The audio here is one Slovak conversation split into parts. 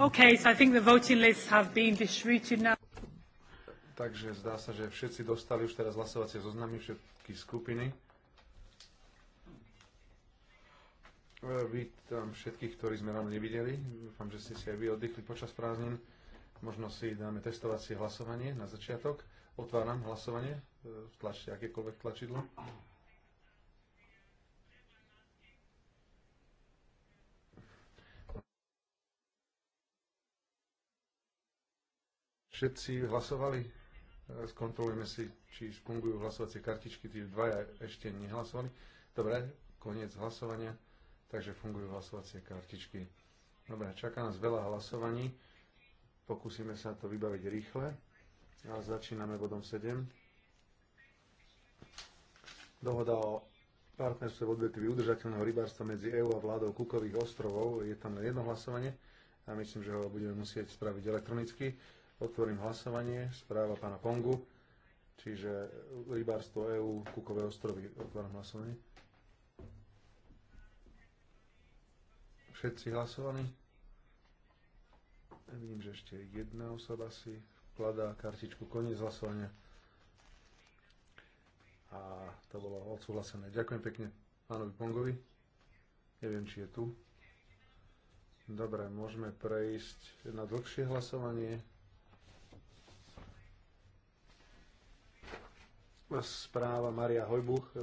Okay, so I think the voting lists have been distributed now. Takže zdá sa, že všetci dostali už teraz hlasovacie zoznamy všetky skupiny. E, vítam všetkých, ktorí sme ráno nevideli. Dúfam, že ste si aj vy oddychli počas prázdnin. Možno si dáme testovacie hlasovanie na začiatok. Otváram hlasovanie. E, tlačte akékoľvek tlačidlo. Všetci hlasovali? Skontrolujeme si, či fungujú hlasovacie kartičky. Tí dvaja ešte nehlasovali. Dobre, koniec hlasovania. Takže fungujú hlasovacie kartičky. Dobre, čaká nás veľa hlasovaní. Pokúsime sa to vybaviť rýchle. A začíname bodom 7. Dohoda o partnerstve v odvetví udržateľného rybárstva medzi EÚ a vládou Kukových ostrovov. Je tam len jedno hlasovanie a myslím, že ho budeme musieť spraviť elektronicky. Otvorím hlasovanie. Správa pána Pongu. Čiže rybárstvo EÚ, Kukové ostrovy. Otváram hlasovanie. Všetci hlasovaní? Vidím, že ešte jedna osoba si vkladá kartičku. Koniec hlasovania. A to bolo odsúhlasené. Ďakujem pekne pánovi Pongovi. Neviem, či je tu. Dobre, môžeme prejsť na dlhšie hlasovanie. Správa Maria Hojbuch, e,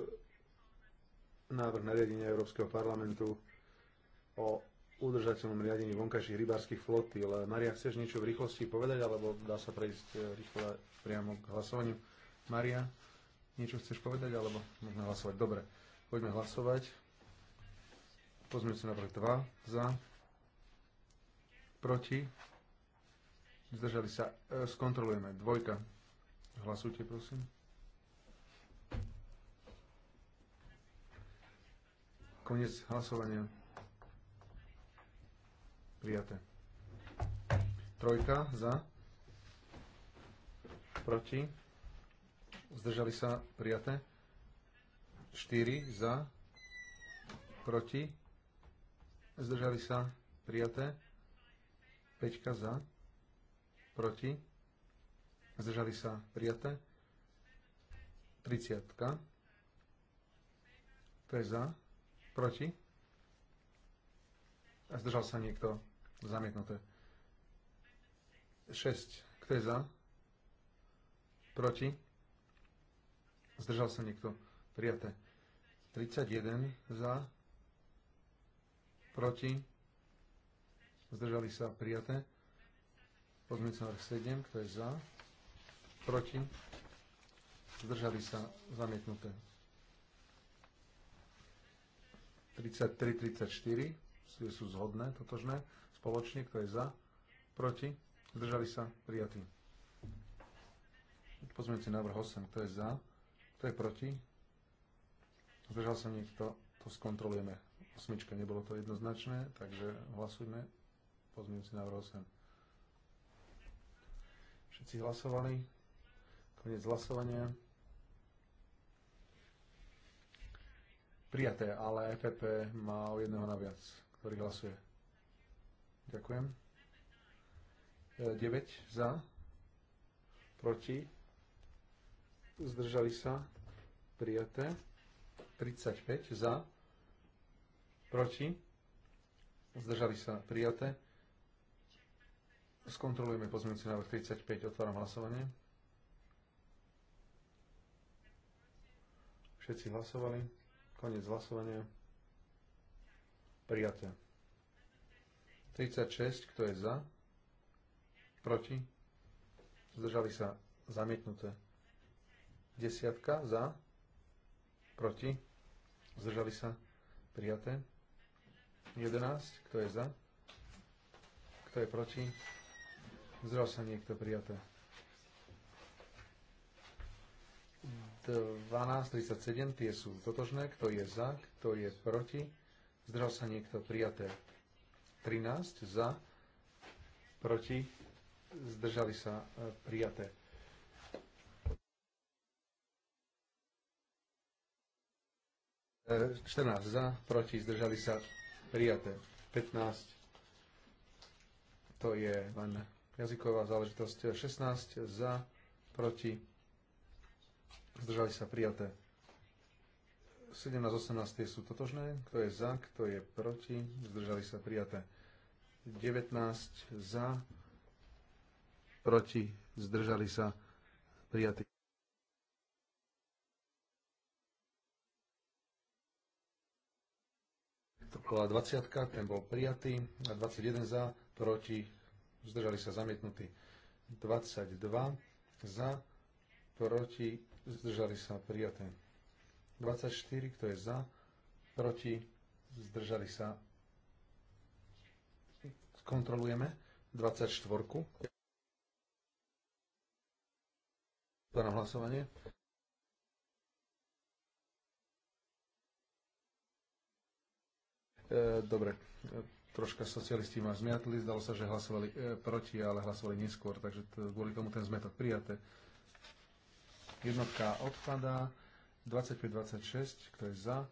návrh nariadenia Európskeho parlamentu o udržateľnom riadení vonkajších rybárskych flotil. Maria, chceš niečo v rýchlosti povedať, alebo dá sa prejsť e, rýchlo priamo k hlasovaniu? Maria, niečo chceš povedať, alebo môžeme hlasovať? Dobre, poďme hlasovať. Pozme si návrh 2, za, proti, zdržali sa, e, skontrolujeme, dvojka. Hlasujte, prosím. Konec hlasovania. Prijaté. Trojka za. Proti. Zdržali sa. Prijaté. Štyri za. Proti. Zdržali sa. Prijaté. Peťka za. Proti. Zdržali sa. Prijaté. Triciatka. To je za Proti? A zdržal sa niekto? Zamietnuté. 6. Kto je za? Proti? Zdržal sa niekto? Prijaté. 31 za. Proti? Zdržali sa? Prijaté. Pozmeňujúci návrh 7. Kto je za? Proti? Zdržali sa? Zamietnuté. 33, 34 sú, sú zhodné, totožné. Spoločne, kto je za, proti, zdržali sa, prijatí. Pozmeňujúci návrh 8, kto je za, kto je proti, zdržal sa niekto, to skontrolujeme. Osmička, nebolo to jednoznačné, takže hlasujme si návrh 8. Všetci hlasovali, koniec hlasovania. Prijaté, ale EPP má o jedného naviac, ktorý hlasuje. Ďakujem. 9 e, za, proti, zdržali sa, prijaté. 35 za, proti, zdržali sa, prijaté. Skontrolujeme pozmeňujúci návrh 35, otváram hlasovanie. Všetci hlasovali. Koniec hlasovania. Prijaté. 36, kto je za? Proti? Zdržali sa zamietnuté. Desiatka za? Proti? Zdržali sa prijaté. 11, kto je za? Kto je proti? Zdržal sa niekto prijaté. 12.37, tie sú totožné, kto je za, kto je proti, zdržal sa niekto prijaté. 13 e, e, za, proti, zdržali sa prijaté. E, 14 za, proti, zdržali sa prijaté. 15 to je len jazyková záležitosť. 16 za, proti, Zdržali sa prijaté. 17, 18 sú totožné. Kto je za, kto je proti? Zdržali sa prijaté. 19 za, proti, zdržali sa prijatí. To bola 20, ten bol prijatý. A 21 za, proti, zdržali sa zamietnutí. 22 za, proti, zdržali sa prijaté. 24, kto je za, proti, zdržali sa. Kontrolujeme 24. -ku. hlasovanie. E, dobre, troška socialisti ma zmiatli, zdalo sa, že hlasovali e, proti, ale hlasovali neskôr, takže kvôli tomu ten zmetok prijaté. Jednotka odpadá. 25-26, kto je za,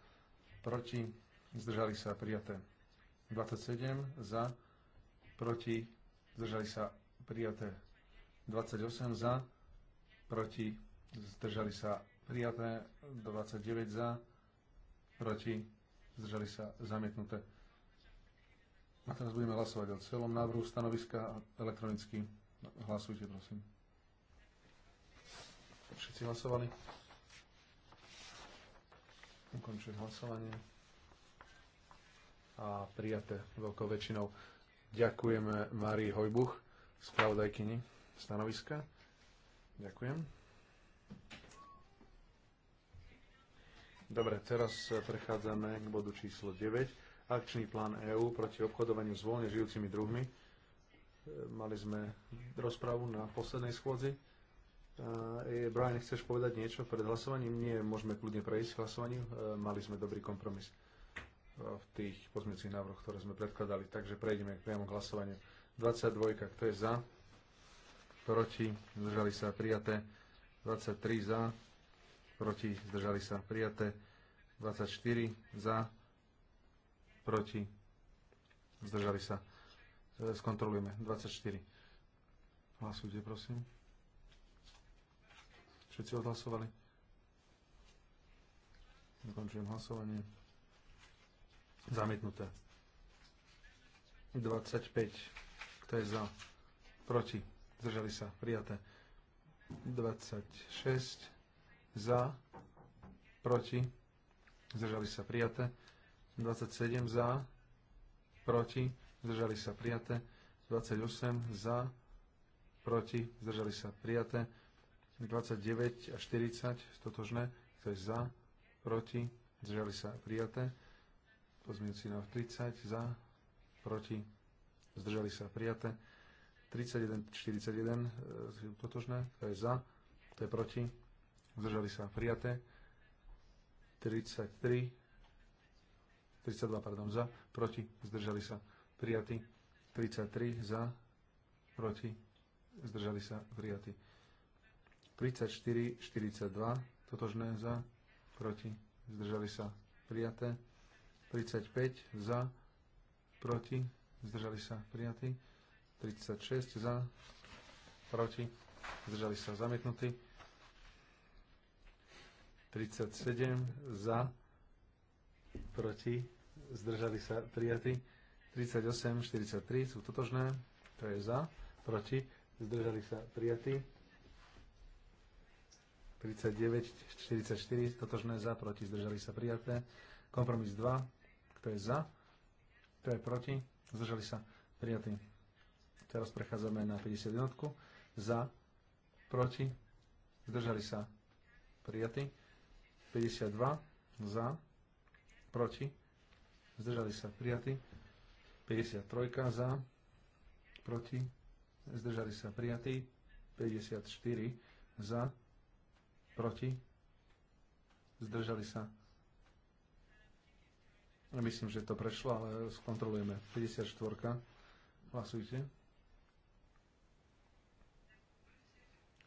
proti, zdržali sa prijaté. 27 za, proti, zdržali sa prijaté. 28 za, proti, zdržali sa prijaté. 29 za, proti, zdržali sa zamietnuté. A teraz budeme hlasovať o celom návrhu stanoviska elektronicky. Hlasujte, prosím. Všetci hlasovali. Ukončujem hlasovanie. A prijaté veľkou väčšinou. Ďakujeme Marii Hojbuch, spravodajkyni stanoviska. Ďakujem. Dobre, teraz prechádzame k bodu číslo 9. Akčný plán EÚ proti obchodovaniu s voľne žijúcimi druhmi. E, mali sme rozpravu na poslednej schôdzi E, Brian, chceš povedať niečo pred hlasovaním? Nie, môžeme kľudne prejsť hlasovaním. E, mali sme dobrý kompromis v tých pozmeňujúcich návrhoch, ktoré sme predkladali. Takže prejdeme priamo k hlasovaniu. 22, kto je za? Proti? Zdržali sa prijaté. 23 za? Proti? Zdržali sa prijaté. 24 za? Proti? Zdržali sa. E, skontrolujeme. 24. Hlasujte, prosím. Všetci odhlasovali? Ukončujem hlasovanie. Zamietnuté. 25. Kto je za? Proti. Zdržali sa. Prijaté. 26. Za. Proti. Zdržali sa. Prijaté. 27. Za. Proti. Zdržali sa. Prijaté. 28. Za. Proti. Zdržali sa. Prijaté. 29 a 40 totožné, kto je za, proti, zdržali sa prijaté. Pozmienci na 30 za, proti, zdržali sa prijaté. 31, 41 e, totožné, kto je za, kto je proti, zdržali sa prijaté. 33, 32, pardon, za, proti, zdržali sa prijatí. 33 za, proti, zdržali sa prijatí. 34, 42, totožné za, proti, zdržali sa prijaté. 35 za, proti, zdržali sa prijatí. 36 za, proti, zdržali sa zamietnutí. 37 za, proti, zdržali sa prijatí. 38, 43 sú totožné, to je za, proti, zdržali sa prijatí. 39, 44, totožné za, proti, zdržali sa prijaté. Kompromis 2, kto je za, kto je proti, zdržali sa prijatí. Teraz prechádzame na 51, za, proti, zdržali sa prijatí. 52, za, proti, zdržali sa prijatí. 53 za, proti, zdržali sa prijatí. 54 za, Proti? Zdržali sa? Myslím, že to prešlo, ale skontrolujeme. 54. Hlasujte.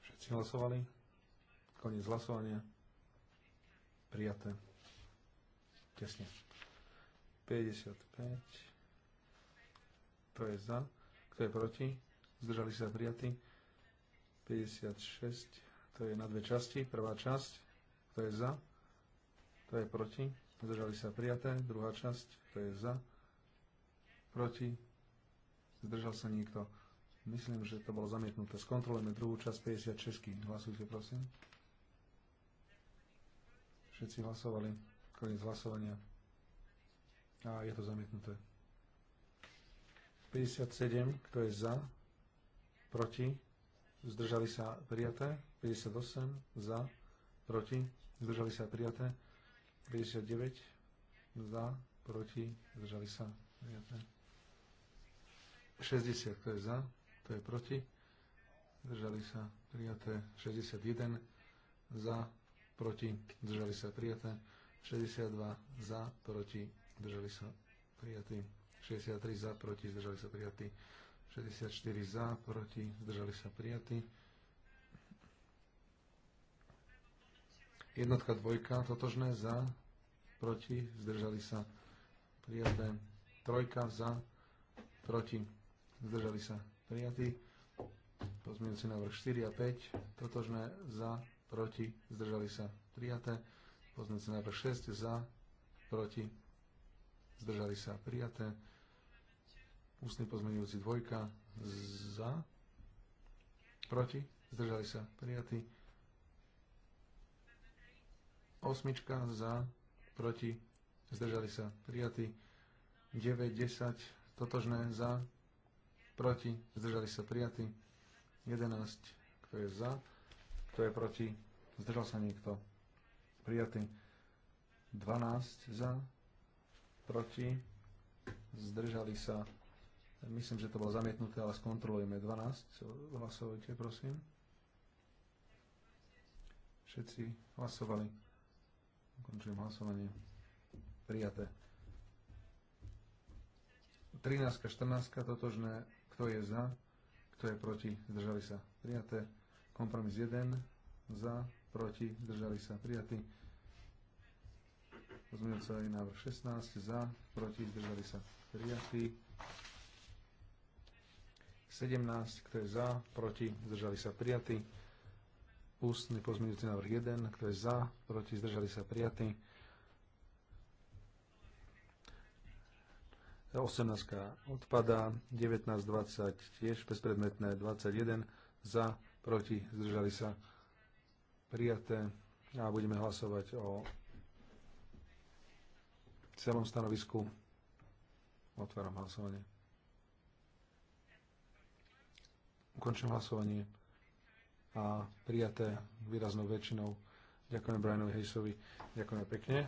Všetci hlasovali? Koniec hlasovania. Prijaté. Tesne. 55. to je za? Kto je proti? Zdržali sa prijatí? 56. To je na dve časti. Prvá časť, to je za, to je proti. Zdržali sa prijaté. Druhá časť, to je za, proti. Zdržal sa niekto. Myslím, že to bolo zamietnuté. Skontrolujeme druhú časť 56. Hlasujte, prosím. Všetci hlasovali. Koniec hlasovania. A je to zamietnuté. 57. Kto je za? Proti? Zdržali sa prijaté? 58 za, proti, zdržali sa prijaté. 59 za, proti, zdržali sa prijaté. 60, to je za, to je proti, zdržali sa prijaté. 61 za, proti, zdržali sa prijaté. 62 za, proti, zdržali sa prijatí. 63 za, proti, zdržali sa prijatí. 64 za, proti, zdržali sa prijatí. Jednotka, dvojka, totožné, za, proti, zdržali sa, prijaté. Trojka, za, proti, zdržali sa, prijatí. Pozmienujúci návrh 4 a 5, totožné, za, proti, zdržali sa, prijaté. Pozmienujúci návrh 6, za, proti, zdržali sa, prijaté. Ústny pozmenujúci dvojka, za, proti, zdržali sa, prijatí. Osmička za, proti, zdržali sa, prijatí. 9, 10, totožné, za, proti, zdržali sa, prijatí. 11, kto je za, kto je proti, zdržal sa niekto, prijatí. 12 za, proti, zdržali sa, myslím, že to bolo zamietnuté, ale skontrolujeme 12, hlasujte prosím. Všetci hlasovali. Ukončujem hlasovanie. Prijaté. 13, 14, totožné. Kto je za? Kto je proti? Zdržali sa. Prijaté. Kompromis 1. Za. Proti. Zdržali sa. Prijatý. Pozmeňujúcový návrh 16. Za. Proti. Zdržali sa. Prijatý. 17. Kto je za? Proti. Zdržali sa. Prijatý. Ústny pozmeňujúci návrh 1, kto je za, proti, zdržali sa prijatí. 18 odpadá, 19, 20 tiež bezpredmetné, 21 za, proti, zdržali sa prijaté a budeme hlasovať o celom stanovisku. Otváram hlasovanie. Ukončím hlasovanie a prijaté výraznou väčšinou. Ďakujem Brianovi Hejsovi. Ďakujem pekne.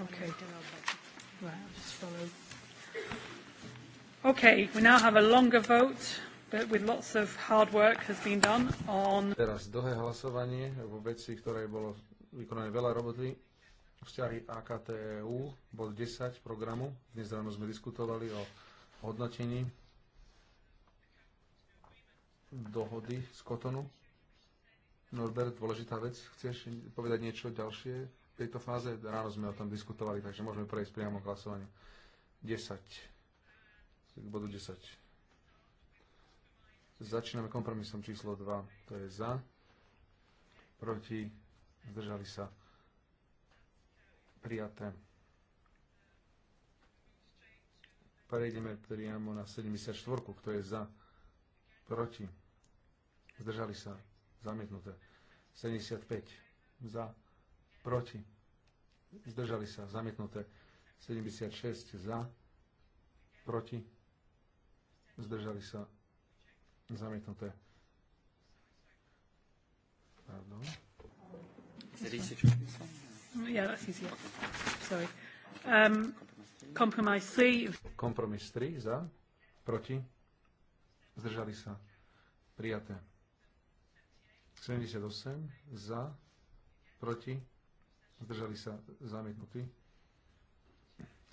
Okay. Okay, we now have a longer vote, but with lots of hard work has been done on... Teraz dlhé hlasovanie vo veci, ktoré bolo vykonané veľa roboty, vzťahy AKTEU, bod 10 programu. Dnes ráno sme diskutovali o hodnotení dohody z Kotonu. Norbert, dôležitá vec. Chceš povedať niečo ďalšie v tejto fáze? Ráno sme o tom diskutovali, takže môžeme prejsť priamo k hlasovaniu. 10. K bodu 10. Začíname kompromisom číslo 2. To je za. Proti. Zdržali sa. Prijaté. Prejdeme priamo na 74. Kto je za? Proti zdržali sa, zamietnuté. 75 za, proti, zdržali sa, zamietnuté. 76 za, proti, zdržali sa, zamietnuté. Pardon. Yeah, that's easier. Sorry. Um, compromise 3. Kompromis 3 za, proti, zdržali sa, prijaté. 78 za, proti, zdržali sa zamietnutí.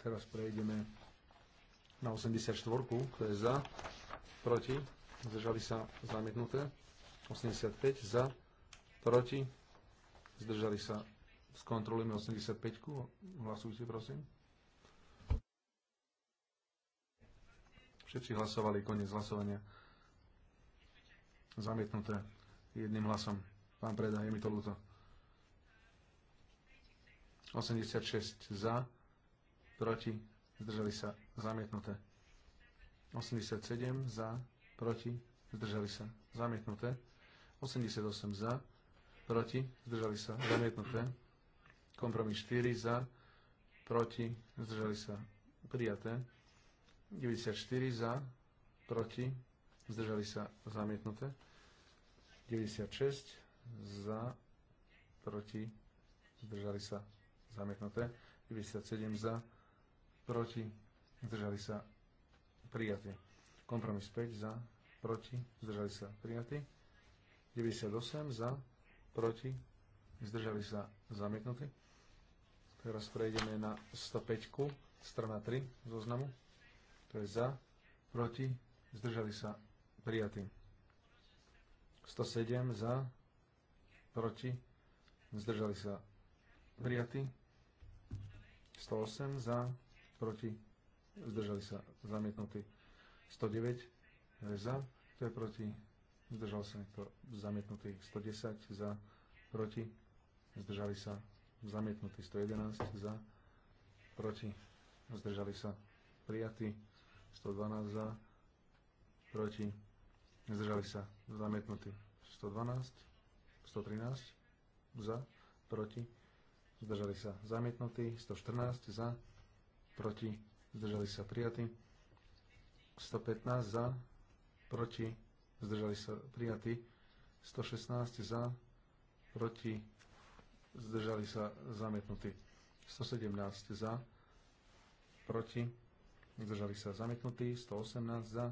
Teraz prejdeme na 84, to je za, proti, zdržali sa zamietnuté. 85 za, proti, zdržali sa, skontrolujeme 85, hlasujte prosím. Všetci hlasovali, koniec hlasovania. Zamietnuté jedným hlasom. Pán Preda, je mi to ľúto. 86 za, proti, zdržali sa, zamietnuté. 87 za, proti, zdržali sa, zamietnuté. 88 za, proti, zdržali sa, zamietnuté. Kompromis 4 za, proti, zdržali sa, prijaté. 94 za, proti, zdržali sa, zamietnuté. 96 za, proti, zdržali sa zamietnuté. 97 za, proti, zdržali sa prijatí. Kompromis 5 za, proti, zdržali sa prijatí. 98 za, proti, zdržali sa zamietnutí. Teraz prejdeme na 105, strana 3 zoznamu. To je za, proti, zdržali sa prijatí. 107 za, proti, zdržali sa prijatí. 108 za, proti, zdržali sa zamietnutí. 109 za, to je proti, zdržal sa niekto zamietnutý. 110 za, proti, zdržali sa zamietnutí. 111 za, proti, zdržali sa prijatí. 112 za, proti, Nezdržali sa. Zamietnutí. 112. 113. Za. Proti. Zdržali sa. Zamietnutí. 114. Za. Proti. Zdržali sa. Prijatí. 115. Za. Proti. Zdržali sa. Prijatí. 116. Za. Proti. Zdržali sa. Zamietnutí. 117. Za. Proti. Zdržali sa. Zamietnutí. 118. Za.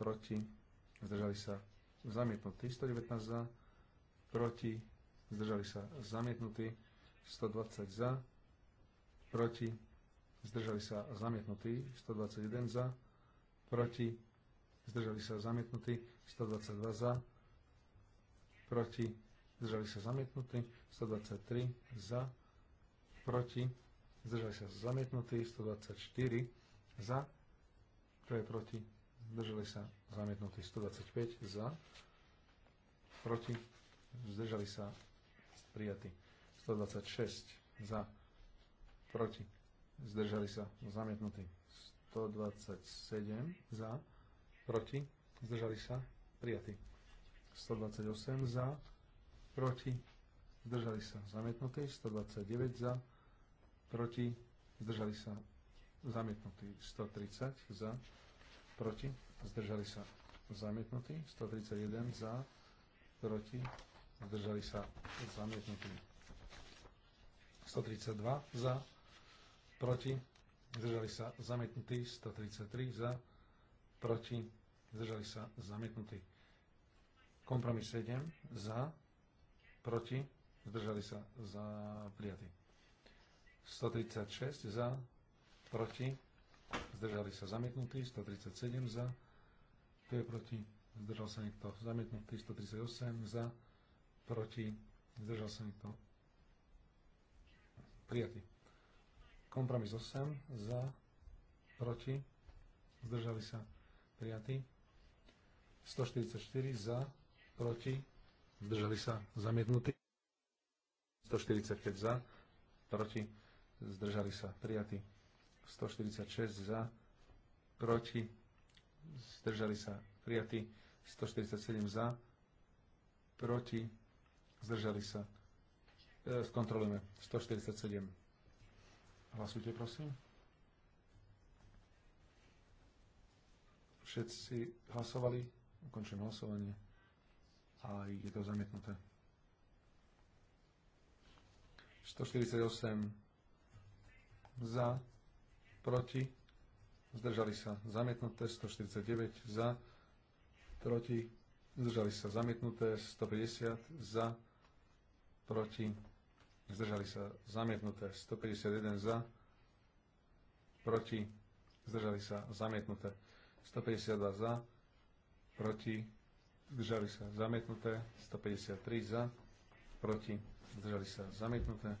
Proti zdržali sa zamietnutí, 119 za, proti, zdržali sa zamietnutí, 120 za, proti, zdržali sa zamietnutí, 121 za, proti, zdržali sa zamietnutí, 122 za, proti, zdržali sa zamietnutí, 123 za, proti, zdržali sa zamietnutí, 124 za, kto je proti, zdržali sa zamietnutí 125 za, proti, zdržali sa prijatí 126 za, proti, zdržali sa zamietnutí 127 za, proti, zdržali sa prijatí 128 za, proti, zdržali sa zamietnutí 129 za, proti, zdržali sa zamietnutí 130 za, proti, zdržali sa zamietnutí, 131 za, proti, zdržali sa zamietnutí. 132 za, proti, zdržali sa zamietnutí, 133 za, proti, zdržali sa zamietnutí. Kompromis 7 za, proti, zdržali sa za prijatí. 136 za, proti, zdržali sa zamietnutí, 137 za, kto je proti, zdržal sa niekto zamietnutí, 138 za, proti, zdržal sa niekto prijatý. Kompromis 8 za, proti, zdržali sa Prijatý. 144 za, proti, zdržali sa zamietnutí. 145 za, proti, zdržali sa Prijatý. 146 za, proti, zdržali sa prijatí, 147 za, proti, zdržali sa. E, skontrolujeme, 147. Hlasujte, prosím. Všetci hlasovali, ukončujem hlasovanie a je to zamietnuté. 148 za, proti, zdržali sa zamietnuté, 149 za, proti, zdržali sa zamietnuté, 150 za, proti, zdržali sa zamietnuté, 151 za, proti, zdržali sa zamietnuté, 152 za, proti, zdržali sa zamietnuté, 153 za, proti, zdržali sa zamietnuté,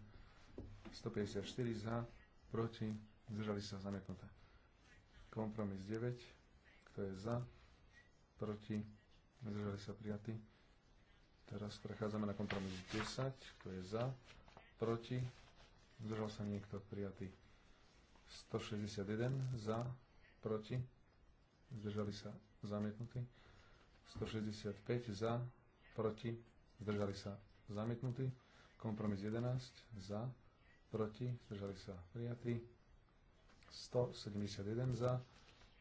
154 za, proti, Zdržali sa zamietnuté. Kompromis 9. Kto je za? Proti? Zdržali sa prijatí. Teraz prechádzame na kompromis 10. Kto je za? Proti? Zdržal sa niekto prijatý. 161 za, proti, zdržali sa zamietnutí. 165 za, proti, zdržali sa zamietnutí. Kompromis 11 za, proti, zdržali sa prijatí. 171 za,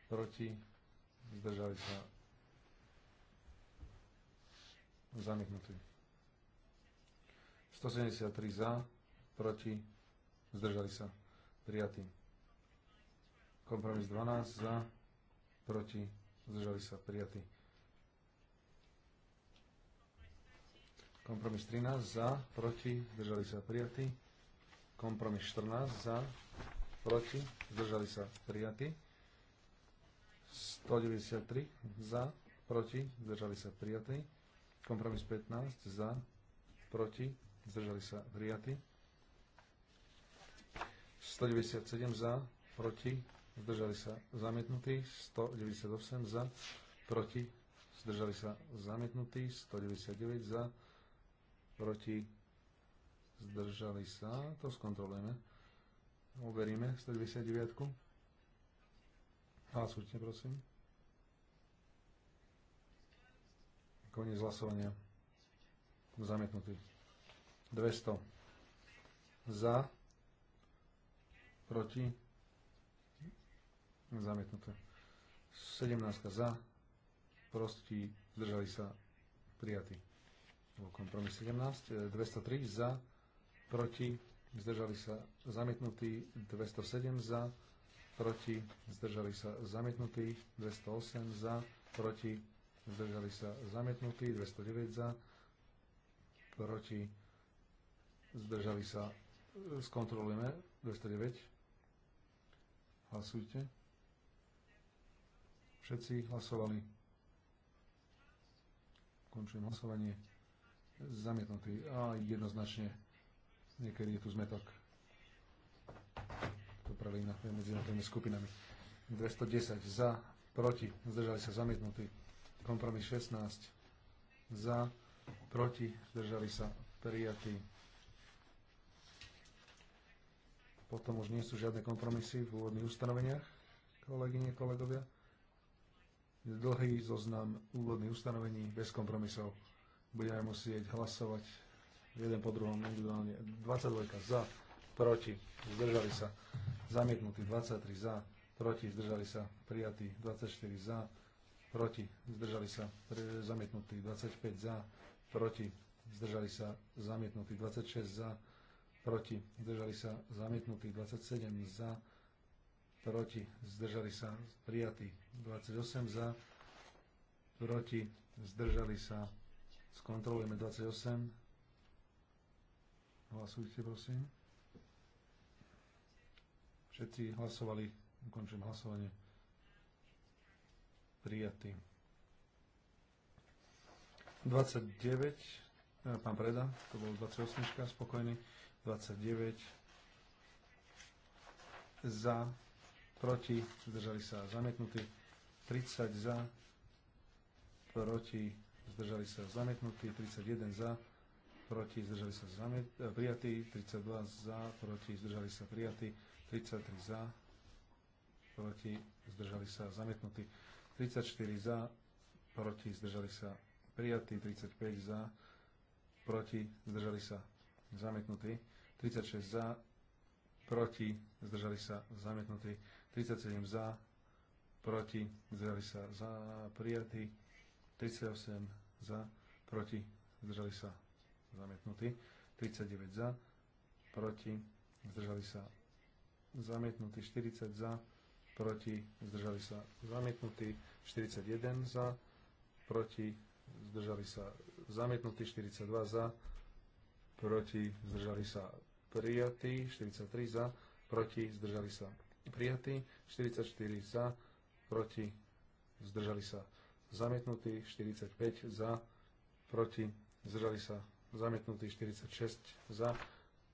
proti, zdržali sa zamietnutí. 173 za, proti, zdržali sa prijatí. Kompromis 12 za, proti, zdržali sa prijatí. Kompromis 13 za, proti, zdržali sa prijatí. Kompromis 14 za, proti, zdržali sa prijatí. 193 za, proti, zdržali sa prijatí. Kompromis 15 za, proti, zdržali sa prijatí. 197 za, proti, zdržali sa zamietnutí. 198 za, proti, zdržali sa zamietnutí. 199 za, proti, zdržali sa, to skontrolujeme. Overíme 199. Hlasujte, prosím. Koniec hlasovania. Zamietnutý. 200. Za. Proti. Zamietnuté. 17 za. Prosti. Zdržali sa. prijatí. Kompromis 17. 203 za. Proti zdržali sa zamietnutí 207 za, proti, zdržali sa zamietnutí 208 za, proti, zdržali sa zamietnutí 209 za, proti, zdržali sa, skontrolujeme 209, hlasujte. Všetci hlasovali. Končujem hlasovanie. Zamietnutý a jednoznačne Niekedy je tu zmetok popravili na, medzi jednotlivými skupinami. 210 za, proti, zdržali sa zamietnutí. Kompromis 16 za, proti, zdržali sa prijatí. Potom už nie sú žiadne kompromisy v úvodných ustanoveniach, kolegyne, kolegovia. dlhý zoznam úvodných ustanovení bez kompromisov. Budeme musieť hlasovať jeden po druhom individuálne. 22 za, proti, zdržali sa, zamietnutí 23 za, proti, zdržali sa, prijatí 24 za, proti, zdržali sa, zamietnutí 25 za, proti, zdržali sa, zamietnutí 26 za, proti, zdržali sa, zamietnutí 27 za, proti, zdržali sa, prijatí 28 za, proti, zdržali sa, skontrolujeme 28, Hlasujte, prosím. Všetci hlasovali. Ukončujem hlasovanie. Prijatý. 29. E, pán Preda, to bol 28. Spokojný. 29. Za. Proti. Zdržali sa zamietnutí. 30 za. Proti. Zdržali sa zamietnutí. 31 za proti, zdržali sa zamiet, e, prijatí, 32 za, proti, zdržali sa prijatí, 33 za, proti, zdržali sa zamietnutí, 34 za, proti, zdržali sa prijatí, 35 za, proti, zdržali sa zamietnutí, 36 za, proti, zdržali sa zamietnutí, 37 za, proti, zdržali sa za, prijatí, 38 za, proti, zdržali sa zamietnutý. 39 za, proti, zdržali sa zamietnutý. 40 za, proti, zdržali sa zamietnutý. 41 za, proti, zdržali sa zamietnutý. 42 za, proti, zdržali sa prijatý. 43 za, proti, zdržali sa prijatý. 44 za, proti, zdržali sa zamietnutý. 45 za, proti, zdržali sa zamietnutý 46 za,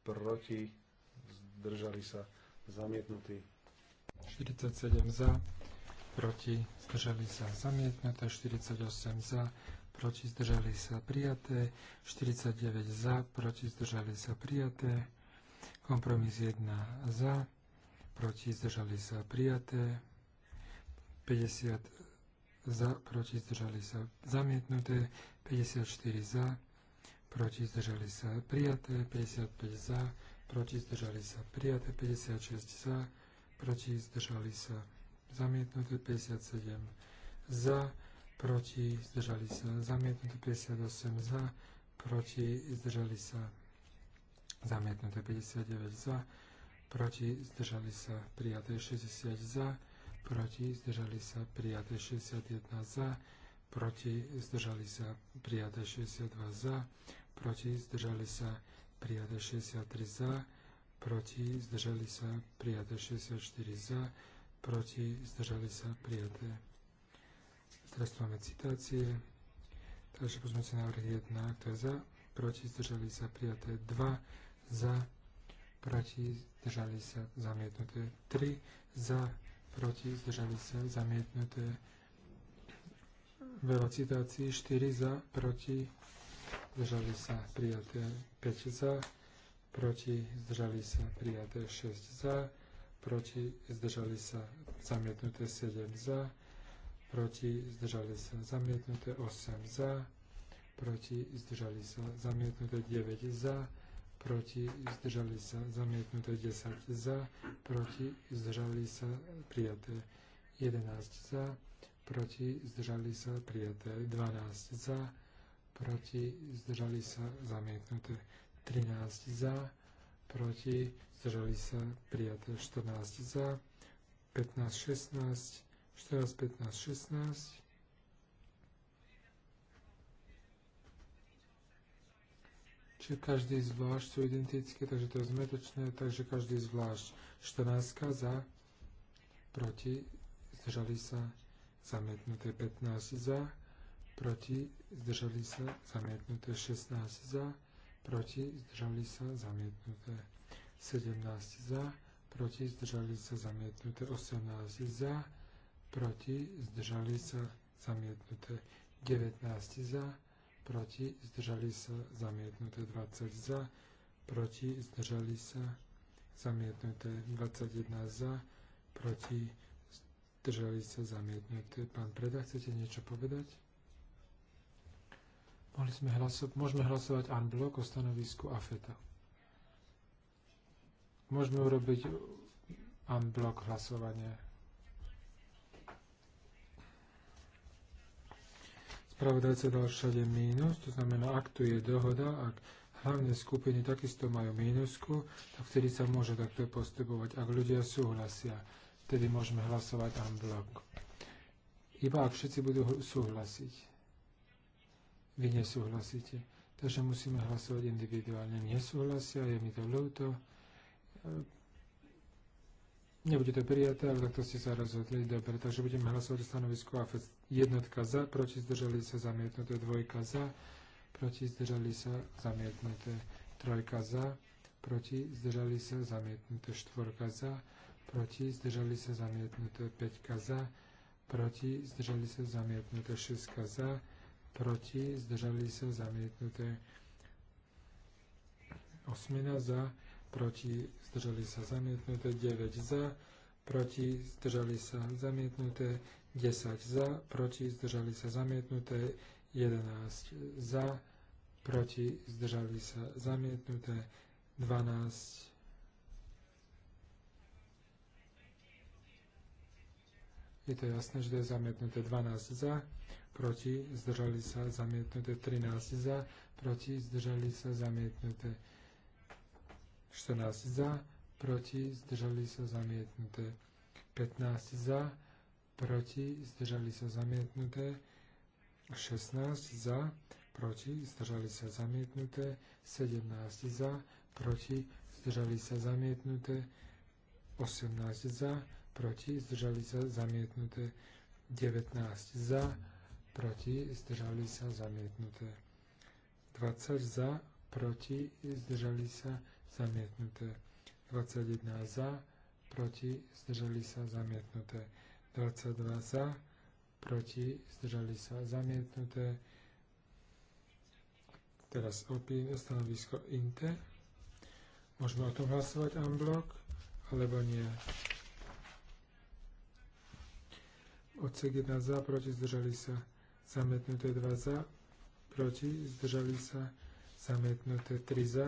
proti, zdržali sa, zamietnutý 47 za, proti, zdržali sa, zamietnuté 48 za, proti, zdržali sa, prijaté 49 za, proti, zdržali sa, prijaté kompromis 1 za, proti, zdržali sa, prijaté 50 za, proti, zdržali sa, zamietnuté 54 za, proti zdržali sa prijaté, 55 za, proti zdržali sa prijaté, 56 za, proti zdržali sa zamietnuté, 57 za, proti zdržali sa zamietnuté, 58 za, proti zdržali sa zamietnuté, 59 za, proti zdržali sa prijaté, 60 za, proti zdržali sa prijaté, 61 za, proti zdržali sa prijaté, 62 za, proti, zdržali sa prijaté 63 za, proti, zdržali sa prijaté 64 za, proti, zdržali sa prijaté. Teraz tu máme citácie. Takže si návrh 1, kto je za, proti, zdržali sa prijaté 2, za, proti, zdržali sa zamietnuté 3, za, proti, zdržali sa zamietnuté veľa citácií, 4 za, proti, zdržali sa prijaté 5 za, proti zdržali sa prijaté 6 za, proti zdržali sa zamietnuté 7 za, proti zdržali sa zamietnuté 8 za, proti zdržali sa zamietnuté 9 za, proti zdržali sa zamietnuté 10 za, proti zdržali sa prijaté 11 za, proti zdržali sa prijaté 12 za, proti, zdržali sa zamietnuté 13 za, proti, zdržali sa prijaté 14 za, 15, 16, 14, 15, 16. Čiže každý zvlášť sú identické, takže to je zmetočné, takže každý zvlášť 14 za, proti, zdržali sa zamietnuté 15 za, proti, zdržali sa, zamietnuté 16 za, proti, zdržali sa, zamietnuté 17 za, proti, zdržali sa, zamietnuté 18 za, proti, zdržali sa, zamietnuté 19 za, proti, zdržali sa, zamietnuté 20 za, proti, zdržali sa, zamietnuté 21 za, proti, zdržali sa, zamietnuté. Pán Preda, chcete niečo povedať? Mohli sme hlasovať, môžeme hlasovať bloc o stanovisku AFETA. E môžeme urobiť bloc hlasovanie. Spravodajca dal všade mínus, to znamená, ak tu je dohoda, ak hlavné skupiny takisto majú mínusku, tak vtedy sa môže takto postupovať. Ak ľudia súhlasia, vtedy môžeme hlasovať en blok. Iba ak všetci budú súhlasiť. Vy nesúhlasíte. Takže musíme hlasovať individuálne. Nesúhlasia, je mi to ľúto. E, nebude to prijaté, ale takto ste sa rozhodli. Dobre, takže budeme hlasovať o stanovisku AFES. Jednotka za, proti zdržali sa zamietnuté, dvojka za, proti zdržali sa zamietnuté, trojka za, proti zdržali sa zamietnuté, štvorka za, proti zdržali sa zamietnuté, peťka za, proti zdržali sa zamietnuté, šestka za, proti, zdržali sa zamietnuté. 8 za, proti, zdržali sa zamietnuté. 9 za, proti, zdržali sa zamietnuté. 10 za, proti, zdržali sa zamietnuté. 11 za, proti, zdržali sa zamietnuté. 12 je to jasné, že to je zamietnuté 12 za, proti, zdržali sa zamietnuté 13 za, proti, zdržali sa zamietnuté 14 za, proti, zdržali sa zamietnuté 15 za, proti, zdržali sa zamietnuté 16 za, proti, zdržali sa zamietnuté 17 za, proti, zdržali sa zamietnuté 18 za, proti, zdržali sa zamietnuté 19 za, proti, zdržali sa, zamietnuté. 20 za, proti, zdržali sa, zamietnuté. 21 za, proti, zdržali sa, zamietnuté. 22 za, proti, zdržali sa, zamietnuté. Teraz opín stanovisko INTE. Môžeme o tom hlasovať unblock, alebo nie. Odsek 1 za, proti, zdržali sa, zamietnuté 2 za, proti, zdržali sa, zamietnuté 3 za,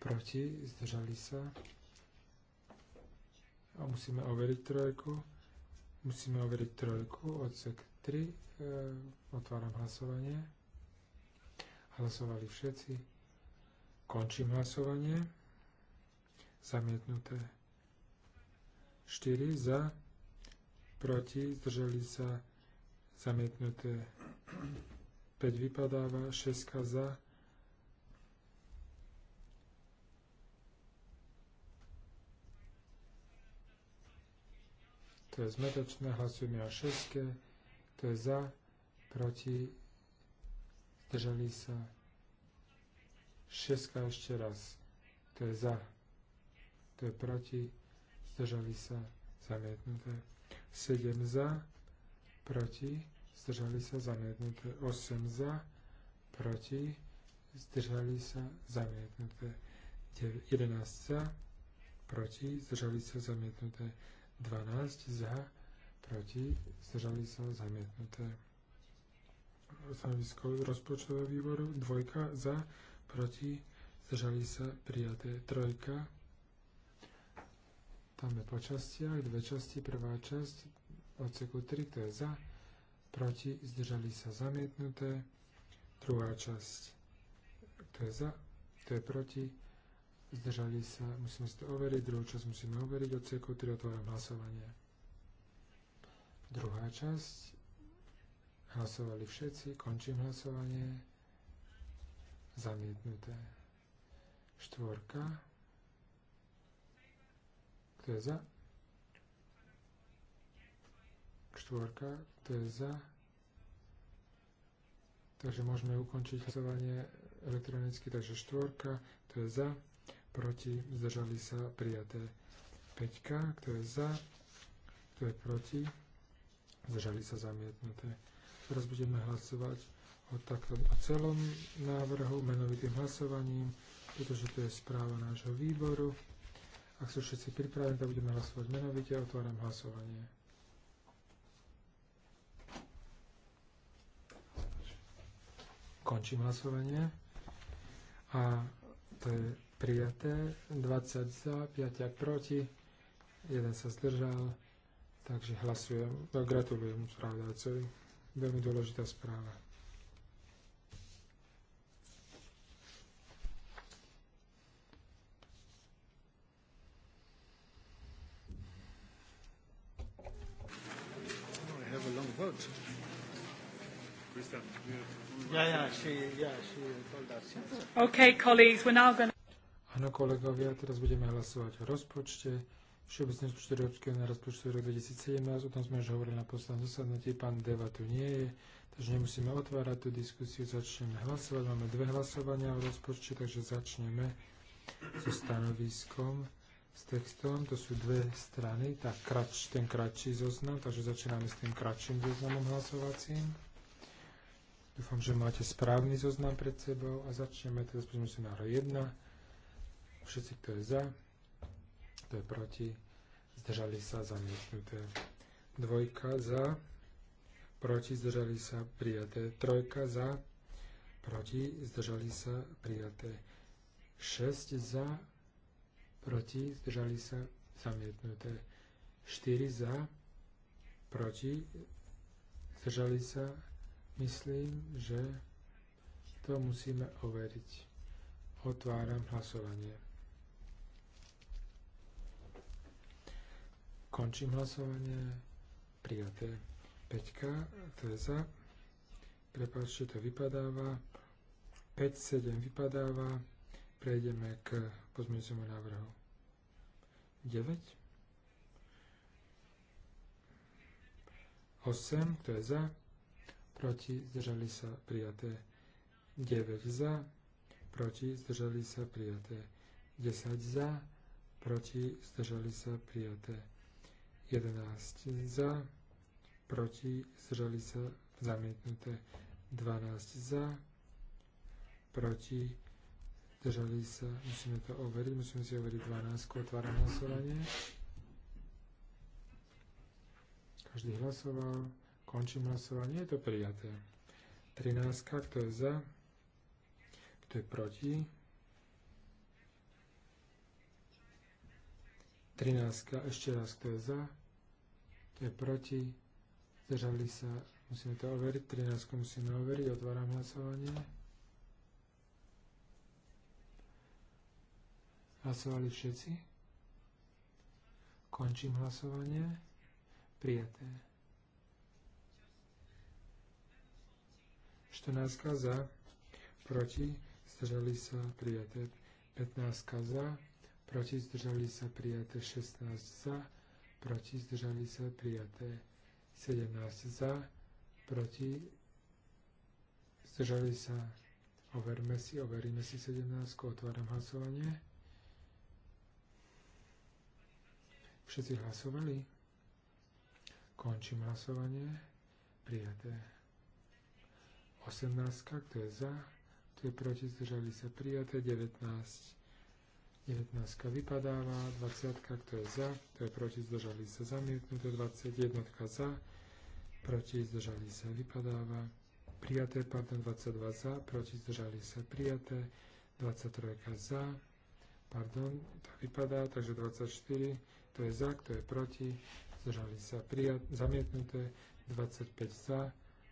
proti, zdržali sa. A musíme overiť trojku. Musíme overiť trojku, odsek 3. E, eh, otváram hlasovanie. Hlasovali všetci. Končím hlasovanie. Zamietnuté. 4 za, proti, zdržali sa, zamietnuté. 5 vypadáva, 6 za, to je zmetočné, hlasujeme o 6, to je za, proti, zdržali sa, 6 ešte raz, to je za, to je proti, zdržali sa, zamietnuté, 7 za, proti, zdržali sa zamietnuté 8 za, proti, zdržali sa zamietnuté 11 za, proti, zdržali sa zamietnuté 12 za, proti, zdržali sa zamietnuté stanovisko rozpočtového výboru, dvojka za, proti, zdržali sa prijaté trojka. Tam je po častiach, dve časti, prvá časť odseku 3, to je za, proti, zdržali sa zamietnuté, druhá časť, to je za, to je proti, zdržali sa, musíme si to overiť, druhú časť musíme overiť, odseku 3, otvorím hlasovanie. Druhá časť, hlasovali všetci, končím hlasovanie, zamietnuté. Štvorka, kto je za, Štvorka, to je za. Takže môžeme ukončiť hlasovanie elektronicky. Takže štvorka, to je za. Proti, zdržali sa, prijaté. Peťka, kto je za, kto je proti, zdržali sa zamietnuté. Teraz budeme hlasovať o, takto, o celom návrhu menovitým hlasovaním, pretože to je správa nášho výboru. Ak sú všetci pripravení, tak budeme hlasovať menovite. Otváram hlasovanie. Končím hlasovanie. A to je prijaté. 20 za, 5 proti, 1 sa zdržal. Takže hlasujem, no, gratulujem správdajcovi. Veľmi dôležitá správa. I have a long vote. Áno, kolegovia, teraz budeme hlasovať o rozpočte. Všeobecný rozpočet Európskeho na rozpočtu rok 2017, o tom sme už hovorili na poslednom zasadnutí, pán Deva tu nie je, takže nemusíme otvárať tú diskusiu, začneme hlasovať. Máme dve hlasovania o rozpočte, takže začneme so stanoviskom s textom, to sú dve strany, tak krač, ten kratší zoznam, takže začíname s tým kratším zoznamom hlasovacím. Dúfam, že máte správny zoznam pred sebou a začneme teraz pozmeňujúci návrh 1. Všetci, kto je za, kto je proti, zdržali sa zamietnuté. Dvojka za, proti, zdržali sa prijaté. Trojka za, proti, zdržali sa prijaté. 6 za, proti, zdržali sa zamietnuté. 4 za, proti, zdržali sa Myslím, že to musíme overiť. Otváram hlasovanie. Končím hlasovanie. Prijaté. Peťka, to je za. Prepáčte, to vypadáva. 5, 7 vypadáva. Prejdeme k pozmeňujúcemu návrhu. 9. 8, to je za, proti, zdržali sa prijaté 9 za, proti, zdržali sa prijaté 10 za, proti, zdržali sa prijaté 11 za, proti, zdržali sa zamietnuté 12 za, proti, zdržali sa, musíme to overiť, musíme si overiť 12, otváram hlasovanie. Každý hlasoval. Končím hlasovanie, je to prijaté. 13. Kto je za? Kto je proti? 13. Ešte raz, kto je za? Kto je proti? Zdržali sa. Musíme to overiť. 13. musíme overiť. Otváram hlasovanie. Hlasovali všetci? Končím hlasovanie. Prijaté. 14 za, proti, zdržali sa prijaté 15 za, proti, zdržali sa prijaté 16 za, proti, zdržali sa prijaté 17 za, proti, zdržali sa, overme si, overíme si 17, otváram hlasovanie. Všetci hlasovali? Končím hlasovanie. Prijaté. 18, kto je za, kto je proti, zdržali sa prijaté, 19, 19 vypadáva, 20, kto je za, kto je proti, zdržali sa zamietnuté, 21 za, proti, zdržali sa vypadáva, prijaté, pardon, 22 za, proti, zdržali sa prijaté, 23 za, pardon, to vypadá, takže 24, to je za, kto je proti, zdržali sa prijat, zamietnuté, 25 za,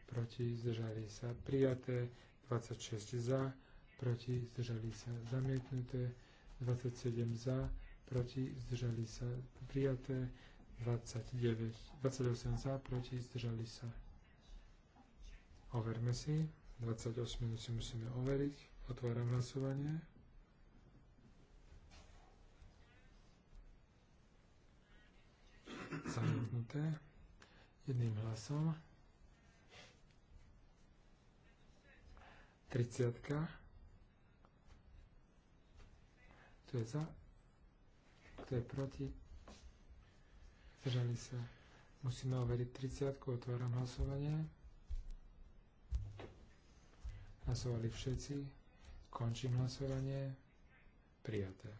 proti zdržali sa prijaté, 26 za, proti zdržali sa zamietnuté, 27 za, proti zdržali sa prijaté, 29, 28 za, proti zdržali sa. Overme si, 28 si musíme overiť, otváram hlasovanie. Zamietnuté jedným hlasom. 30. Kto je za? Kto je proti? Zdržali sa. Musíme overiť 30. Otváram hlasovanie. Hlasovali všetci. Končím hlasovanie. Prijaté.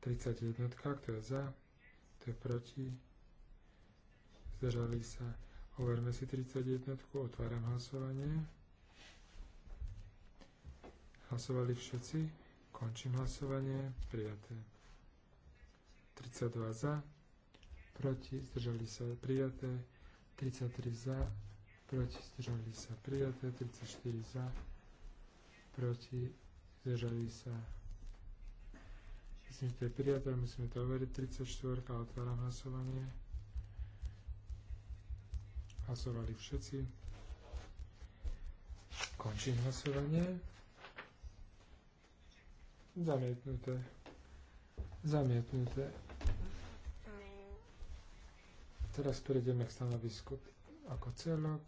31. jednotka, Kto je za? Kto je proti? Zdržali sa. Overme si 31. jednotku, Otváram hlasovanie. Hlasovali všetci? Končím hlasovanie. Prijaté. 32 za, proti, zdržali sa prijaté. 33 za, proti, zdržali sa prijaté. 34 za, proti, zdržali sa. Myslím, že to je prijaté, musíme to overiť. 34, otváram hlasovanie. Hlasovali všetci. Končím hlasovanie. Zamietnuté. Zamietnuté. Teraz prejdeme k stanovisku ako celok.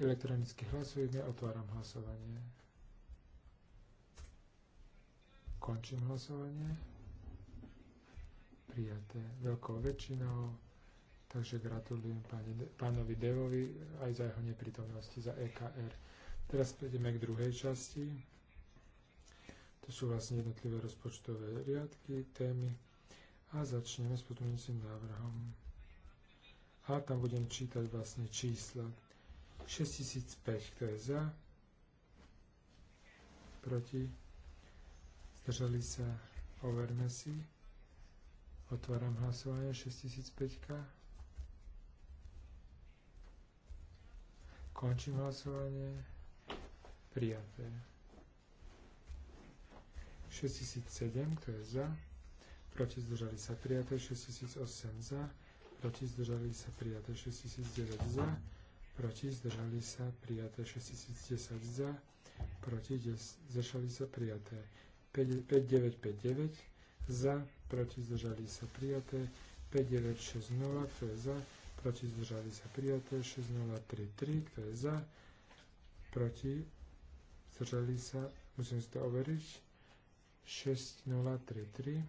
Elektronicky hlasujeme, otváram hlasovanie. Končím hlasovanie. Prijaté veľkou väčšinou. Takže gratulujem páni, pánovi Devovi aj za jeho neprítomnosti za EKR. Teraz prejdeme k druhej časti. To sú vlastne jednotlivé rozpočtové riadky, témy. A začneme s podmienujúcim návrhom. A tam budem čítať vlastne čísla. 6005, kto je za, proti, zdržali sa, overme si. Otváram hlasovanie 6005. Končím hlasovanie. Prijaté. 6007, kto je za, proti zdržali sa prijaté 6008 za, proti zdržali sa prijaté 6009 za, proti zdržali sa prijaté 6010 za, proti zdržali sa prijaté 5959 za, proti zdržali sa prijaté 5960, kto je za, proti zdržali sa prijaté 6033, kto je za, proti zdržali sa, musím si to overiť, 6033.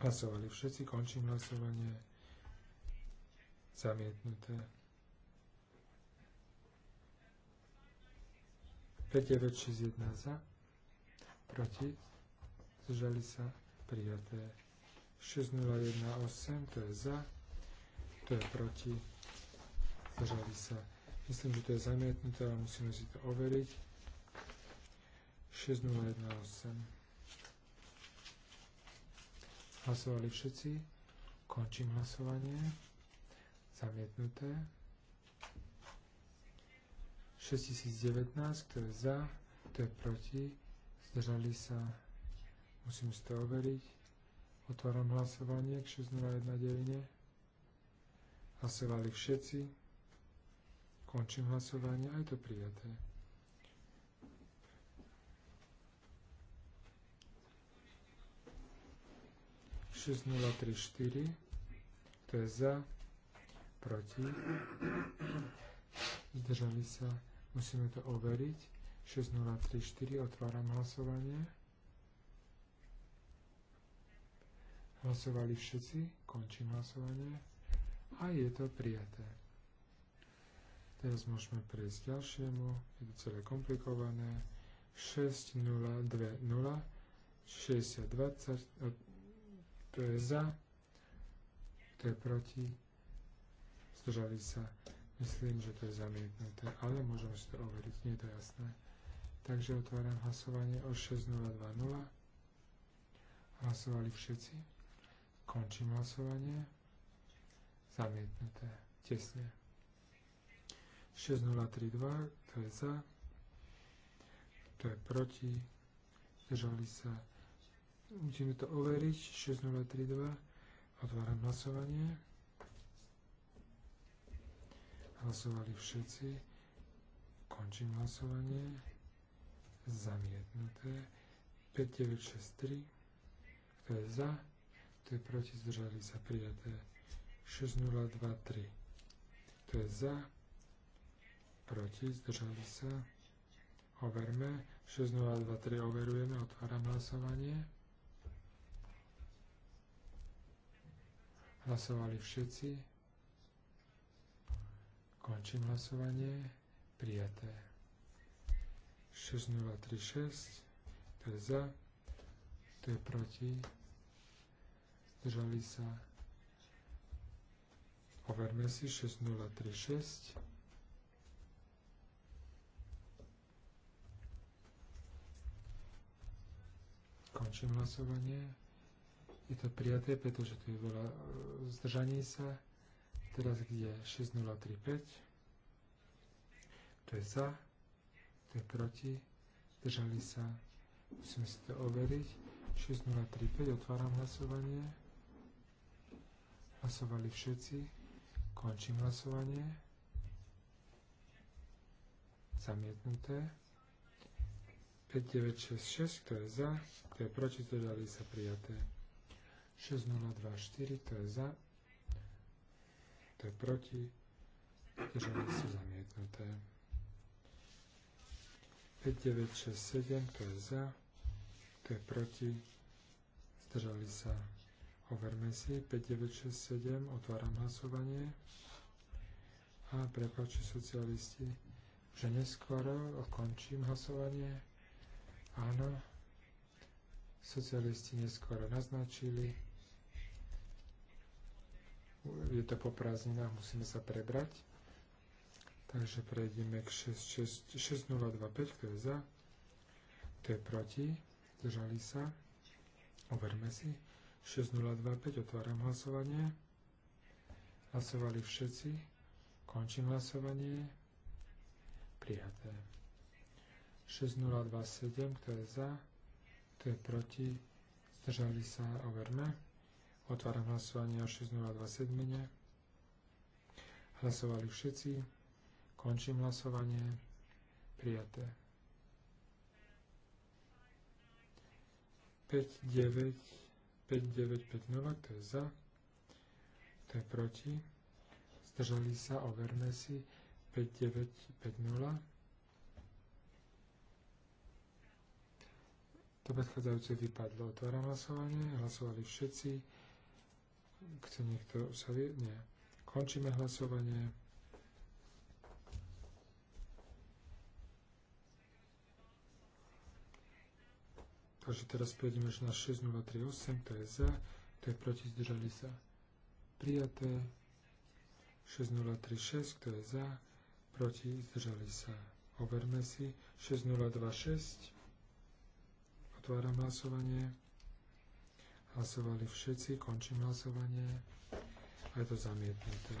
Hlasovali všetci, končím hlasovanie. Zamietnuté. 5961 za, proti, zdržali sa, prijaté. 6018, to je za, to je proti, zdržali sa. Myslím, že to je zamietnuté, ale musíme si to overiť. 6018. Hlasovali všetci. Končím hlasovanie. Zamietnuté. 6019, kto je za, kto je proti, zdržali sa, musím si to overiť. Otváram hlasovanie k 6019. Hlasovali všetci. Končím hlasovanie, aj to prijaté. 6034. to je za? Proti? Zdržali sa. Musíme to overiť. 6034. Otváram hlasovanie. Hlasovali všetci. Končím hlasovanie. A je to prijaté. Teraz môžeme prejsť ďalšiemu. Je to celé komplikované. 6020 6020 kto je za? Kto je proti? Zdržali sa. Myslím, že to je zamietnuté, ale môžeme si to overiť, nie je to jasné. Takže otváram hlasovanie o 6.020. Hlasovali všetci. Končím hlasovanie. Zamietnuté. Tesne. 6032, to je za, to je proti, zdržali sa, Musíme to overiť. 6032. Otváram hlasovanie. Hlasovali všetci. Končím hlasovanie. Zamietnuté. 5963. Kto je za? Kto je proti? Zdržali sa prijaté. 6023. Kto je za? Proti? Zdržali sa? Overme. 6023 overujeme. Otváram hlasovanie. Hlasovali všetci. Končím hlasovanie. Prijaté. 6036. To je za. To je proti. Zdržali sa. Overme si 6036. Končím hlasovanie je to prijaté, pretože tu je veľa e, zdržaní sa. Teraz kde je 6035. To je za, to je proti, zdržali sa. Musíme si to overiť. 6035, otváram hlasovanie. Hlasovali všetci. Končím hlasovanie. Zamietnuté. 5966, kto je za, kto je proti, zdržali sa prijaté. 6024, to je za, to je proti, zdržali sú zamietnuté. 5967, to je za, to je proti, zdržali sa. Overme si 5967, otváram hlasovanie. A prepáči socialisti, že neskoro okončím hlasovanie. Áno, socialisti neskoro naznačili je to po prázdninách, musíme sa prebrať. Takže prejdeme k 6025, kto je za, kto je proti, zdržali sa, overme si. 6025, otváram hlasovanie. Hlasovali všetci, končím hlasovanie, prijaté. 6027, kto je za, kto je proti, zdržali sa, overme. Otváram hlasovanie o 6.027. Hlasovali všetci. Končím hlasovanie. Prijaté. 5, 9, 5, 9, 5, 0, to je za, to je proti. Zdržali sa, overme si. 5, 9, 5, 0. To predchádzajúce vypadlo. Otváram hlasovanie. Hlasovali všetci. Chce niekto sa... Nie. Končíme hlasovanie. Takže teraz prejdeme na 6038, to je za, to je proti, zdržali sa. Prijaté. 6036, kto je za, proti, zdržali sa. Overme si. 6026. Otváram hlasovanie. Hlasovali všetci, končím hlasovanie a je to zamietnuté.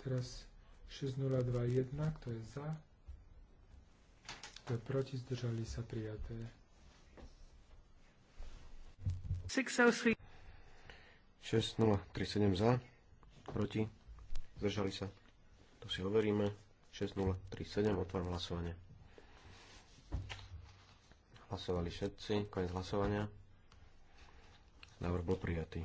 Teraz 6021, kto je za, kto je proti, zdržali sa prijaté. 6037 za, proti, zdržali sa. To si overíme. 6037, otvorím hlasovanie. Hlasovali všetci. Konec hlasovania. Návrh bol prijatý.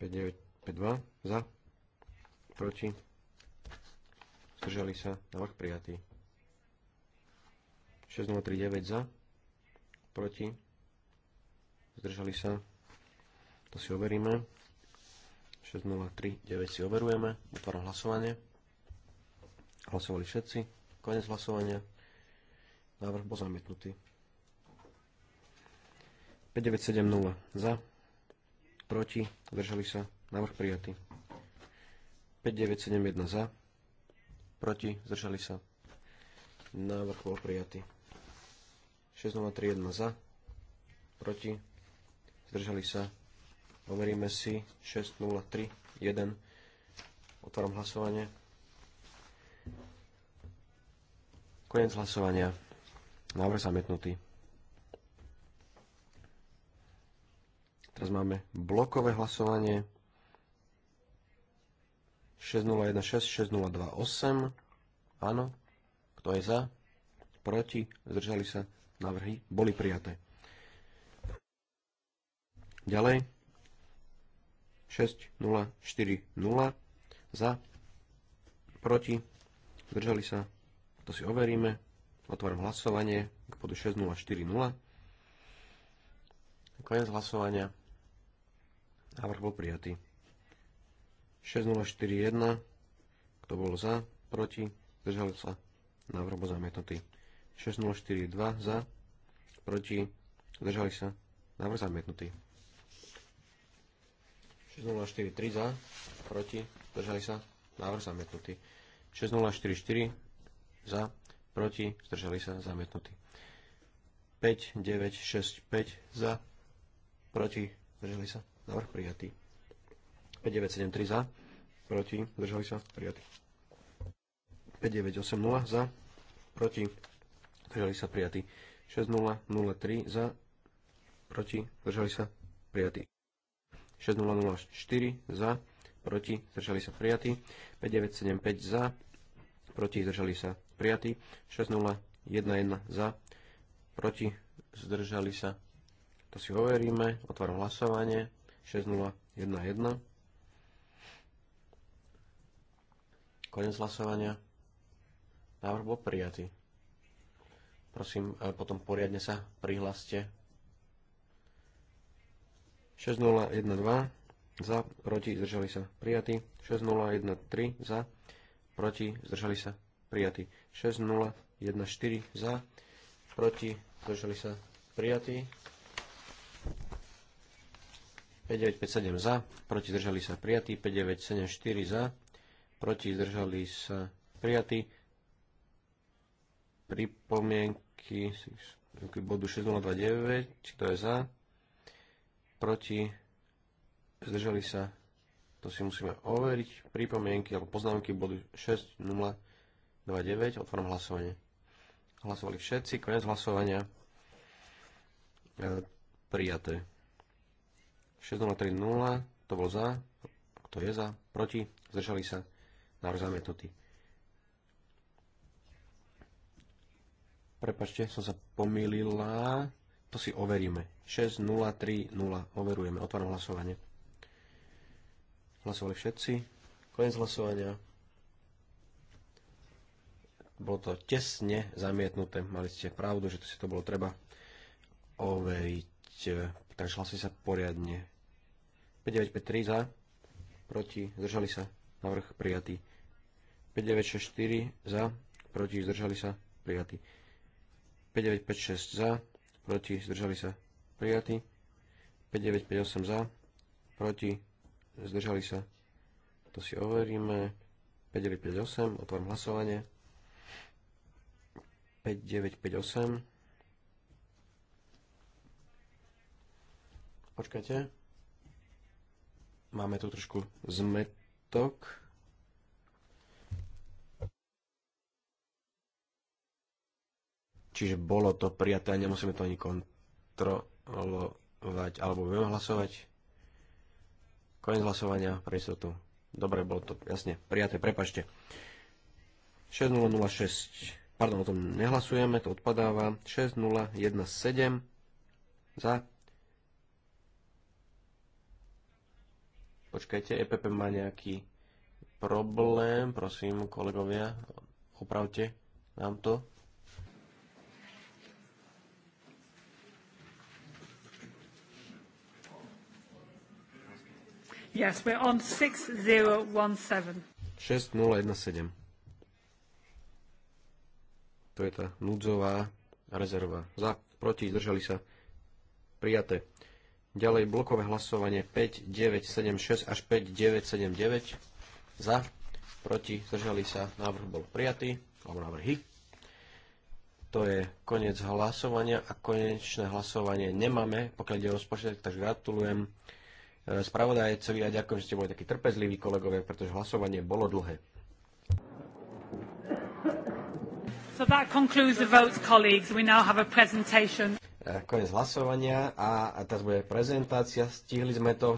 Päť, deväť, Za. Proti. Zdržali sa. Návrh prijatý. 6039 za. Proti. Zdržali sa. To si overíme. 6039 si overujeme. Otváram hlasovanie. Hlasovali všetci. Konec hlasovania. Návrh bol zamietnutý. 5970 za, proti, zdržali sa, návrh prijatý. 5971 za, proti, zdržali sa, návrh bol prijatý. 6031 za, proti, zdržali sa, overíme si 6031, otváram hlasovanie. Koniec hlasovania. Návrh zamietnutý. Teraz máme blokové hlasovanie 6016, 6028. Áno. Kto je za? Proti? Zdržali sa? Návrhy boli prijaté. Ďalej. 6040 za, proti, zdržali sa, to si overíme. otvorím hlasovanie k podu 6040. Koniec hlasovania. Návrh bol prijatý. 6041. Kto bol za? Proti? držali sa? Návrh bol zamietnutý. 6042 za? Proti? Držali sa? Návrh zamietnutý. 6043 za? Proti? Zdržali sa? Návrh zamietnutý. 6044 za, proti, zdržali sa, zamietnutí. 5, 9, 6, 5 za, proti, zdržali sa, návrh prijatý. 5, 9, 7, 3 za, proti, zdržali sa, prijatý. 5, 9, 8, 0 za, proti, zdržali sa, prijatý. 6, 0, 0, 3 za, proti, zdržali sa, prijatý. 6, 0, 0, 4, za, proti, zdržali sa prijatý. 5, 9, 7, 5, za, proti, zdržali sa prijatý. 6011 za, proti, zdržali sa. To si overíme, otvorím hlasovanie. 6011. Konec hlasovania. Návrh bol prijatý. Prosím, e, potom poriadne sa prihláste. 6012 za, proti, zdržali sa, prijatý. 6013 za, proti, zdržali sa, prijatý. 6, 0, 1, 4 za, proti, držali sa prijatý. 5, 9, 5, 7 za, proti, držali sa prijatý. 5, 9, 7, 4 za, proti, držali sa prijatý. Pripomienky k bodu 6.029, to je za, proti, zdržali sa, to si musíme overiť, pripomienky alebo poznámky bodu 6.029. 29. Otváram hlasovanie. Hlasovali všetci. koniec hlasovania. E, prijaté. 6030. To bol za. Kto je za? Proti? Zdržali sa. Návrh zamietnutý. Prepačte, som sa pomýlila. To si overíme. 6030. Overujeme. Otváram hlasovanie. Hlasovali všetci. Koniec hlasovania bolo to tesne zamietnuté. Mali ste pravdu, že to si to bolo treba overiť. Takže hlasili sa poriadne. 5953 za, proti, zdržali sa, navrh prijatý. 5964 za, proti, zdržali sa, prijatý. 5956 za, proti, zdržali sa, prijatý. 5958 za, proti, zdržali sa. To si overíme. 5958, otvorím hlasovanie. 5958. Počkajte. Máme tu trošku zmetok. Čiže bolo to prijaté, nemusíme to ani kontrolovať, alebo budeme hlasovať. Koniec hlasovania pre istotu. Dobre, bolo to jasne prijaté, prepačte. 6006 Pardon, o tom nehlasujeme, to odpadáva. 6017 za. Počkajte, EPP má nejaký problém, prosím, kolegovia, opravte nám to. Yes, we're on 6017. 6017 to je tá núdzová rezerva. Za, proti, zdržali sa, prijaté. Ďalej blokové hlasovanie 5, 9, 7, 6 až 5, 9, 7, 9. Za, proti, zdržali sa, návrh bol prijatý, alebo návrhy. To je koniec hlasovania a konečné hlasovanie nemáme, pokiaľ ide o rozpočet, takže gratulujem e, spravodajcovi a ďakujem, že ste boli takí trpezliví kolegovia, pretože hlasovanie bolo dlhé. So that concludes the votes, colleagues. We now have a presentation. Eh, Konec hlasovania a, a teraz bude prezentácia. Stihli sme to.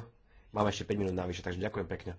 Máme ešte 5 minút navyše, takže ďakujem pekne.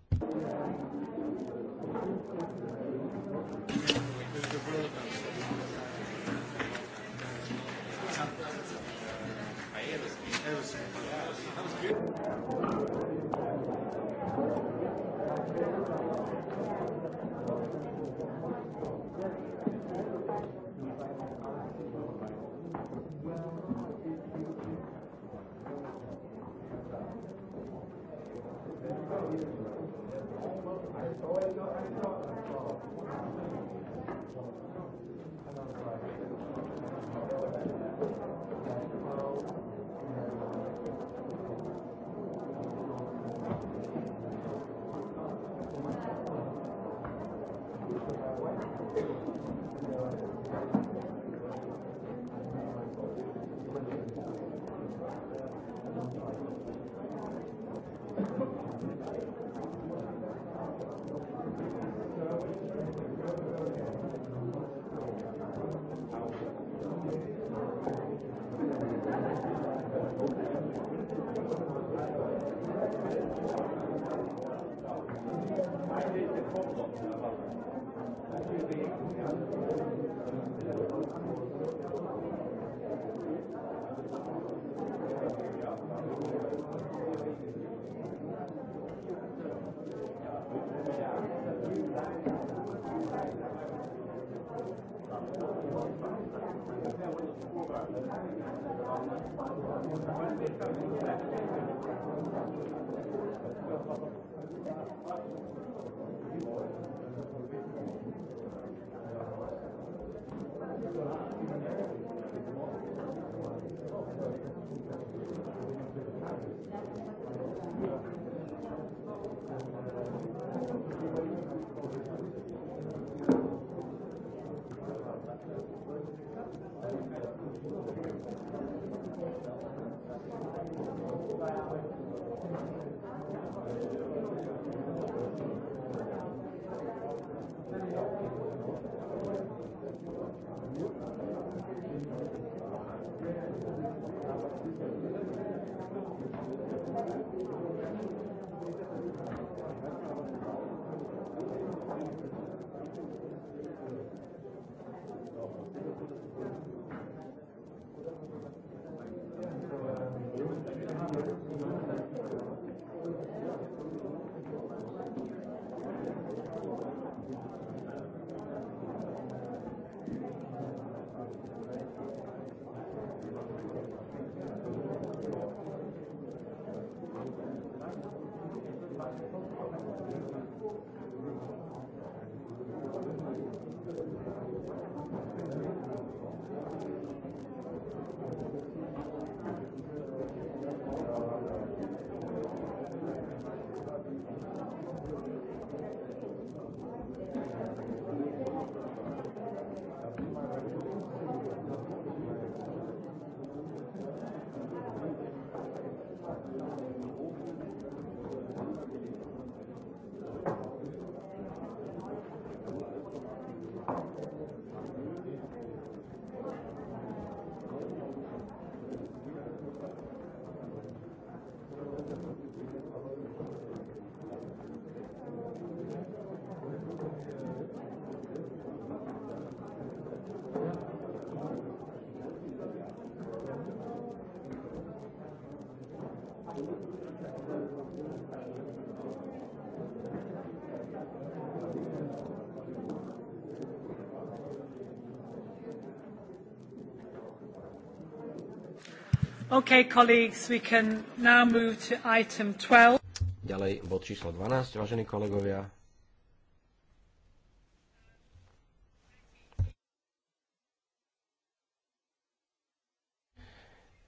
Okay, colleagues, we can now move to item 12. Ďalej bod číslo 12, vážení kolegovia.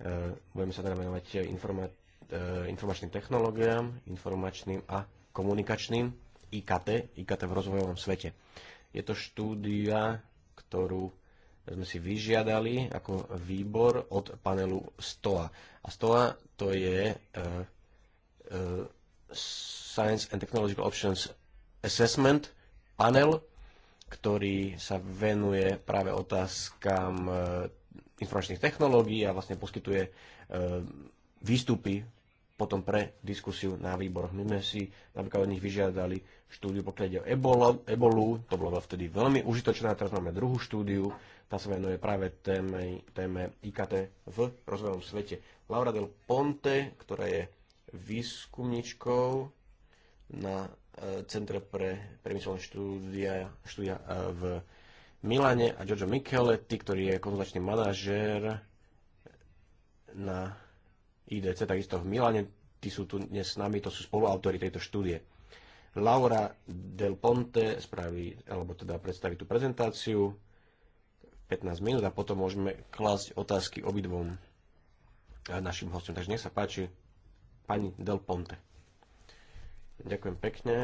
E, budeme sa teda venovať e, e, informačným technológiám, informačným a komunikačným, IKT, IKT v rozvojovom svete. Je to štúdia, ktorú sme si vyžiadali ako výbor od panelu STOA. A STOA to je e, e, Science and Technological Options Assessment panel, ktorý sa venuje práve otázkam e, informačných technológií a vlastne poskytuje výstupy potom pre diskusiu na výboroch. My sme si napríklad od nich vyžiadali štúdiu, pokiaľ ide o ebolu, to bolo vtedy veľmi užitočné, teraz máme druhú štúdiu, tá sa venuje práve téme, téme IKT v rozvojovom svete. Laura del Ponte, ktorá je výskumničkou na e, Centre pre priemyselné štúdia, štúdia e, v Milane a Giorgio Micheletti, ktorý je konzulačný manažér na IDC, takisto v Milane, tí sú tu dnes s nami, to sú spoluautori tejto štúdie. Laura Del Ponte spraví, alebo teda predstaví tú prezentáciu, 15 minút a potom môžeme klásť otázky obidvom eh, našim hostom. Takže nech sa páči, pani Del Ponte. Ďakujem pekne.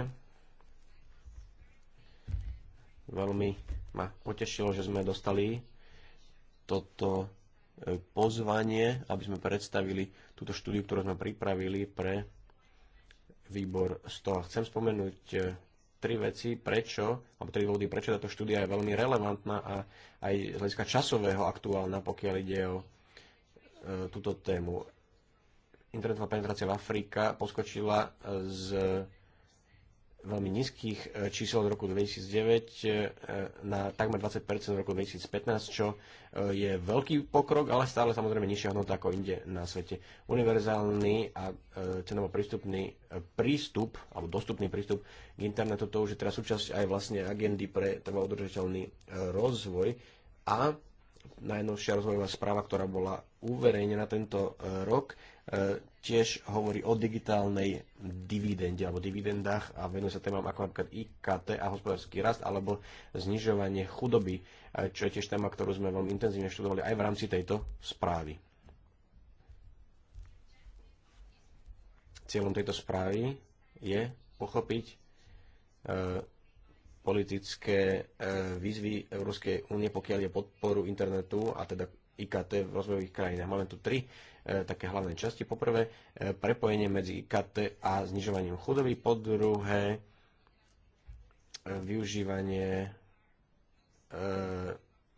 Veľmi ma potešilo, že sme dostali toto E, pozvanie, aby sme predstavili túto štúdiu, ktorú sme pripravili pre výbor 100. Chcem spomenúť e, tri veci, prečo, alebo tri dôvody, prečo táto štúdia je veľmi relevantná a aj z hľadiska časového aktuálna, pokiaľ ide o e, túto tému. Internetová penetrácia v Afrika poskočila z veľmi nízkych e, čísel z roku 2009 e, na takmer 20% v roku 2015, čo e, je veľký pokrok, ale stále samozrejme nižšia hodnota ako inde na svete. Univerzálny a cenovo prístupný prístup, alebo dostupný prístup k internetu, to už je teraz súčasť aj vlastne agendy pre trvalo udržateľný rozvoj a najnovšia rozvojová správa, ktorá bola uverejnená tento rok, E, tiež hovorí o digitálnej dividende alebo dividendách a venuje sa témam ako napríklad IKT a hospodársky rast alebo znižovanie chudoby, e, čo je tiež téma, ktorú sme veľmi intenzívne študovali aj v rámci tejto správy. Cieľom tejto správy je pochopiť e, politické e, výzvy Európskej únie, pokiaľ je podporu internetu a teda IKT v rozvojových krajinách. Máme tu tri e, také hlavné časti. Poprvé, e, prepojenie medzi IKT a znižovaním chudoby. Po druhé, e, využívanie e,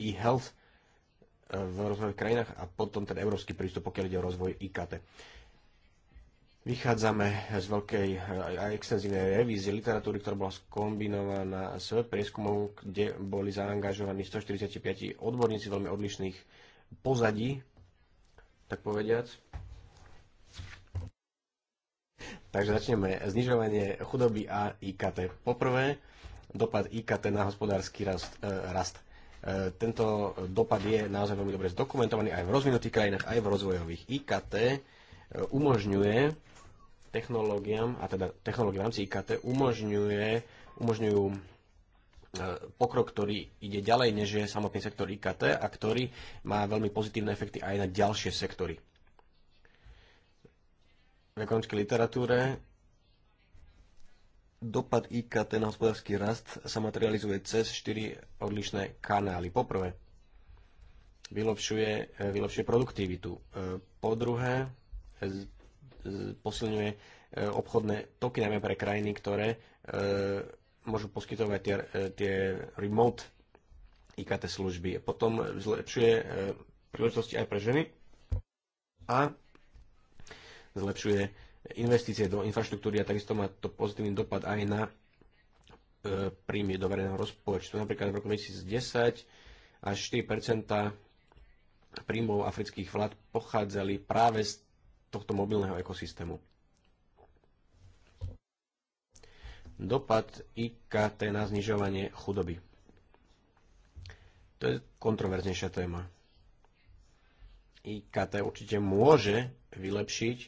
e-health e, v rozvojových krajinách a potom ten teda európsky prístup, pokiaľ ide o rozvoj IKT. Vychádzame z veľkej e, a extenzívnej revízie literatúry, ktorá bola skombinovaná s prieskumom, kde boli zaangažovaní 145 odborníci veľmi odlišných pozadí, tak povediac. Takže začneme. Znižovanie chudoby a IKT. Poprvé, dopad IKT na hospodársky rast. E, rast. E, tento dopad je naozaj veľmi dobre zdokumentovaný aj v rozvinutých krajinách, aj v rozvojových. IKT e, umožňuje technológiám, a teda technológie v rámci IKT umožňuje, umožňujú E, pokrok, ktorý ide ďalej, než je samotný sektor IKT a ktorý má veľmi pozitívne efekty aj na ďalšie sektory. V ekonomickej literatúre dopad IKT na hospodársky rast sa materializuje cez 4 odlišné kanály. Poprvé, vylepšuje, e, vylepšuje produktivitu. E, po druhé, posilňuje obchodné toky, najmä pre krajiny, ktoré môžu poskytovať tie, e, tie remote IKT služby. Potom zlepšuje e, príležitosti aj pre ženy a zlepšuje investície do infraštruktúry a takisto má to pozitívny dopad aj na e, príjmy do verejného rozpočtu. Napríklad v roku 2010 až 4 príjmov afrických vlád pochádzali práve z tohto mobilného ekosystému. dopad IKT na znižovanie chudoby. To je kontroverznejšia téma. IKT určite môže vylepšiť e,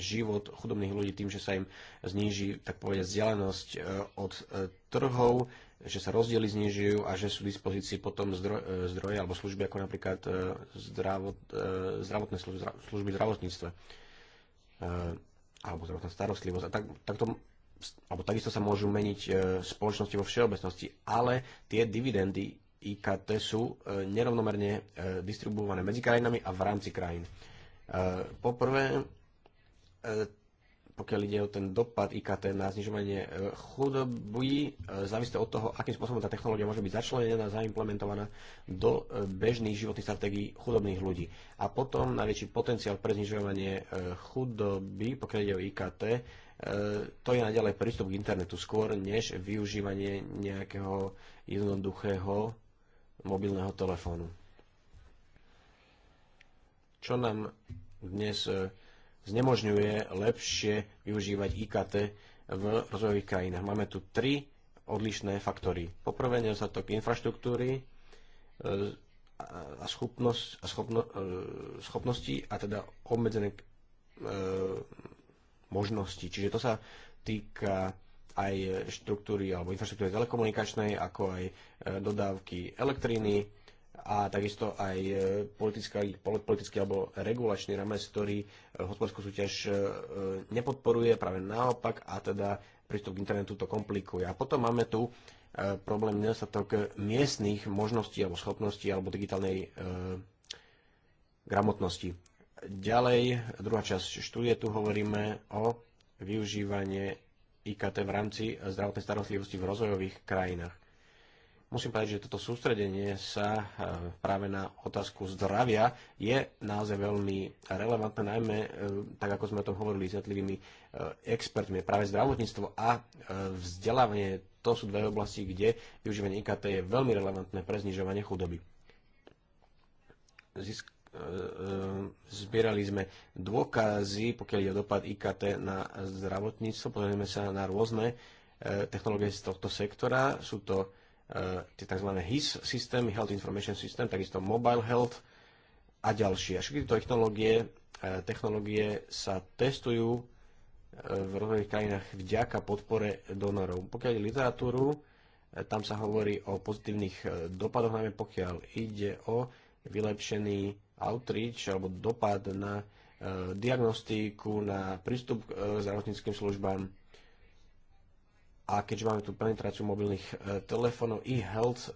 život chudobných ľudí tým, že sa im zníži, tak povedať, vzdialenosť e, od e, trhov, že sa rozdiely znižujú a že sú v dispozícii potom zdroje, zdroje alebo služby ako napríklad zdravot, zdravotné služby, služby zdravotníctve alebo zdravotná starostlivosť. A tak, takto alebo takisto sa môžu meniť e, spoločnosti vo všeobecnosti, ale tie dividendy IKT sú e, nerovnomerne e, distribuované medzi krajinami a v rámci krajín. E, poprvé, e, pokiaľ ide o ten dopad IKT na znižovanie e, chudoby, závisí od toho, akým spôsobom tá technológia môže byť začlenená, zaimplementovaná do bežných životných stratégií chudobných ľudí. A potom najväčší potenciál pre znižovanie chudoby, pokiaľ ide o IKT, E, to je naďalej prístup k internetu skôr, než využívanie nejakého jednoduchého mobilného telefónu. Čo nám dnes e, znemožňuje lepšie využívať IKT v rozvojových krajinách. Máme tu tri odlišné faktory. Poprvé nedostatok infraštruktúry e, a, schopnosť, a schopno, schopnosti a teda obmedzené možnosti. Čiže to sa týka aj štruktúry alebo infraštruktúry telekomunikačnej, ako aj e, dodávky elektriny a takisto aj e, politický, politický alebo regulačný rámec, ktorý e, hospodárskú súťaž nepodporuje, práve naopak, a teda prístup k internetu to komplikuje. A potom máme tu problém nedostatok miestných možností alebo schopností alebo digitálnej e, gramotnosti Ďalej, druhá časť štúdie, tu hovoríme o využívanie IKT v rámci zdravotnej starostlivosti v rozvojových krajinách. Musím povedať, že toto sústredenie sa e, práve na otázku zdravia je naozaj veľmi relevantné, najmä e, tak ako sme o tom hovorili s jednotlivými e, expertmi. Práve zdravotníctvo a vzdelávanie to sú dve oblasti, kde využívanie IKT je veľmi relevantné pre znižovanie chudoby. Získ E, e, zbierali sme dôkazy, pokiaľ je dopad IKT na zdravotníctvo, pozrieme sa na rôzne e, technológie z tohto sektora, sú to tie tzv. HIS systémy, Health Information System, takisto Mobile Health a ďalšie. A všetky tieto technológie, technológie sa testujú v rozvojových krajinách vďaka podpore donorov. Pokiaľ je literatúru, tam sa hovorí o pozitívnych dopadoch, najmä pokiaľ ide o vylepšený outreach alebo dopad na e, diagnostiku, na prístup k e, zdravotníckým službám. A keďže máme tu penetráciu mobilných e, telefónov, e-health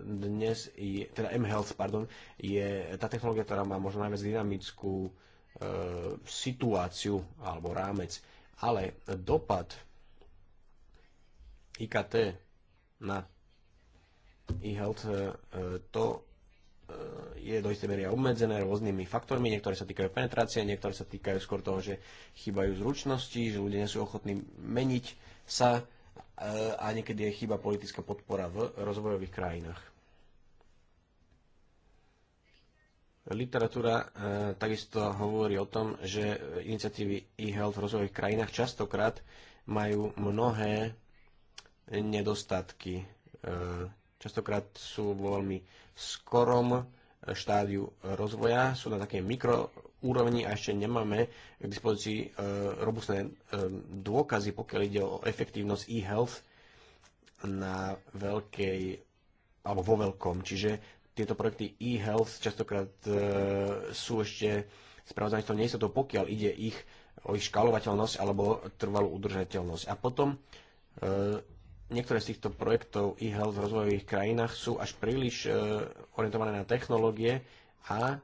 dnes, je, teda m-health, pardon, je tá technológia, ktorá má možno najviac dynamickú e, situáciu alebo rámec. Ale dopad IKT na e-health, to je do istej miery obmedzené rôznymi faktormi. Niektoré sa týkajú penetrácie, niektoré sa týkajú skôr toho, že chýbajú zručnosti, že ľudia nie sú ochotní meniť sa e, a niekedy je chyba politická podpora v rozvojových krajinách. Literatúra e, takisto hovorí o tom, že iniciatívy e-health v rozvojových krajinách častokrát majú mnohé nedostatky. E, častokrát sú vo veľmi skorom e, štádiu e, rozvoja, sú na takej mikroúrovni a ešte nemáme k dispozícii e, robustné dôkazy, pokiaľ ide o efektívnosť e-health na veľkej alebo vo veľkom. Čiže tieto projekty e-health častokrát sú ešte to nie sú to, pokiaľ ide ich o ich škálovateľnosť alebo trvalú udržateľnosť. A potom niektoré z týchto projektov e-health v rozvojových krajinách sú až príliš e, orientované na technológie a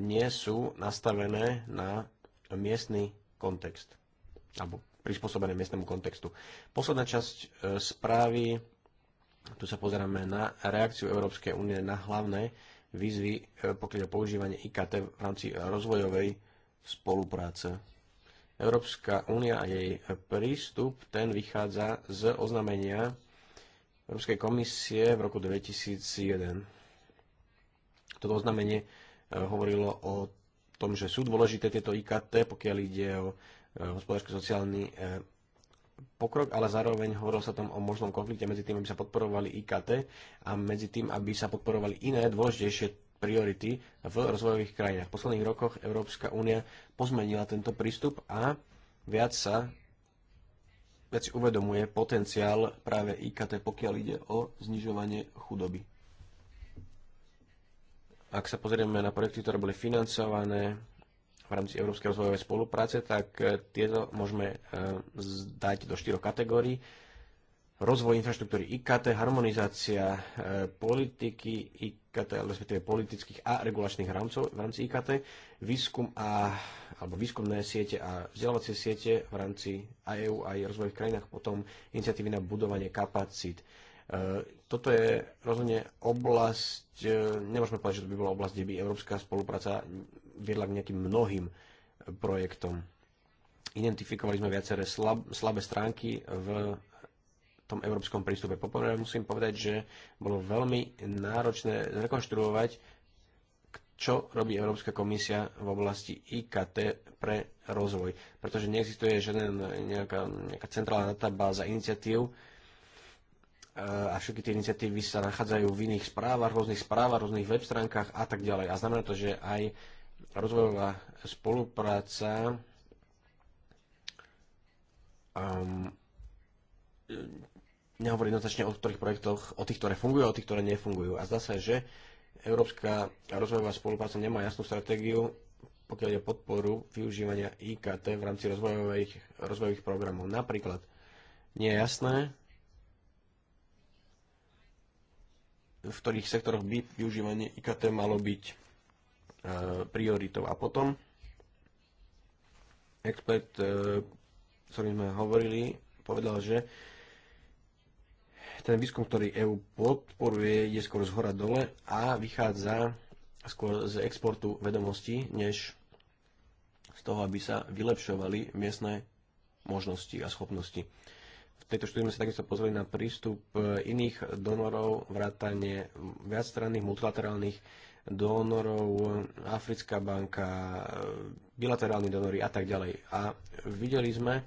nie sú nastavené na miestny kontext alebo prispôsobené miestnemu kontextu. Posledná časť e, správy, tu sa pozeráme na reakciu Európskej únie na hlavné výzvy, e, pokiaľ používanie IKT v rámci rozvojovej spolupráce. Európska únia a jej prístup, ten vychádza z oznámenia Európskej komisie v roku 2001. Toto oznámenie e, hovorilo o tom, že sú dôležité tieto IKT, pokiaľ ide o e, hospodársko-sociálny e, pokrok, ale zároveň hovorilo sa tam o možnom konflikte medzi tým, aby sa podporovali IKT a medzi tým, aby sa podporovali iné dôležitejšie priority v rozvojových krajinách. V posledných rokoch Európska únia pozmenila tento prístup a viac sa viac uvedomuje potenciál práve IKT, pokiaľ ide o znižovanie chudoby. Ak sa pozrieme na projekty, ktoré boli financované v rámci Európskej rozvojovej spolupráce, tak eh, tieto môžeme eh, zdať do štyroch kategórií rozvoj infraštruktúry IKT, harmonizácia e, politiky IKT, respektíve politických a regulačných rámcov v rámci IKT, výskum a, alebo výskumné siete a vzdelávacie siete v rámci aj EU aj rozvojových krajinách, potom iniciatívy na budovanie kapacít. E, toto je rozhodne oblasť, e, nemôžeme povedať, že to by bola oblasť, kde by európska spolupráca viedla k nejakým mnohým projektom. Identifikovali sme viaceré slab, slabé stránky v tom európskom prístupe. Poprvé musím povedať, že bolo veľmi náročné zrekonštruovať, čo robí Európska komisia v oblasti IKT pre rozvoj. Pretože neexistuje žiadna nejaká, nejaká centrálna databáza iniciatív eh, a všetky tie iniciatívy sa nachádzajú v iných správach, rôznych správach, rôznych web stránkach a tak ďalej. A znamená to, že aj rozvojová spolupráca um, nehovorí jednoznačne o ktorých projektoch, o tých, ktoré fungujú, o tých, ktoré nefungujú. A zdá sa, že Európska rozvojová spolupráca nemá jasnú stratégiu, pokiaľ je podporu využívania IKT v rámci rozvojových, rozvojových programov. Napríklad nie je jasné, v ktorých sektoroch by využívanie IKT malo byť e, prioritou. A potom expert, e, s ktorým sme hovorili, povedal, že ten výskum, ktorý EU podporuje, je skôr z hora dole a vychádza skôr z exportu vedomostí, než z toho, aby sa vylepšovali miestne možnosti a schopnosti. V tejto štúdii sme sa takisto pozreli na prístup e, iných donorov, vrátanie viacstranných, multilaterálnych donorov, Africká banka, e, bilaterálni donory a tak ďalej. A videli sme,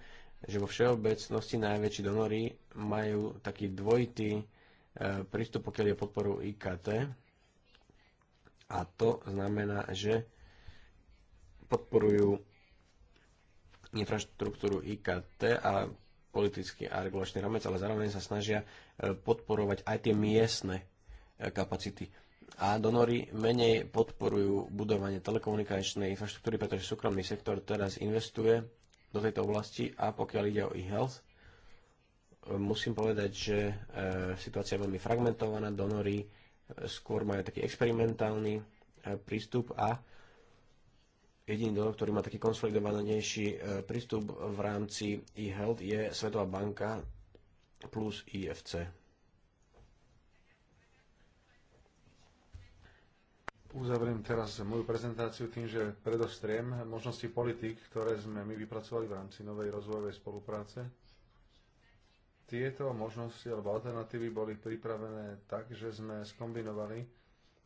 že vo všeobecnosti najväčší donory majú taký dvojitý e, prístup, pokiaľ je podporu IKT. A to znamená, že podporujú infraštruktúru IKT a politický a regulačný ramec, ale zároveň sa snažia e, podporovať aj tie miestne e, kapacity. A donory menej podporujú budovanie telekomunikačnej infraštruktúry, pretože súkromný sektor teraz investuje do tejto oblasti a pokiaľ ide o e-health, musím povedať, že e, situácia je veľmi fragmentovaná, donory e, skôr majú taký experimentálny e, prístup a jediný donor, ktorý má taký konsolidovanejší prístup v rámci e-health je Svetová banka plus IFC. Uzavriem teraz moju prezentáciu tým, že predostriem možnosti politik, ktoré sme my vypracovali v rámci novej rozvojovej spolupráce. Tieto možnosti alebo alternatívy boli pripravené tak, že sme skombinovali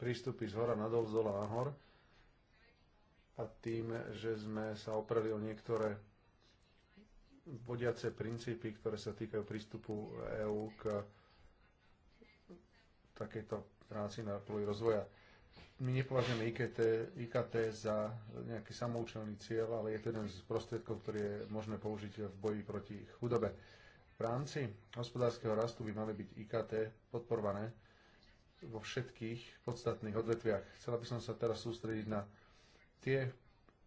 prístupy z hora nadol, z dola nahor a tým, že sme sa opreli o niektoré vodiace princípy, ktoré sa týkajú prístupu EÚ k takejto práci na poli rozvoja my nepovažujeme IKT, IKT za nejaký samoučelný cieľ, ale je to jeden z prostriedkov, ktorý je možné použiť v boji proti chudobe. V rámci hospodárskeho rastu by mali byť IKT podporované vo všetkých podstatných odvetviach. Chcela by som sa teraz sústrediť na tie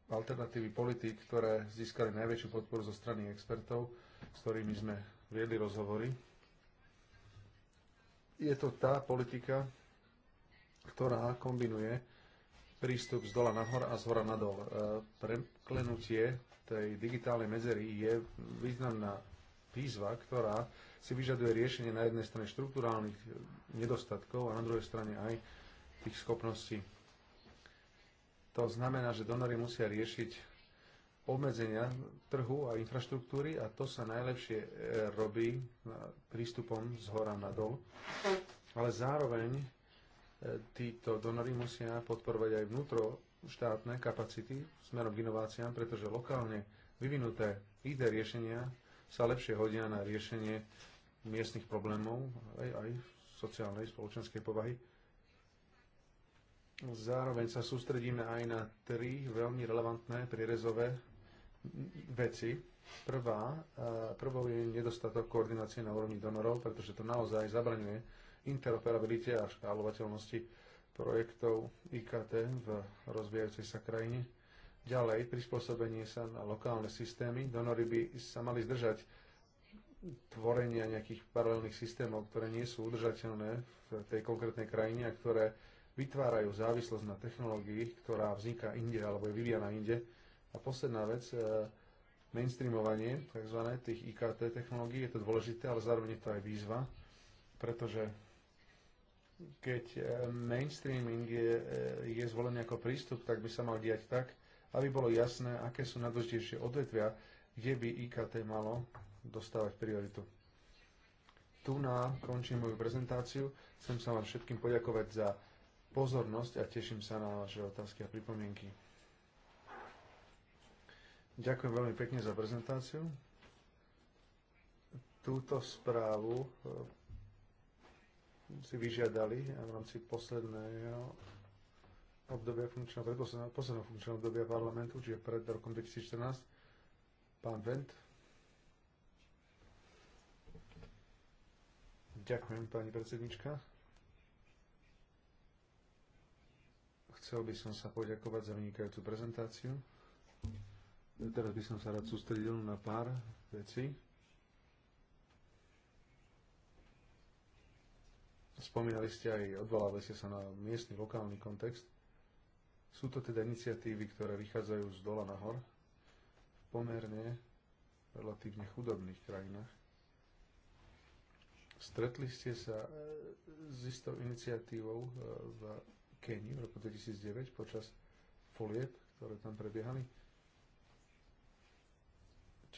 alternatívy politik, ktoré získali najväčšiu podporu zo strany expertov, s ktorými sme viedli rozhovory. Je to tá politika, ktorá kombinuje prístup z dola nahor a z hora nadol. E, preklenutie tej digitálnej medzery je významná výzva, ktorá si vyžaduje riešenie na jednej strane štruktúrálnych nedostatkov a na druhej strane aj tých schopností. To znamená, že donory musia riešiť obmedzenia trhu a infraštruktúry a to sa najlepšie e, robí e, prístupom z hora dol. Ale zároveň títo donory musia podporovať aj vnútro štátne kapacity smerom k inováciám, pretože lokálne vyvinuté IT riešenia sa lepšie hodia na riešenie miestnych problémov, aj, aj sociálnej, spoločenskej povahy. Zároveň sa sústredíme aj na tri veľmi relevantné prierezové veci. Prvá, prvou je nedostatok koordinácie na úrovni donorov, pretože to naozaj zabraňuje interoperabilite a škálovateľnosti projektov IKT v rozvíjajúcej sa krajine. Ďalej, prispôsobenie sa na lokálne systémy. Donory by sa mali zdržať tvorenia nejakých paralelných systémov, ktoré nie sú udržateľné v tej konkrétnej krajine a ktoré vytvárajú závislosť na technológii, ktorá vzniká inde alebo je vyvíjana inde. A posledná vec, e, mainstreamovanie tzv. tých IKT technológií, je to dôležité, ale zároveň je to aj výzva, pretože keď e, mainstreaming je, e, je zvolený ako prístup, tak by sa mal diať tak, aby bolo jasné, aké sú najdôležitejšie odvetvia, kde by IKT malo dostávať prioritu. Tu na končím moju prezentáciu. Chcem sa vám všetkým poďakovať za pozornosť a teším sa na vaše otázky a pripomienky. Ďakujem veľmi pekne za prezentáciu. Túto správu e, si vyžiadali v rámci posledného obdobia funkčného, predposledného posledného funkčného obdobia parlamentu, čiže pred rokom 2014, pán Vent. Ďakujem, pani predsednička. Chcel by som sa poďakovať za vynikajúcu prezentáciu. Teraz by som sa rád sústredil na pár vecí Spomínali ste aj, odvolávali ste sa na miestny, lokálny kontext. Sú to teda iniciatívy, ktoré vychádzajú z dola nahor v pomerne relatívne chudobných krajinách. Stretli ste sa e, s istou iniciatívou e, v Kenii v roku 2009 počas folieb, ktoré tam prebiehali.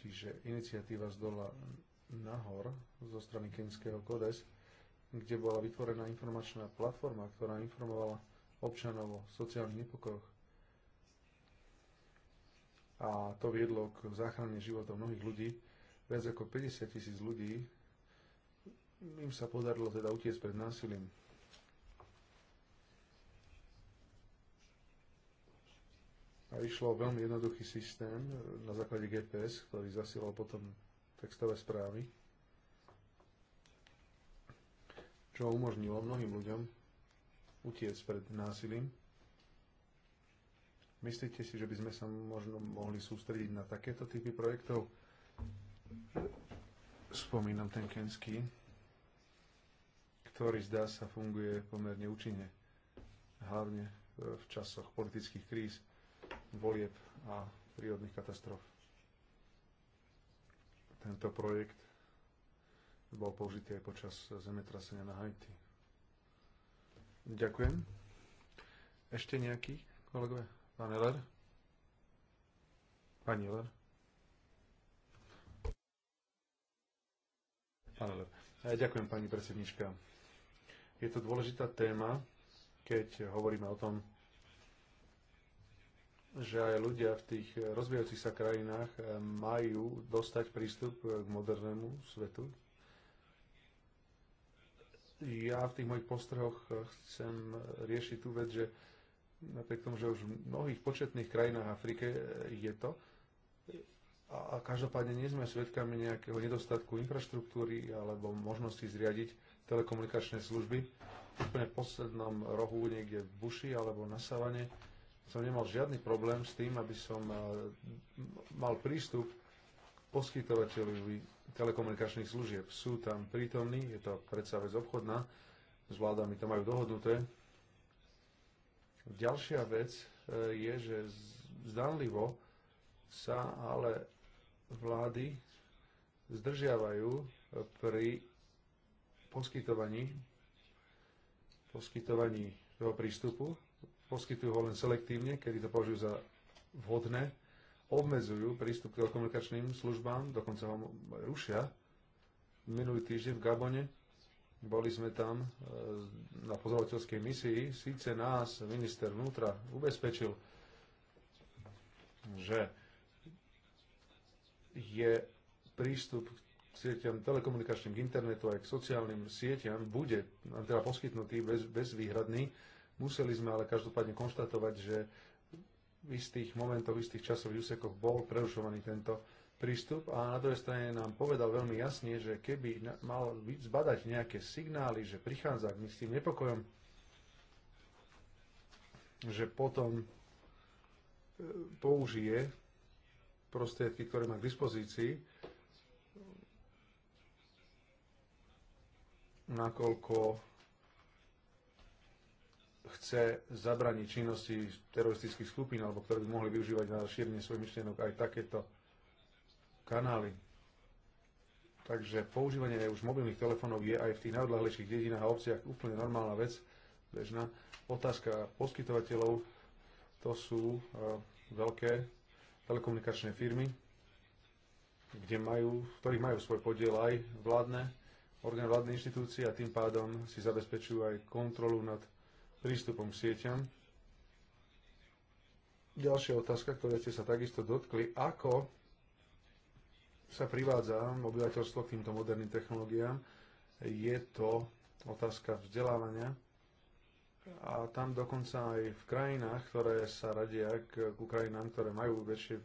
Čiže iniciatíva z dola nahor zo strany kenského kodesu kde bola vytvorená informačná platforma, ktorá informovala občanov o sociálnych nepokojoch. A to viedlo k záchrane životov mnohých ľudí. Viac ako 50 tisíc ľudí im sa podarilo teda utiecť pred násilím. A išlo o veľmi jednoduchý systém na základe GPS, ktorý zasielal potom textové správy čo umožnilo mnohým ľuďom utiec pred násilím. Myslíte si, že by sme sa možno mohli sústrediť na takéto typy projektov? Spomínam ten kenský, ktorý zdá sa funguje pomerne účinne, hlavne v časoch politických kríz, volieb a prírodných katastrof. Tento projekt bol použitý aj počas zemetrasenia na Haiti. Ďakujem. Ešte nejaký kolegové? Pán Eller? Pani Eller? Pán Eller. Ďakujem, pani predsednička. Je to dôležitá téma, keď hovoríme o tom, že aj ľudia v tých rozvíjajúcich sa krajinách eh, majú dostať prístup k modernému svetu, ja v tých mojich postrehoch eh, chcem eh, riešiť tú vec, že napriek tomu, že už v mnohých početných krajinách Afrike eh, je to, a, každopádne nie sme svedkami nejakého nedostatku infraštruktúry alebo možnosti zriadiť telekomunikačné služby. Úplne v poslednom rohu niekde v Buši alebo na Savane som nemal žiadny problém s tým, aby som mal prístup k poskytovateľovi telekomunikačných služieb sú tam prítomní, je to predsa vec obchodná, s vládami to majú dohodnuté. Ďalšia vec e, je, že zdanlivo sa ale vlády zdržiavajú e, pri poskytovaní, poskytovaní toho prístupu. Poskytujú ho len selektívne, kedy to považujú za vhodné obmedzujú prístup k telekomunikačným službám, dokonca ho rušia. Minulý týždeň v Gabone boli sme tam e, na pozorovateľskej misii. Síce nás minister vnútra ubezpečil, že je prístup k sieťam telekomunikačným, k internetu aj k sociálnym sieťam bude teda poskytnutý bez, bezvýhradný. Museli sme ale každopádne konštatovať, že istých momentov, istých časových úsekoch bol prerušovaný tento prístup a na druhej strane nám povedal veľmi jasne, že keby mal zbadať nejaké signály, že prichádza k s tým nepokojom, že potom e, použije prostriedky, ktoré má k dispozícii, nakoľko chce zabraniť činnosti teroristických skupín, alebo ktoré by mohli využívať na šírenie svojich myšlienok aj takéto kanály. Takže používanie už mobilných telefónov je aj v tých najodlahlejších dedinách a obciach úplne normálna vec, bežná. Otázka poskytovateľov, to sú e, veľké telekomunikačné firmy, kde majú, ktorých majú svoj podiel aj vládne, orgán vládnej inštitúcie a tým pádom si zabezpečujú aj kontrolu nad prístupom k sieťam. Ďalšia otázka, ktoré ste sa takisto dotkli, ako sa privádza obyvateľstvo k týmto moderným technológiám, je to otázka vzdelávania. A tam dokonca aj v krajinách, ktoré sa radia k, k Ukrajinám, ktoré majú väčšie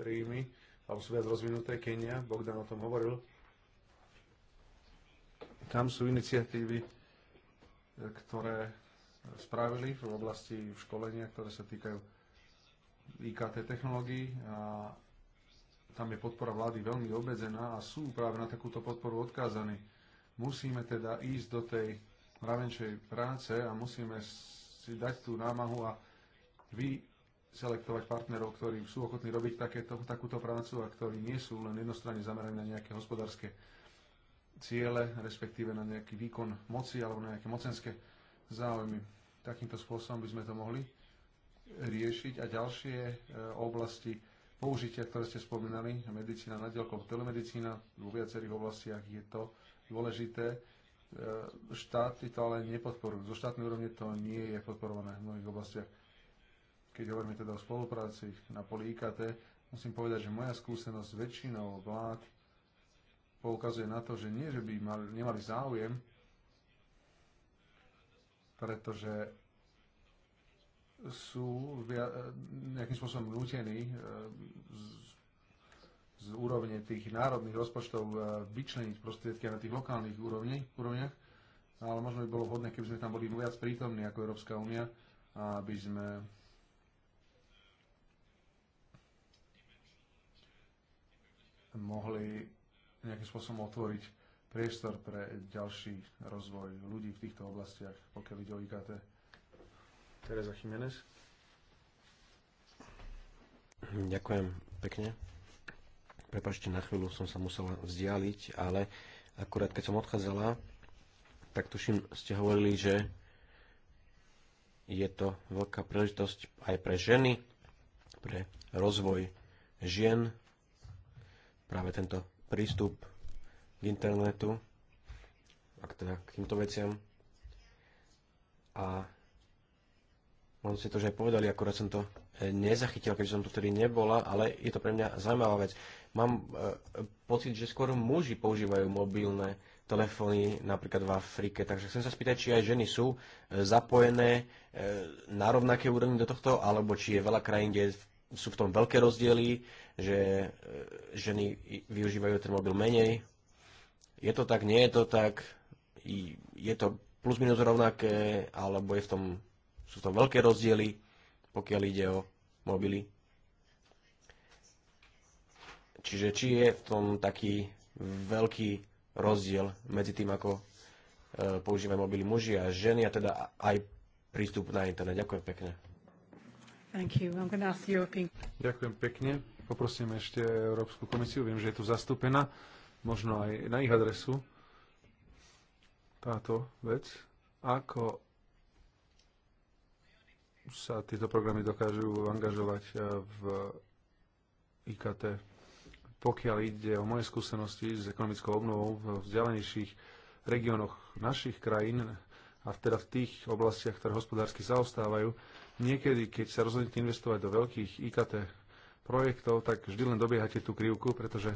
príjmy, alebo sú viac rozvinuté, Kenia, Bogdan o tom hovoril, tam sú iniciatívy, ktoré spravili v oblasti školenia, ktoré sa týkajú IKT technológií a tam je podpora vlády veľmi obmedzená a sú práve na takúto podporu odkázaní. Musíme teda ísť do tej mravenčej práce a musíme si dať tú námahu a vyselektovať partnerov, ktorí sú ochotní robiť takéto, takúto prácu a ktorí nie sú len jednostranne zameraní na nejaké hospodárske ciele, respektíve na nejaký výkon moci alebo na nejaké mocenské záujmy. Takýmto spôsobom by sme to mohli riešiť a ďalšie e, oblasti použitia, ktoré ste spomínali, medicína na dielkom, telemedicína, vo viacerých oblastiach je to dôležité. E, štáty to ale nepodporujú. Zo štátnej úrovne to nie je podporované v mnohých oblastiach. Keď hovoríme teda o spolupráci na poli IKT, musím povedať, že moja skúsenosť väčšinou vlád poukazuje na to, že nie, že by mali, nemali záujem pretože sú nejakým spôsobom nútení e, z úrovne tých národných rozpočtov e, vyčleniť prostriedky na tých lokálnych úrovni, úrovniach, ale možno by bolo vhodné, keby sme tam boli viac prítomní ako Európska únia, aby sme mohli nejakým spôsobom otvoriť priestor pre ďalší rozvoj ľudí v týchto oblastiach, pokiaľ ide o IKT. Teresa Jiménez. Ďakujem pekne. Prepačte, na chvíľu som sa musela vzdialiť, ale akurát keď som odchádzala, tak tuším, ste hovorili, že je to veľká príležitosť aj pre ženy, pre rozvoj žien, práve tento prístup k internetu a teda k týmto veciam. A možno ste to už aj povedali, akurát som to eh, nezachytil, keďže som tu vtedy nebola, ale je to pre mňa zaujímavá vec. Mám e, pocit, že skôr muži používajú mobilné telefóny napríklad v Afrike, takže chcem sa spýtať, či aj ženy sú eh, zapojené e, na rovnaké úrovni do tohto, alebo či je veľa krajín, kde sú v tom veľké rozdiely, že e, ženy využívajú ten mobil menej. Je to tak, nie je to tak, je to plus minus rovnaké, alebo je v tom, sú v tom veľké rozdiely, pokiaľ ide o mobily. Čiže či je v tom taký veľký rozdiel medzi tým, ako e, používajú mobily muži a ženy a teda aj prístup na internet. Ďakujem pekne. Ďakujem pekne. Poprosím ešte Európsku komisiu. Viem, že je tu zastúpená možno aj na ich adresu táto vec, ako sa tieto programy dokážu angažovať eh, v IKT. Pokiaľ ide o moje skúsenosti s ekonomickou obnovou v vzdialenejších regiónoch našich krajín, a teda v tých oblastiach, ktoré hospodársky zaostávajú, niekedy, keď sa rozhodnete investovať do veľkých IKT projektov, tak vždy len dobiehate tú krivku, pretože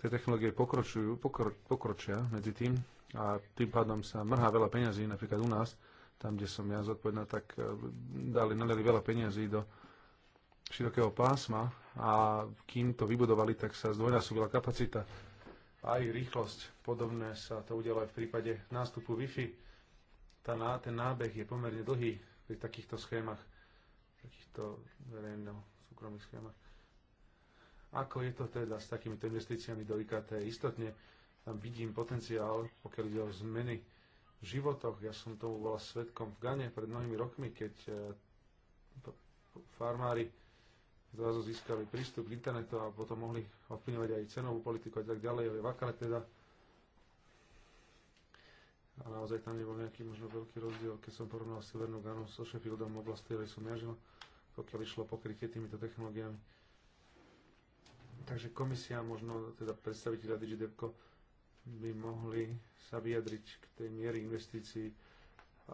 Tie technológie pokročujú, pokro, pokročia medzi tým a tým pádom sa mrhá veľa peňazí, napríklad u nás, tam, kde som ja zodpovedná, tak e, dali, naliali veľa peňazí do širokého pásma a kým to vybudovali, tak sa zdvojnásobila kapacita aj rýchlosť. Podobné sa to udialo aj v prípade nástupu Wi-Fi. Tá, ten nábeh je pomerne dlhý pri takýchto schémach, takýchto verejno-súkromných schémach. Ako je to teda s takýmito investíciami do IKT? Istotne tam vidím potenciál, pokiaľ ide o zmeny v životoch. Ja som tomu bol svetkom v Gane pred mnohými rokmi, keď eh, farmári zrazu získali prístup k internetu a potom mohli ovplyvňovať aj cenovú politiku a tak ďalej. V Akare teda a naozaj tam nebol nejaký možno veľký rozdiel, keď som porovnal Severnú Ganu so Sheffieldom, oblasti, ktorej som ja žil, pokiaľ išlo pokrytie týmito technológiami Takže komisia, možno teda predstaviteľa DigiDepco by mohli sa vyjadriť k tej miery investícií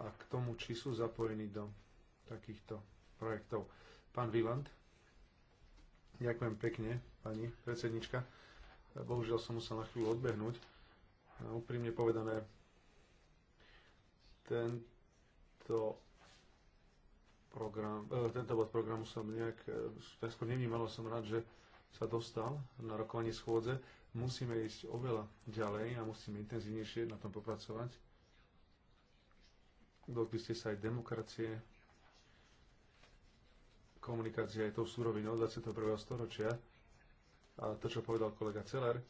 a k tomu, či sú zapojení do takýchto projektov. Pán Viland. Ďakujem pekne, pani predsednička. Bohužiaľ som musel na chvíľu odbehnúť. A no, úprimne povedané, tento program, e, tento bod programu som nejak, e, skôr nevnímal, som rád, že sa dostal na rokovanie schôdze, musíme ísť oveľa ďalej a musíme intenzívnejšie na tom popracovať. Dotkli ste sa aj demokracie, komunikácia je tou súrovinou 21. storočia. A to, čo povedal kolega Celer,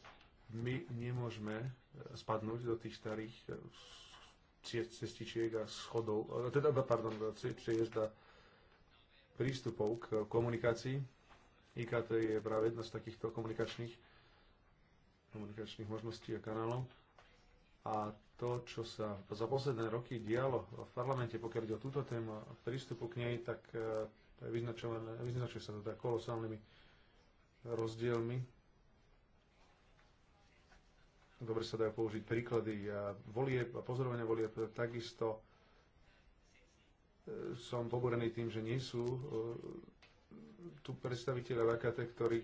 my nemôžeme spadnúť do tých starých eh, cestičiek a schodov, eh, teda, pardon, cestičiek a prístupov k komunikácii, IKT je práve jedna z takýchto komunikačných, komunikačných možností a kanálov. A to, čo sa za posledné roky dialo v parlamente, pokiaľ ide o túto tému a prístupu k nej, tak e, to je vyznačované, vyznačuje sa teda kolosálnymi rozdielmi. Dobre sa dajú použiť príklady a volie a pozorovania volie Takisto e, som poborený tým, že nie sú e, tu predstaviteľa VKT, ktorí,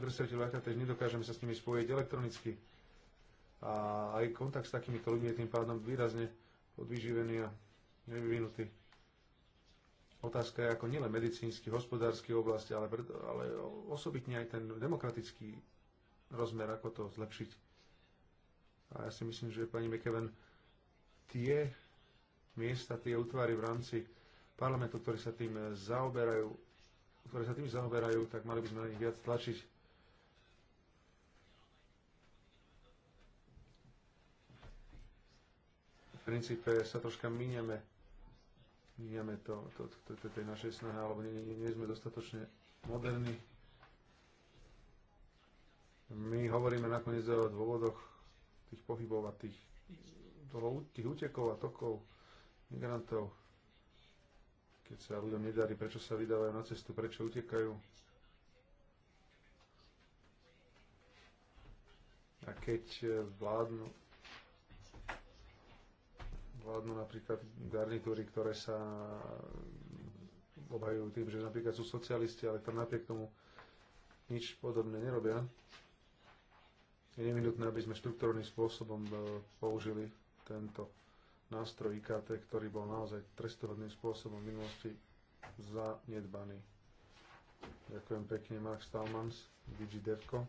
predstaviteľa VKT, nedokážeme sa s nimi spojiť elektronicky. A aj kontakt s takýmito ľuďmi je tým pádom výrazne podvyživený a nevyvinutý. Otázka je ako nielen medicínsky, hospodársky oblasti, ale, ale osobitne aj ten demokratický rozmer, ako to zlepšiť. A ja si myslím, že pani Mekeven, tie miesta, tie útvary v rámci parlamentu, ktorí sa tým zaoberajú, ktoré sa tým zaoberajú, tak mali by sme na nich viac tlačiť. V princípe sa troška miniame miniame to, to, to, to, tej našej snahy alebo nie, nie, nie sme dostatočne moderní. My hovoríme nakoniec o dôvodoch tých pohybov a tých, toho, tých útekov a tokov migrantov keď sa ľuďom nedarí, prečo sa vydávajú na cestu, prečo utekajú. A keď e, vládnu, vládnu napríklad garnitúry, ktoré sa obhajujú tým, že napríklad sú socialisti, ale tam napriek tomu nič podobné nerobia, je nevinutné, aby sme štruktúrnym spôsobom e, použili tento nástroj IKT, ktorý bol naozaj trestorodným spôsobom v minulosti zanedbaný. Ďakujem pekne, Mark Stalmans, DG Devco.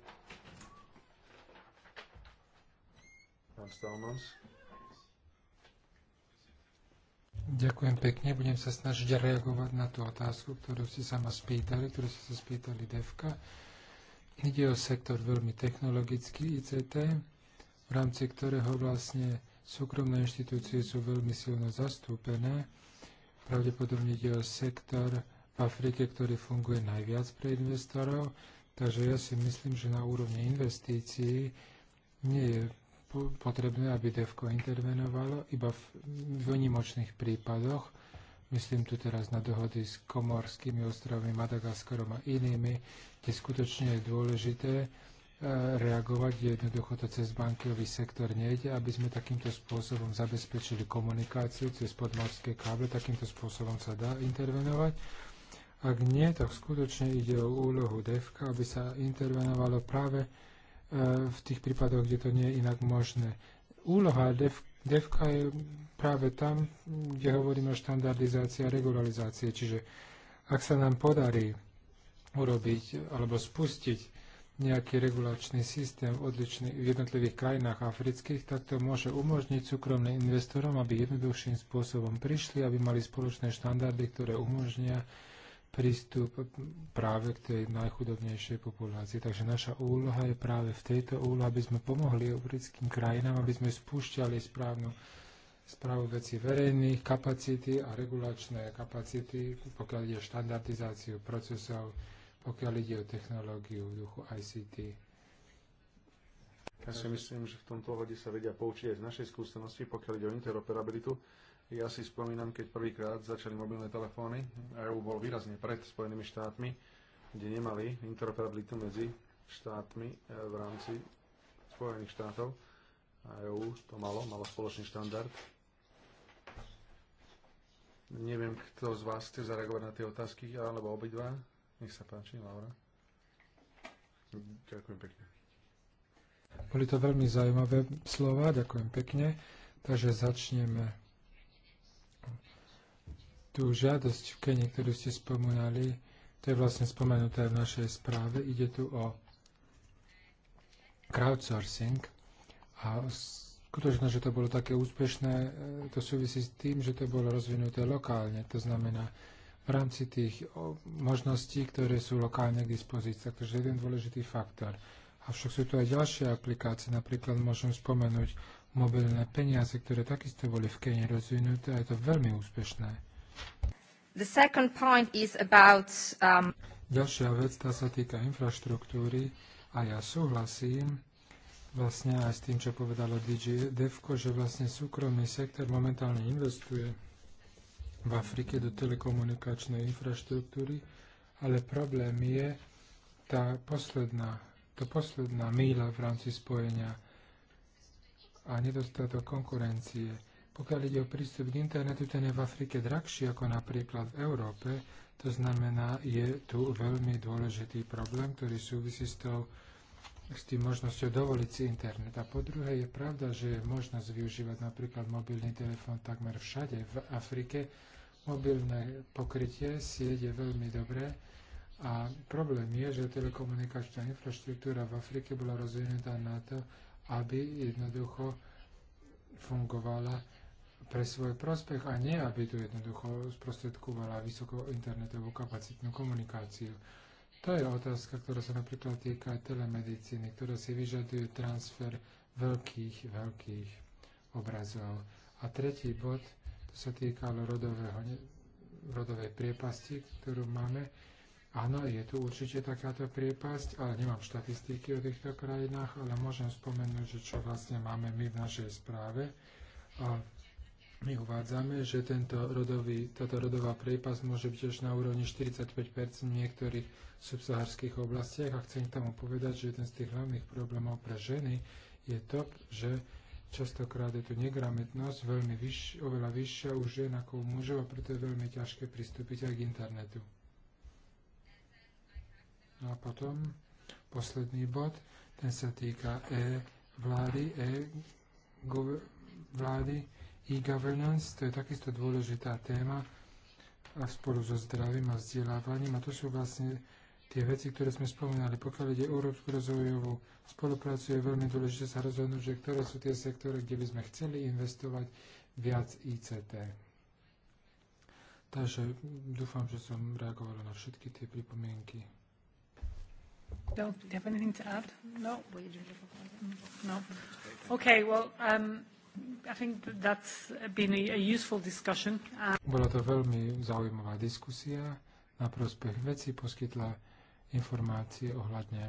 Pán Stalmans. Ďakujem pekne, budem sa snažiť reagovať na tú otázku, ktorú si sa ma spýtali, ktorú si sa spýtali Devka. Ide o sektor veľmi technologický ICT, v rámci ktorého vlastne Súkromné inštitúcie sú veľmi silno zastúpené. Pravdepodobne ide o sektor v Afrike, ktorý funguje najviac pre investorov. Takže ja si myslím, že na úrovni investícií nie je potrebné, aby DEFCO intervenovalo iba v vynimočných prípadoch. Myslím tu teraz na dohody s komorskými ostrovmi, Madagaskarom a inými, kde skutočne je dôležité, reagovať, jednoducho to cez bankový sektor nejde, aby sme takýmto spôsobom zabezpečili komunikáciu cez podmorské káble, takýmto spôsobom sa dá intervenovať. Ak nie, tak skutočne ide o úlohu DEFKA, aby sa intervenovalo práve e, v tých prípadoch, kde to nie je inak možné. Úloha DEFKA je práve tam, kde hovoríme o štandardizácii a regularizácii, čiže ak sa nám podarí urobiť alebo spustiť nejaký regulačný systém odličný v jednotlivých krajinách afrických, tak to môže umožniť súkromným investorom, aby jednoduchším spôsobom prišli, aby mali spoločné štandardy, ktoré umožnia prístup práve k tej najchudobnejšej populácii. Takže naša úloha je práve v tejto úlohe, aby sme pomohli africkým krajinám, aby sme spúšťali správnu správu veci verejných, kapacity a regulačné kapacity, pokiaľ ide štandardizáciu procesov pokiaľ ide o technológiu v duchu ICT. Ja si myslím, že v tomto hľade sa vedia poučiť aj z našej skúsenosti, pokiaľ ide o interoperabilitu. Ja si spomínam, keď prvýkrát začali mobilné telefóny, EU bol výrazne pred Spojenými štátmi, kde nemali interoperabilitu medzi štátmi e, v rámci Spojených štátov. A EU to malo, malo spoločný štandard. Neviem, kto z vás chce zareagovať na tie otázky, alebo obidva. Nech sa páči, Laura. Ďakujem pekne. Boli to veľmi zaujímavé slova, ďakujem pekne. Takže začneme tú žiadosť v Kenii, ktorú ste spomínali, to je vlastne spomenuté v našej správe. Ide tu o crowdsourcing a skutočno, že to bolo také úspešné, e, to súvisí s tým, že to bolo rozvinuté lokálne. To znamená, v rámci tých možností, ktoré sú lokálne k dispozícii. Takže jeden dôležitý faktor. Avšak sú tu aj ďalšie aplikácie, napríklad môžem spomenúť mobilné peniaze, ktoré takisto boli v Kenii rozvinuté a je to veľmi úspešné. The second point is about, um... Ďalšia vec, tá sa týka infraštruktúry a ja súhlasím vlastne aj s tým, čo povedalo DJ Devko, že vlastne súkromný sektor momentálne investuje v Afrike do telekomunikačnej infraštruktúry, ale problém je tá posledná, to posledná míľa v rámci spojenia a nedostatok konkurencie. Pokiaľ ide o prístup k internetu, ten je v Afrike drahší ako napríklad v Európe, to znamená, je tu veľmi dôležitý problém, ktorý súvisí s tou s tým možnosťou dovoliť si internet. A po druhé je pravda, že je možnosť využívať napríklad mobilný telefón takmer všade v Afrike. Mobilné pokrytie sieť je veľmi dobré a problém je, že telekomunikačná infraštruktúra v Afrike bola rozvinutá na to, aby jednoducho fungovala pre svoj prospech a nie, aby tu jednoducho sprostredkovala vysoko internetovú kapacitnú komunikáciu. To je otázka, ktorá sa napríklad týka aj telemedicíny, ktorá si vyžaduje transfer veľkých, veľkých obrazov. A tretí bod, to sa týkalo rodového, rodovej priepasti, ktorú máme. Áno, je tu určite takáto priepasť, ale nemám štatistiky o týchto krajinách, ale môžem spomenúť, že čo vlastne máme my v našej správe. A my uvádzame, že tento rodový, táto rodová priepas môže byť až na úrovni 45% v niektorých subsaharských oblastiach a chcem tam povedať, že jeden z tých hlavných problémov pre ženy je to, že častokrát je tu negramotnosť veľmi vyš, oveľa vyššia u žien ako u mužov a preto je veľmi ťažké pristúpiť aj k internetu. No a potom posledný bod, ten sa týka e-vlády, e-vlády, E-governance, to je takisto dôležitá téma a spolu so zdravím a vzdelávaním. A to sú vlastne tie veci, ktoré sme spomínali. Pokiaľ ide o európsku rozvojovú spoluprácu, je veľmi dôležité sa rozhodnúť, že ktoré sú tie sektory, kde by sme chceli investovať viac ICT. Takže dúfam, že som reagovala na všetky tie pripomienky. No, do you have anything to add? No. No. Okay, well, um, bola to veľmi zaujímavá diskusia na prospech veci, poskytla informácie ohľadne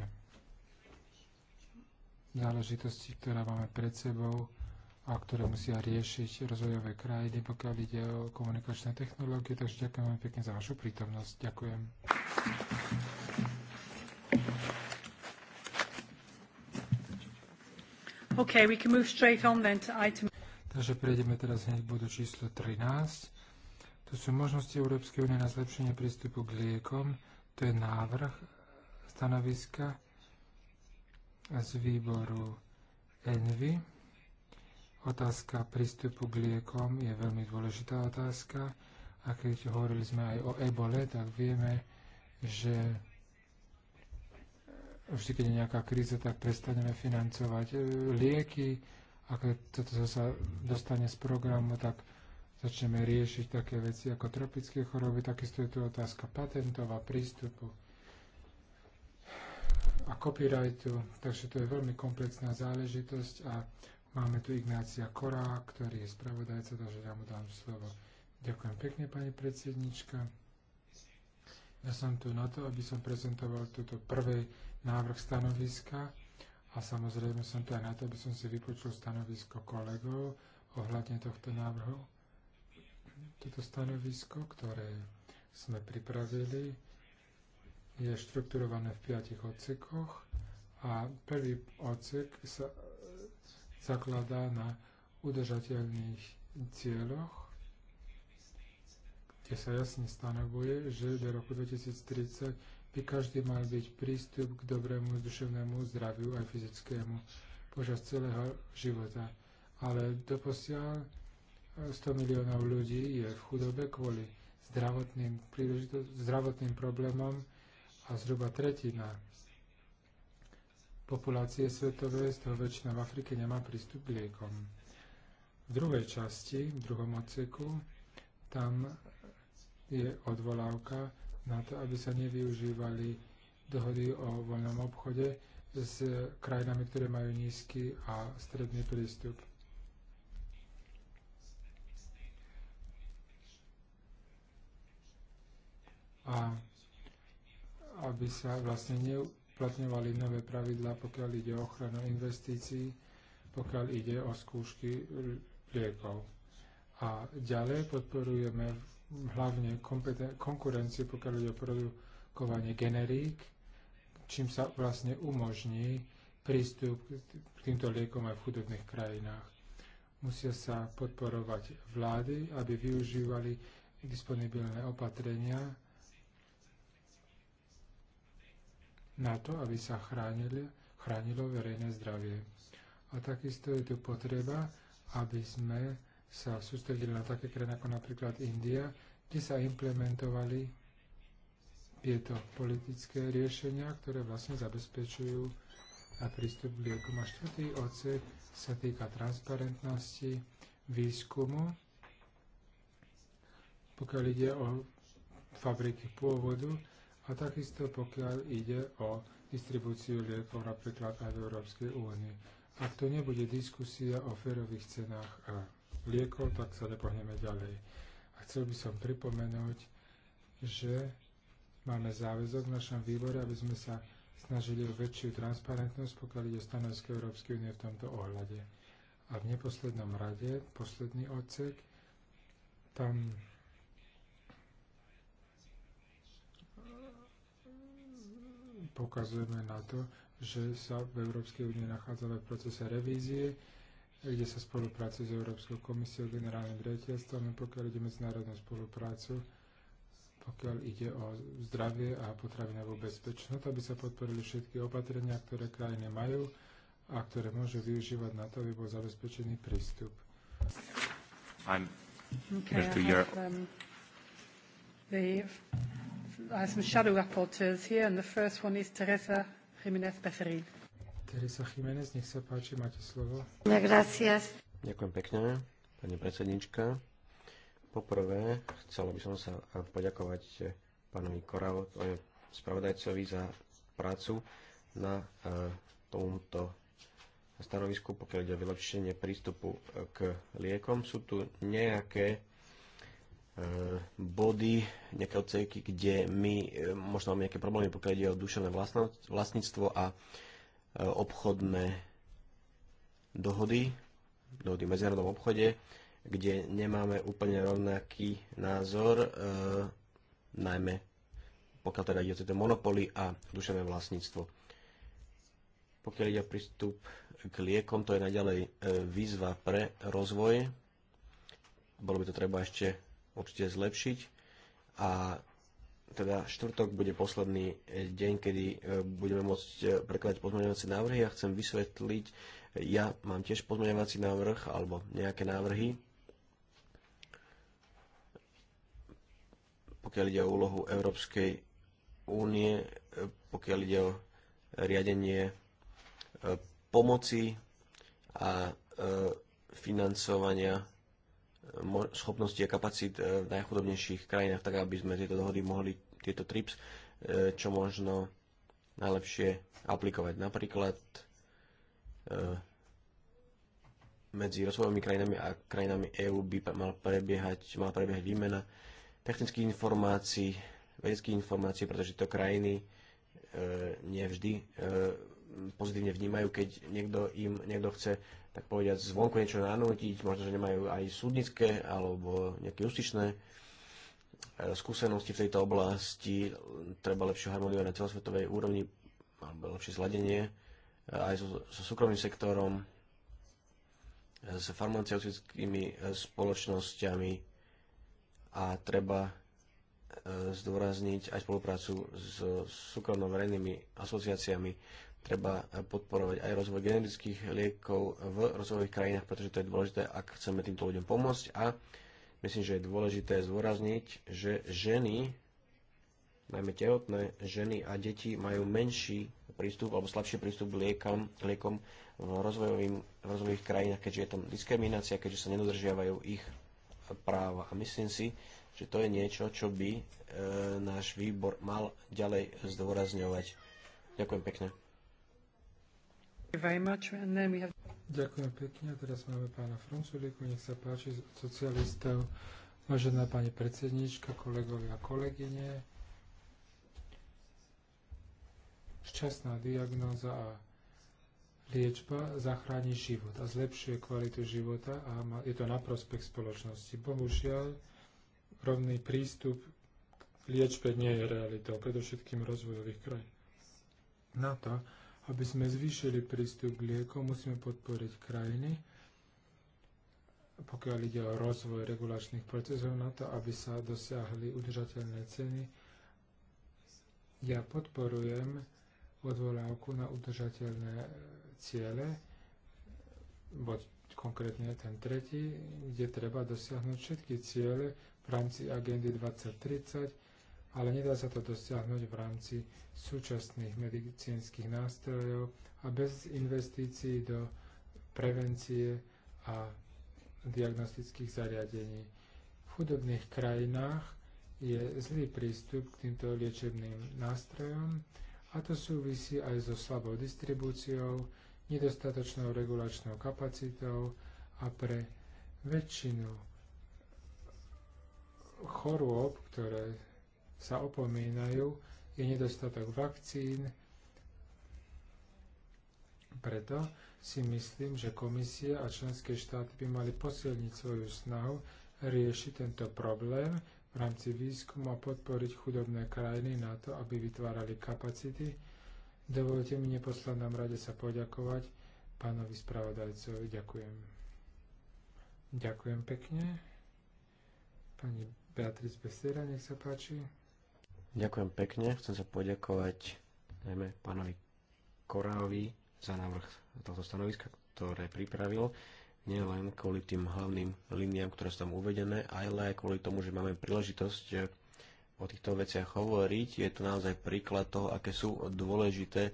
záležitosti, ktoré máme pred sebou a ktoré musia riešiť rozvojové krajiny, pokiaľ ide o komunikačné technológie. Takže ďakujem pekne za vašu prítomnosť. Ďakujem. Okay, we can move straight on then to item... Takže prejdeme teraz hneď k bodu číslo 13. To sú možnosti Európskej únie na zlepšenie prístupu k liekom. To je návrh stanoviska z výboru ENVY. Otázka prístupu k liekom je veľmi dôležitá otázka. A keď hovorili sme aj o ebole, tak vieme, že vždy, keď je nejaká kríza, tak prestaneme financovať e, lieky. A keď toto sa dostane z programu, tak začneme riešiť také veci ako tropické choroby. Takisto je tu otázka patentov a prístupu a copyrightu. Takže to je veľmi komplexná záležitosť a máme tu Ignácia Korá, ktorý je spravodajca, takže ja mu dám slovo. Ďakujem pekne, pani predsednička. Ja som tu na to, aby som prezentoval túto prvé návrh stanoviska a samozrejme som tu aj na to, aby som si vypočul stanovisko kolegov ohľadne tohto návrhu. Toto stanovisko, ktoré sme pripravili, je štrukturované v piatich odsekoch a prvý odsek sa zakladá na udržateľných cieľoch, kde sa jasne stanovuje, že do roku 2030 by každý mal byť prístup k dobrému duševnému zdraviu aj fyzickému počas celého života. Ale doposiaľ 100 e, miliónov ľudí je v chudobe kvôli zdravotným, zdravotným problémom a zhruba tretina populácie svetovej, z toho väčšina v Afrike nemá prístup k liekom. V druhej časti, v druhom odseku, tam je odvolávka na to, aby sa nevyužívali dohody o voľnom obchode s krajinami, ktoré majú nízky a stredný prístup. A aby sa vlastne neuplatňovali nové pravidlá, pokiaľ ide o ochranu investícií, pokiaľ ide o skúšky liekov. A ďalej podporujeme hlavne konkurenciu, pokiaľ ide o produkovanie generík, čím sa vlastne umožní prístup k týmto liekom aj v chudobných krajinách. Musia sa podporovať vlády, aby využívali disponibilné opatrenia na to, aby sa chránili, chránilo verejné zdravie. A takisto je tu potreba, aby sme sa sústredili na také krajiny ako napríklad India, kde sa implementovali tieto politické riešenia, ktoré vlastne zabezpečujú a prístup k liekom. A štvrtý odsek sa týka transparentnosti výskumu, pokiaľ ide o fabriky pôvodu a takisto pokiaľ ide o distribúciu liekov napríklad aj v Európskej únii. Ak to nebude diskusia o férových cenách a liekov, tak sa nepohneme ďalej. A chcel by som pripomenúť, že máme záväzok v našom výbore, aby sme sa snažili o väčšiu transparentnosť, pokiaľ ide stanovisko Európskej únie v tomto ohľade. A v neposlednom rade, posledný odsek, tam pokazujeme na to, že sa v Európskej únii nachádzame v procese revízie kde sa spolupracuje s Európskou komisiou, generálnym riaditeľstvom, pokiaľ ide medzinárodnú spoluprácu, pokiaľ ide o zdravie a potravinovú bezpečnosť, aby sa podporili všetky opatrenia, ktoré krajiny majú a ktoré môžu využívať na to, aby bol zabezpečený prístup. I'm okay, I have, um, the, I have some shadow rapporteurs here, and the first one is Teresa Jimenez-Becerril. Teresa Jiménez, nech sa páči, máte slovo. Gracias. Ďakujem pekne, pani predsednička. Poprvé, chcel by som sa poďakovať pánovi Koravo, spravodajcovi za prácu na e, tomto stanovisku, pokiaľ ide o vylepšenie prístupu k liekom. Sú tu nejaké e, body, nejaké odseky, kde my e, možno máme nejaké problémy, pokiaľ ide o duševné vlastníctvo a obchodné dohody, dohody v medzinárodnom obchode, kde nemáme úplne rovnaký názor, e, najmä pokiaľ teda ide o tieto monopoly a duševné vlastníctvo. Pokiaľ ide o prístup k liekom, to je naďalej e, výzva pre rozvoj. Bolo by to treba ešte určite zlepšiť a teda štvrtok bude posledný eh, deň, kedy eh, budeme môcť eh, prekladať pozmeňovacie návrhy a chcem vysvetliť, ja mám tiež pozmeňovací návrh alebo nejaké návrhy, pokiaľ ide o úlohu Európskej únie, pokiaľ ide o riadenie pomoci a financovania schopnosti a kapacít eh, v najchudobnejších krajinách, tak aby sme tieto dohody mohli, tieto TRIPS, eh, čo možno najlepšie aplikovať. Napríklad eh, medzi rozvojovými krajinami a krajinami EÚ by mal prebiehať, mala prebiehať výmena technických informácií, vedeckých informácií, pretože tieto krajiny nevždy pozitívne vnímajú, keď niekto im niekto chce tak povedať zvonku niečo nanútiť, možno, že nemajú aj súdnické alebo nejaké justičné e, skúsenosti v tejto oblasti, treba lepšiu harmoniu na celosvetovej úrovni alebo lepšie zladenie e, aj so, so súkromným sektorom, s farmaceutickými e, spoločnosťami a treba zdôrazniť aj spoluprácu s súkromno-verejnými asociáciami treba podporovať aj rozvoj generických liekov v rozvojových krajinách, pretože to je dôležité, ak chceme týmto ľuďom pomôcť a myslím, že je dôležité zdôrazniť, že ženy, najmä tehotné ženy a deti majú menší prístup alebo slabší prístup k liekom, liekom v, v rozvojových krajinách, keďže je tam diskriminácia, keďže sa nedodržiavajú ich práva. A myslím si, že to je niečo, čo by e, náš výbor mal ďalej zdôrazňovať. Ďakujem pekne. Ďakujem pekne. teraz máme pána Franculiku. Nech sa páči, socialistov. Vážená pani predsednička, kolegovia a kolegyne. Šťastná diagnóza a liečba zachráni život a zlepšuje kvalitu života a je to na prospech spoločnosti. Bohužiaľ, rovný prístup k liečbe nie je realitou, predovšetkým rozvojových krajín. Na to, aby sme zvýšili prístup k liekom, musíme podporiť krajiny, pokiaľ ide o rozvoj regulačných procesov na to, aby sa dosiahli udržateľné ceny. Ja podporujem odvolávku na udržateľné ciele, bod konkrétne ten tretí, kde treba dosiahnuť všetky ciele v rámci agendy 2030 ale nedá sa to dosiahnuť v rámci súčasných medicínskych nástrojov a bez investícií do prevencie a diagnostických zariadení. V chudobných krajinách je zlý prístup k týmto liečebným nástrojom a to súvisí aj so slabou distribúciou, nedostatočnou regulačnou kapacitou a pre väčšinu chorôb, ktoré sa opomínajú, je nedostatok vakcín. Preto si myslím, že komisia a členské štáty by mali posilniť svoju snahu riešiť tento problém v rámci výskumu a podporiť chudobné krajiny na to, aby vytvárali kapacity. Dovolte mi neposlednom rade sa poďakovať pánovi spravodajcovi. Ďakujem. Ďakujem pekne. Pani Beatrice Bestera, nech sa páči. Ďakujem pekne. Chcem sa poďakovať najmä pánovi Korálovi za návrh tohto stanoviska, ktoré pripravil. Nie len kvôli tým hlavným líniám, ktoré sú tam uvedené, ale aj kvôli tomu, že máme príležitosť eh, o týchto veciach hovoriť. Je to naozaj príklad toho, aké sú dôležité e,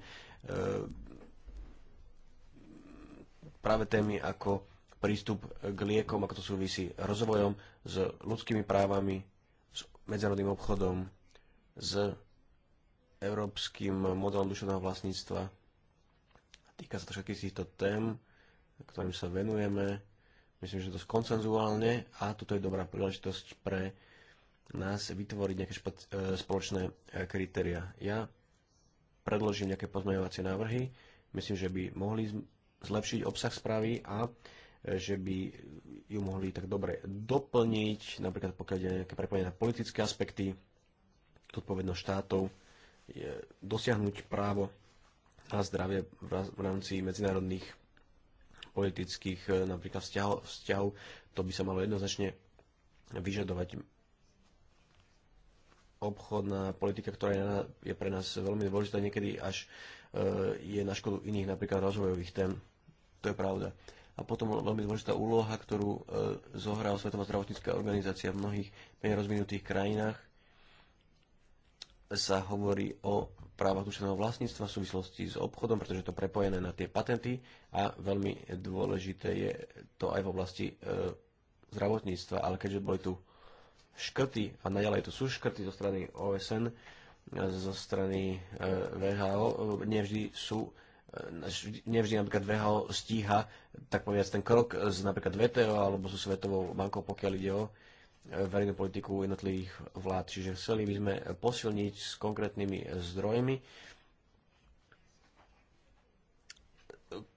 práve témy ako prístup k liekom, ako to súvisí rozvojom s ľudskými právami, s medzinárodným obchodom, s európskym modelom duševného vlastníctva. Týka sa to všetkých týchto tém, ktorým sa venujeme. Myslím, že to skoncenzuálne a toto je dobrá príležitosť pre nás vytvoriť nejaké e, spoločné e, kritéria. Ja predložím nejaké pozmeňovacie návrhy. Myslím, že by mohli zlepšiť obsah správy a e, že by ju mohli tak dobre doplniť, napríklad pokiaľ je nejaké prepojenie na politické aspekty, zodpovednosť štátov je dosiahnuť právo na zdravie v rámci medzinárodných politických e, napríklad vzťahov, vzťahov to by sa malo jednoznačne vyžadovať obchodná politika, ktorá je pre nás veľmi dôležitá, niekedy až e, je na škodu iných, napríklad rozvojových tém. To je pravda. A potom veľmi dôležitá úloha, ktorú e, zohrá Svetová zdravotnícká organizácia v mnohých menej rozvinutých krajinách, sa hovorí o právach duševného vlastníctva v súvislosti s obchodom, pretože je to prepojené na tie patenty a veľmi dôležité je to aj v oblasti e, zdravotníctva, ale keďže boli tu škrty a naďalej tu sú škrty zo strany OSN, e, zo strany e, VHO, e, nevždy sú nevždy napríklad VHO stíha, tak povedať, ten krok z napríklad VTO alebo so Svetovou bankou, pokiaľ ide o verejnú politiku jednotlivých vlád. Čiže chceli by sme posilniť s konkrétnymi zdrojmi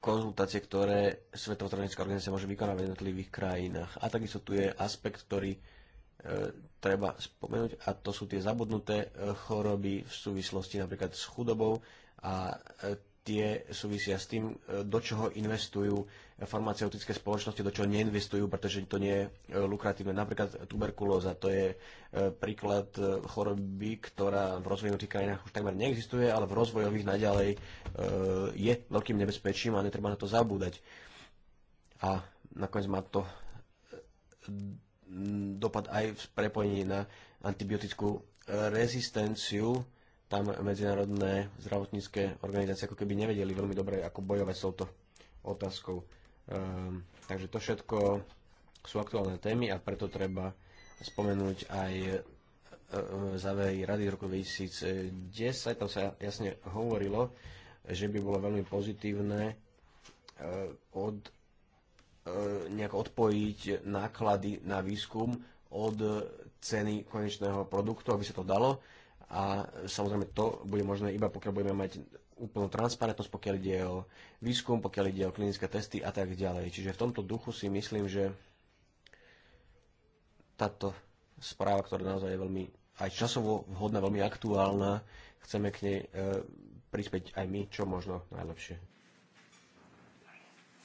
konzultácie, ktoré Svetová organizácia môže vykonávať v jednotlivých krajinách. A takisto tu je aspekt, ktorý e, treba spomenúť a to sú tie zabudnuté e, choroby v súvislosti napríklad s chudobou a e, tie súvisia s tým, e, do čoho investujú farmaceutické spoločnosti, do čoho neinvestujú, pretože to nie je e, lukratívne. Napríklad tuberkulóza, to je e, príklad choroby, ktorá v rozvinutých krajinách už takmer neexistuje, ale v rozvojových naďalej je veľkým nebezpečím a netreba na to zabúdať. A nakoniec má to dopad aj v prepojení na antibiotickú rezistenciu, tam medzinárodné zdravotnícke organizácie ako keby nevedeli veľmi dobre, ako bojovať s touto otázkou. Um, takže to všetko sú aktuálne témy a preto treba spomenúť aj e, e, závery Rady z roku 2010. Tam sa jasne hovorilo, že by bolo veľmi pozitívne e, od, nejak odpojiť náklady na výskum od ceny konečného produktu, aby sa to dalo a samozrejme to bude možné iba pokiaľ budeme mať úplnú transparentnosť, pokiaľ ide o výskum, pokiaľ ide o klinické testy a tak ďalej. Čiže v tomto duchu si myslím, že táto správa, ktorá naozaj je veľmi aj časovo vhodná, veľmi aktuálna, chceme k nej e, prispieť aj my, čo možno najlepšie.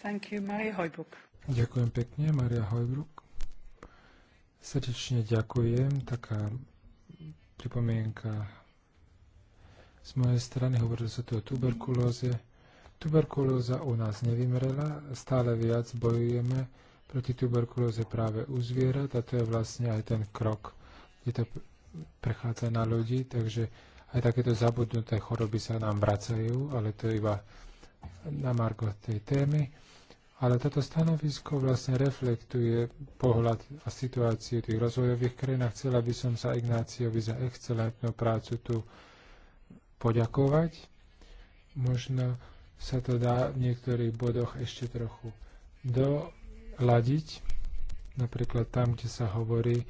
Thank you, Maria Hojbruk. Ďakujem pekne, Maria Hojbruk. Srdečne ďakujem. Taká pripomienka z mojej strany. Hovorilo sa tu o tuberkulóze. Tuberkulóza u nás nevymrela, stále viac bojujeme proti tuberkulóze práve u zvierat a to je vlastne aj ten krok, kde to prechádza na ľudí, takže aj takéto zabudnuté choroby sa nám vracajú, ale to je iba na margo tej témy. Ale toto stanovisko vlastne reflektuje pohľad a situáciu tých rozvojových krajín a chcela by som sa Ignáciovi za excelentnú prácu tu poďakovať. Možno sa to dá v niektorých bodoch ešte trochu doladiť, napríklad tam, kde sa hovorí,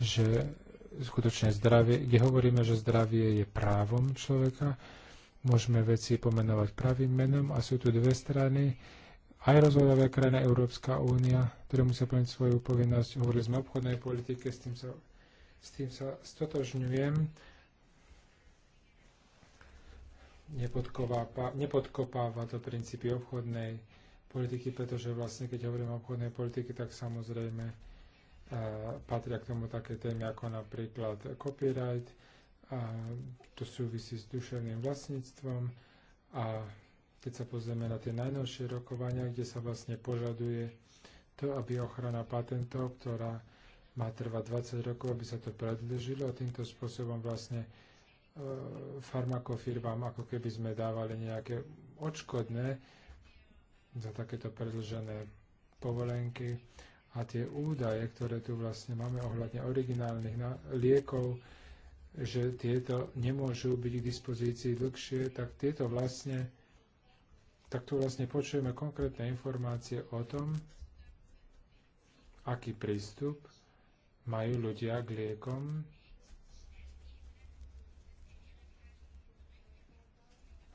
že skutočne zdravie, kde hovoríme, že zdravie je právom človeka, môžeme veci pomenovať pravým menom a sú tu dve strany, aj rozvojové krajina Európska únia, ktoré musia plniť svoju povinnosť. Hovorili sme o obchodnej politike, s tým sa, s tým sa stotožňujem. Nepodkopáva to princípy obchodnej politiky, pretože vlastne keď hovorím o obchodnej politike, tak samozrejme uh, patria k tomu také témy ako napríklad copyright, a to súvisí s duševným vlastníctvom a keď sa pozrieme na tie najnovšie rokovania, kde sa vlastne požaduje to, aby ochrana patentov, ktorá má trvať 20 rokov, aby sa to predlžilo a týmto spôsobom vlastne e, farmakofirmám, ako keby sme dávali nejaké odškodné za takéto predlžené povolenky a tie údaje, ktoré tu vlastne máme ohľadne originálnych liekov, že tieto nemôžu byť k dispozícii dlhšie, tak tieto vlastne tak tu vlastne počujeme konkrétne informácie o tom, aký prístup majú ľudia k liekom.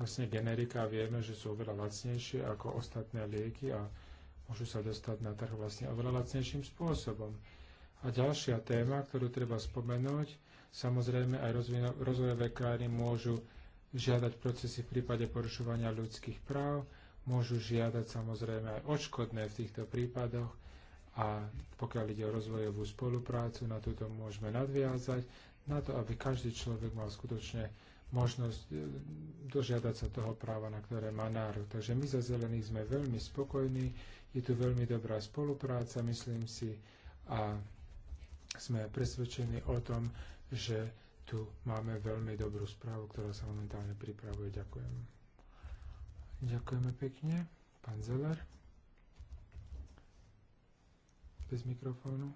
Vlastne generika vieme, že sú oveľa lacnejšie ako ostatné lieky a môžu sa dostať na trh vlastne oveľa lacnejším spôsobom. A ďalšia téma, ktorú treba spomenúť, samozrejme aj rozvojové krajiny môžu žiadať procesy v prípade porušovania ľudských práv, môžu žiadať samozrejme aj odškodné v týchto prípadoch a pokiaľ ide o rozvojovú spoluprácu, na túto môžeme nadviazať, na to, aby každý človek mal skutočne možnosť e, dožiadať sa toho práva, na ktoré má nárok. Takže my za zelených sme veľmi spokojní, je tu veľmi dobrá spolupráca, myslím si, a sme presvedčení o tom, že tu máme veľmi dobrú správu, ktorá sa momentálne pripravuje. Ďakujem. Ďakujeme pekne. Pán Zeller. Bez mikrofónu.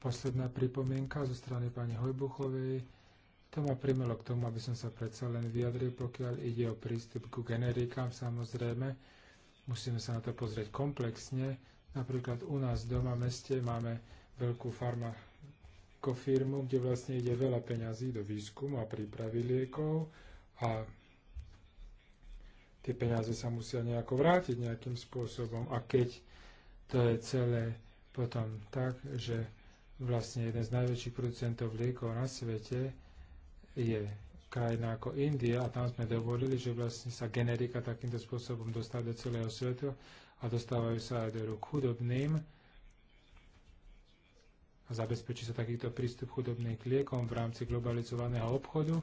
Posledná pripomienka zo strany pani Hojbuchovej. To ma primelo k tomu, aby som sa predsa len vyjadril, pokiaľ ide o prístup ku generikám, samozrejme. Musíme sa na to pozrieť komplexne. Napríklad u nás doma v meste máme veľkú farma, ekofirmu, kde vlastne ide veľa peňazí do výskumu a prípravy liekov a tie peniaze sa musia nejako vrátiť nejakým spôsobom. A keď to je celé potom tak, že vlastne jeden z najväčších producentov liekov na svete je krajina ako India a tam sme dovolili, že vlastne sa generika takýmto spôsobom dostáva do celého sveta a dostávajú sa aj do rúk chudobným, a zabezpečí sa takýto prístup chudobným k liekom v rámci globalizovaného obchodu,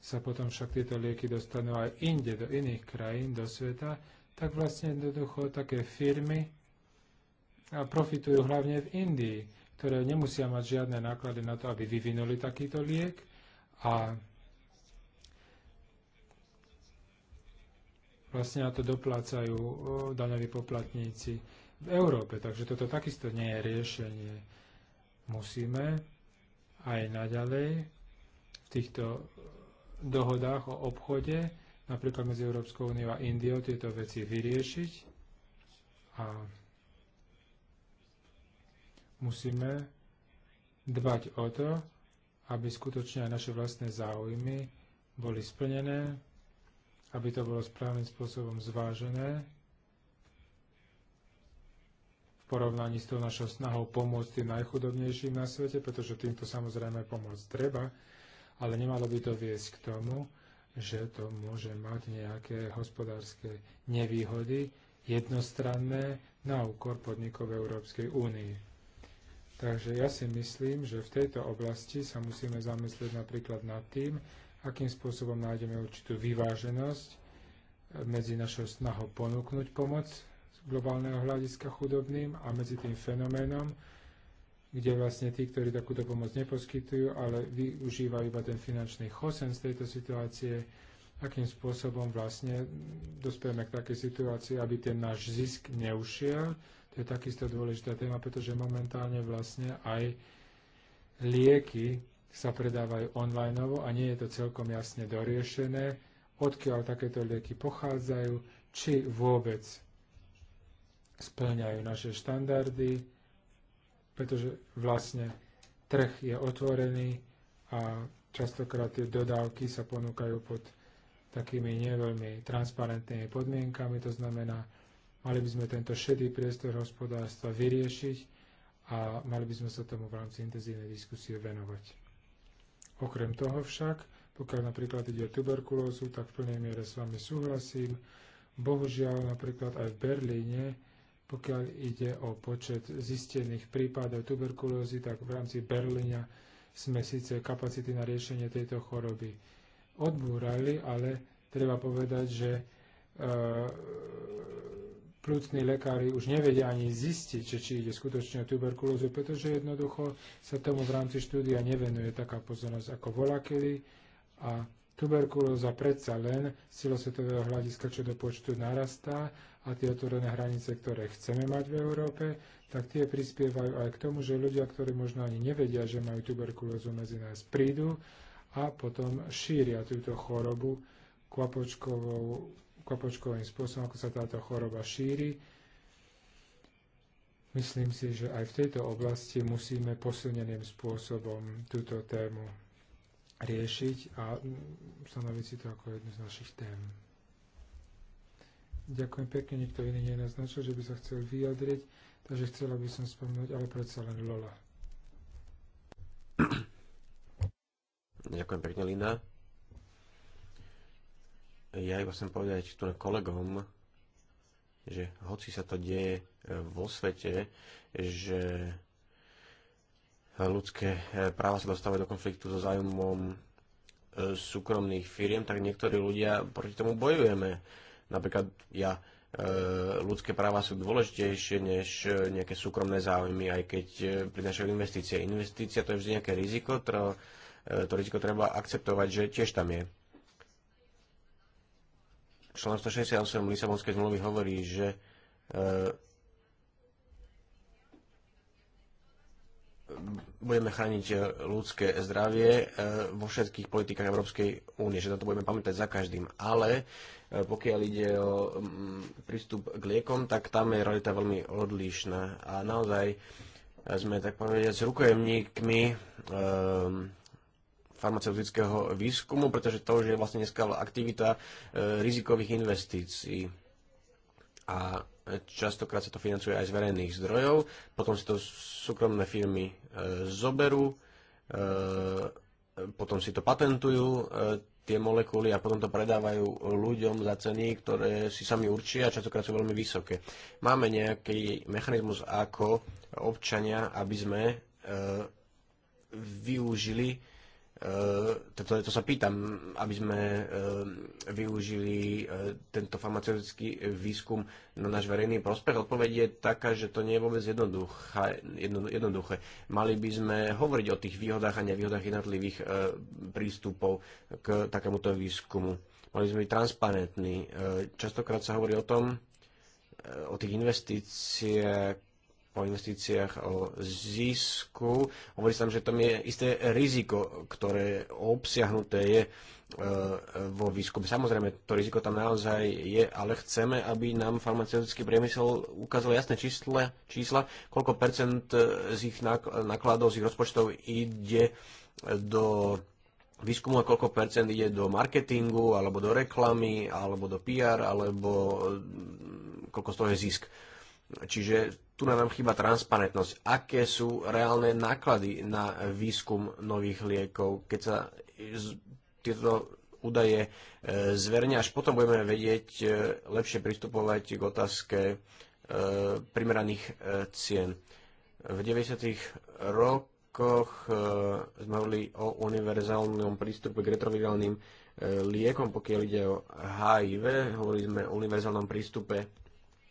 sa potom však tieto lieky dostanú aj inde, do iných krajín, do sveta, tak vlastne jednoducho také firmy profitujú hlavne v Indii, ktoré nemusia mať žiadne náklady na to, aby vyvinuli takýto liek a vlastne na to doplácajú daňoví poplatníci v Európe. Takže toto takisto nie je riešenie musíme aj naďalej v týchto dohodách o obchode, napríklad medzi Európskou úniou a Indiou, tieto veci vyriešiť a musíme dbať o to, aby skutočne aj naše vlastné záujmy boli splnené, aby to bolo správnym spôsobom zvážené porovnaní s tou našou snahou pomôcť tým najchudobnejším na svete, pretože týmto samozrejme pomôcť treba, ale nemalo by to viesť k tomu, že to môže mať nejaké hospodárske nevýhody jednostranné na úkor podnikov v Európskej únie. Takže ja si myslím, že v tejto oblasti sa musíme zamyslieť napríklad nad tým, akým spôsobom nájdeme určitú vyváženosť medzi našou snahou ponúknuť pomoc globálneho hľadiska chudobným a medzi tým fenoménom, kde vlastne tí, ktorí takúto pomoc neposkytujú, ale využívajú iba ten finančný chosen z tejto situácie, akým spôsobom vlastne dospieme k takej situácii, aby ten náš zisk neušiel. To je takisto dôležitá téma, pretože momentálne vlastne aj lieky sa predávajú online a nie je to celkom jasne doriešené, odkiaľ takéto lieky pochádzajú, či vôbec splňajú naše štandardy, pretože vlastne trh je otvorený a častokrát tie dodávky sa ponúkajú pod takými neveľmi transparentnými podmienkami, to znamená, mali by sme tento šedý priestor hospodárstva vyriešiť a mali by sme sa tomu v rámci intenzívnej diskusie venovať. Okrem toho však, pokiaľ napríklad ide o tuberkulózu, tak v plnej miere s vami súhlasím. Bohužiaľ napríklad aj v Berlíne pokiaľ ide o počet zistených prípadov tuberkulózy, tak v rámci Berlína sme síce kapacity na riešenie tejto choroby odbúrali, ale treba povedať, že e, plúcni lekári už nevedia ani zistiť, že či ide skutočne o tuberkulózu, pretože jednoducho sa tomu v rámci štúdia nevenuje taká pozornosť ako volakedy a Tuberkulóza predsa len z celosvetového hľadiska, čo do počtu narastá a tie otvorené hranice, ktoré chceme mať v Európe, tak tie prispievajú aj k tomu, že ľudia, ktorí možno ani nevedia, že majú tuberkulózu medzi nás, prídu a potom šíria túto chorobu kvapočkovým spôsobom, ako sa táto choroba šíri. Myslím si, že aj v tejto oblasti musíme posilneným spôsobom túto tému riešiť a stanoviť si to ako jednu z našich tém. Ďakujem pekne, nikto iný nenaznačil, že by sa chcel vyjadriť, takže chcela by som spomenúť, ale predsa len Lola. Ďakujem pekne, Linda. Ja iba chcem povedať tu kolegom, že hoci sa to deje vo svete, že ľudské eh, práva sa dostávajú do konfliktu so zájmom eh, súkromných firiem, tak niektorí ľudia proti tomu bojujeme. Napríklad ja eh, ľudské práva sú dôležitejšie než nejaké súkromné záujmy, aj keď prinašajú investície. Investícia to je vždy nejaké riziko, to, to riziko treba akceptovať, že tiež tam je. Člán 168 Lisabonskej zmluvy hovorí, že budeme chrániť eh, ľudské zdravie eh, vo všetkých politikách Európskej únie, že na to budeme pamätať za každým. Ale eh, pokiaľ ide o mm, prístup k liekom, tak tam je realita veľmi odlišná. A naozaj sme, tak povediať, rukojemníkmi ehm, farmaceutického výskumu, pretože to už je vlastne dneska aktivita rizikových investícií. A Častokrát sa to financuje aj z verejných zdrojov, potom si to súkromné firmy e, zoberú, e, potom si to patentujú, e, tie molekuly a potom to predávajú ľuďom za ceny, ktoré si sami určia a častokrát sú veľmi vysoké. Máme nejaký mechanizmus ako občania, aby sme využili Eh, to, to, to sa pýtam, aby sme eh, využili eh, tento farmaceutický výskum na náš verejný prospech. Odpoveď je taká, že to nie je vôbec jednoduché. jednoduché. Mali by sme hovoriť o tých výhodách a nevýhodách jednotlivých prístupov k takémuto výskumu. Mali sme byť transparentní. Častokrát sa hovorí o tom, o tých investíciách, o investíciách, o zisku. Hovorí sa tam, že tam je isté riziko, ktoré obsiahnuté je e, vo výskume. Samozrejme, to riziko tam naozaj je, ale chceme, aby nám farmaceutický priemysel ukázal jasné čísla, čísla koľko percent z ich nákladov, z ich rozpočtov ide do výskumu a koľko percent ide do marketingu, alebo do reklamy, alebo do PR, alebo koľko z toho je zisk Čiže tu nám chýba transparentnosť. Aké sú reálne náklady na výskum nových liekov, keď sa tieto údaje e, zverňa, až potom budeme vedieť e, lepšie pristupovať k otázke e, primeraných cien. V 90. rokoch sme hovorili o univerzálnom prístupe k retrovirálnym liekom, pokiaľ ide o HIV, hovorili sme o univerzálnom prístupe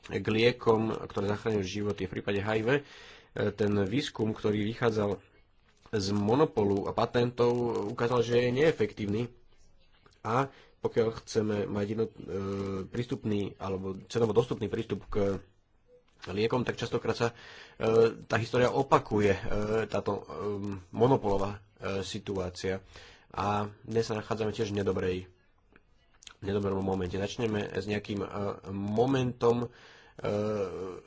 k liekom, ktoré zachránili životy. V prípade HIV e, ten výskum, ktorý vychádzal z monopolu a patentov, ukázal, že je neefektívny a pokiaľ chceme mať jednot, e, prístupný alebo cenovo dostupný prístup k liekom, tak častokrát sa e, tá história opakuje, e, táto e, monopolová e, situácia. A dnes sa nachádzame tiež v nedobrej nedobrom momente. Začneme s nejakým e, momentom e,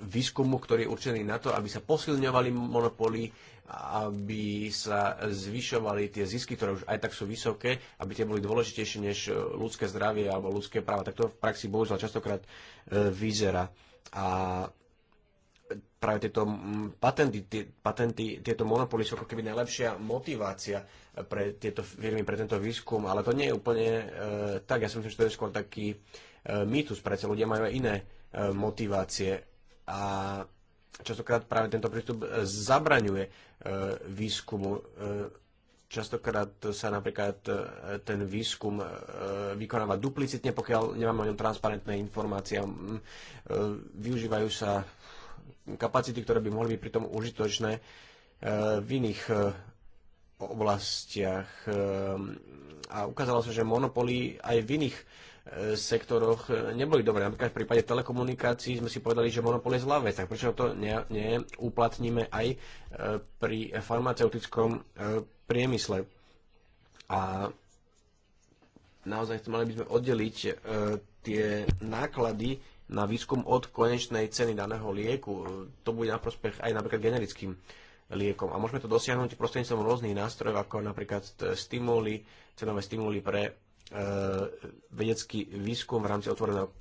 výskumu, ktorý je určený na to, aby sa posilňovali monopóly, aby sa zvyšovali tie zisky, ktoré už aj tak sú vysoké, aby tie boli dôležitejšie než e, ľudské zdravie alebo ľudské práva. Tak to v praxi bohužiaľ častokrát vyzerá. A práve tieto patenty, tie, patenty, tieto monopoly sú ako keby najlepšia motivácia pre tieto firmy, pre tento výskum, ale to nie je úplne e, tak. Ja si myslím, že to je skôr taký e, mýtus, prečo ľudia majú aj iné e, motivácie a častokrát práve tento prístup e, zabraňuje e, výskumu. E, častokrát sa napríklad e, ten výskum e, vykonáva duplicitne, pokiaľ nemáme o ňom transparentné informácie. E, využívajú sa kapacity, ktoré by mohli byť pritom užitočné e, v iných e, oblastiach. E, a ukázalo sa, že monopoly aj v iných sektoroch neboli dobré. Napríklad v prípade telekomunikácií sme si povedali, že monopol je zlá vec, tak prečo to neuplatníme aj pri farmaceutickom priemysle. A naozaj mali by sme oddeliť tie náklady na výskum od konečnej ceny daného lieku. To bude na prospech aj napríklad generickým liekom. A môžeme to dosiahnuť prostredníctvom rôznych nástrojov, ako napríklad stimuly, cenové stimuly pre e, vedecký výskum v rámci otvoreného e,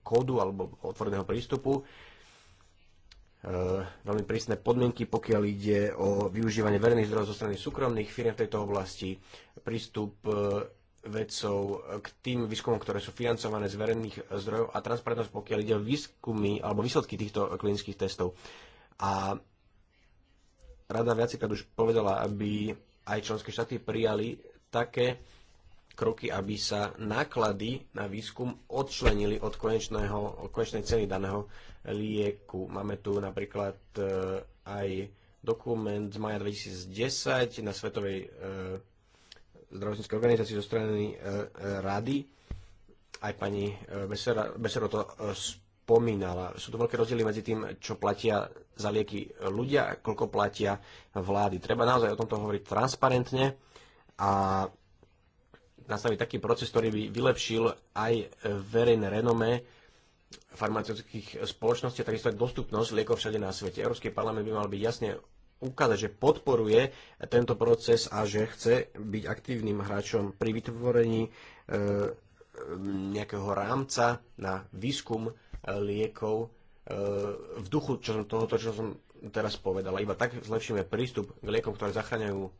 kódu alebo otvoreného prístupu. E, veľmi prísne podmienky, pokiaľ ide o využívanie verejných zdrojov zo strany súkromných firiem v tejto oblasti, prístup e, vedcov, k tým výskumom, ktoré sú financované z verejných zdrojov a transparentnosť, pokiaľ ide o výskumy alebo výsledky týchto klinických testov. A rada viacikrát už povedala, aby aj členské štáty prijali také kroky, aby sa náklady na výskum odčlenili od, konečného, od konečnej ceny daného lieku. Máme tu napríklad e, aj dokument z maja 2010 na Svetovej e, zdravotnícké organizácie zo strany e, e, rady. Aj pani Besero e, to spomínala. Sú to veľké rozdiely medzi tým, čo platia za lieky ľudia a koľko platia vlády. Treba naozaj o tomto hovoriť transparentne a nastaviť taký proces, ktorý by vylepšil aj verejné renome farmaceutických spoločností a takisto aj dostupnosť liekov všade na svete. Európsky parlament by mal byť jasne ukázať, že podporuje tento proces a že chce byť aktívnym hráčom pri vytvorení e, nejakého rámca na výskum e, liekov e, v duchu čo som, tohoto, čo som teraz povedala. Iba tak zlepšíme prístup k liekom, ktoré zachraňujú,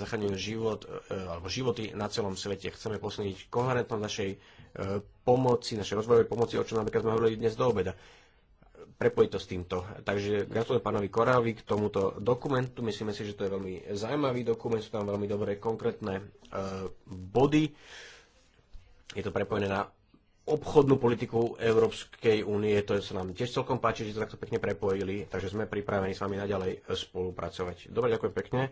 zachraňujú život, alebo životy na celom svete. Chceme posilniť koherentnosť našej pomoci, našej rozvojovej pomoci, o čom napríklad sme hovorili dnes do obeda prepojiť to s týmto. Takže gratulujem pánovi Korávi k tomuto dokumentu. Myslíme si, že to je veľmi zaujímavý dokument, sú tam veľmi dobré konkrétne e, body. Je to prepojené na obchodnú politiku Európskej únie. To sa nám tiež celkom páči, že to takto pekne prepojili, takže sme pripravení s vami naďalej spolupracovať. Dobre, ďakujem pekne.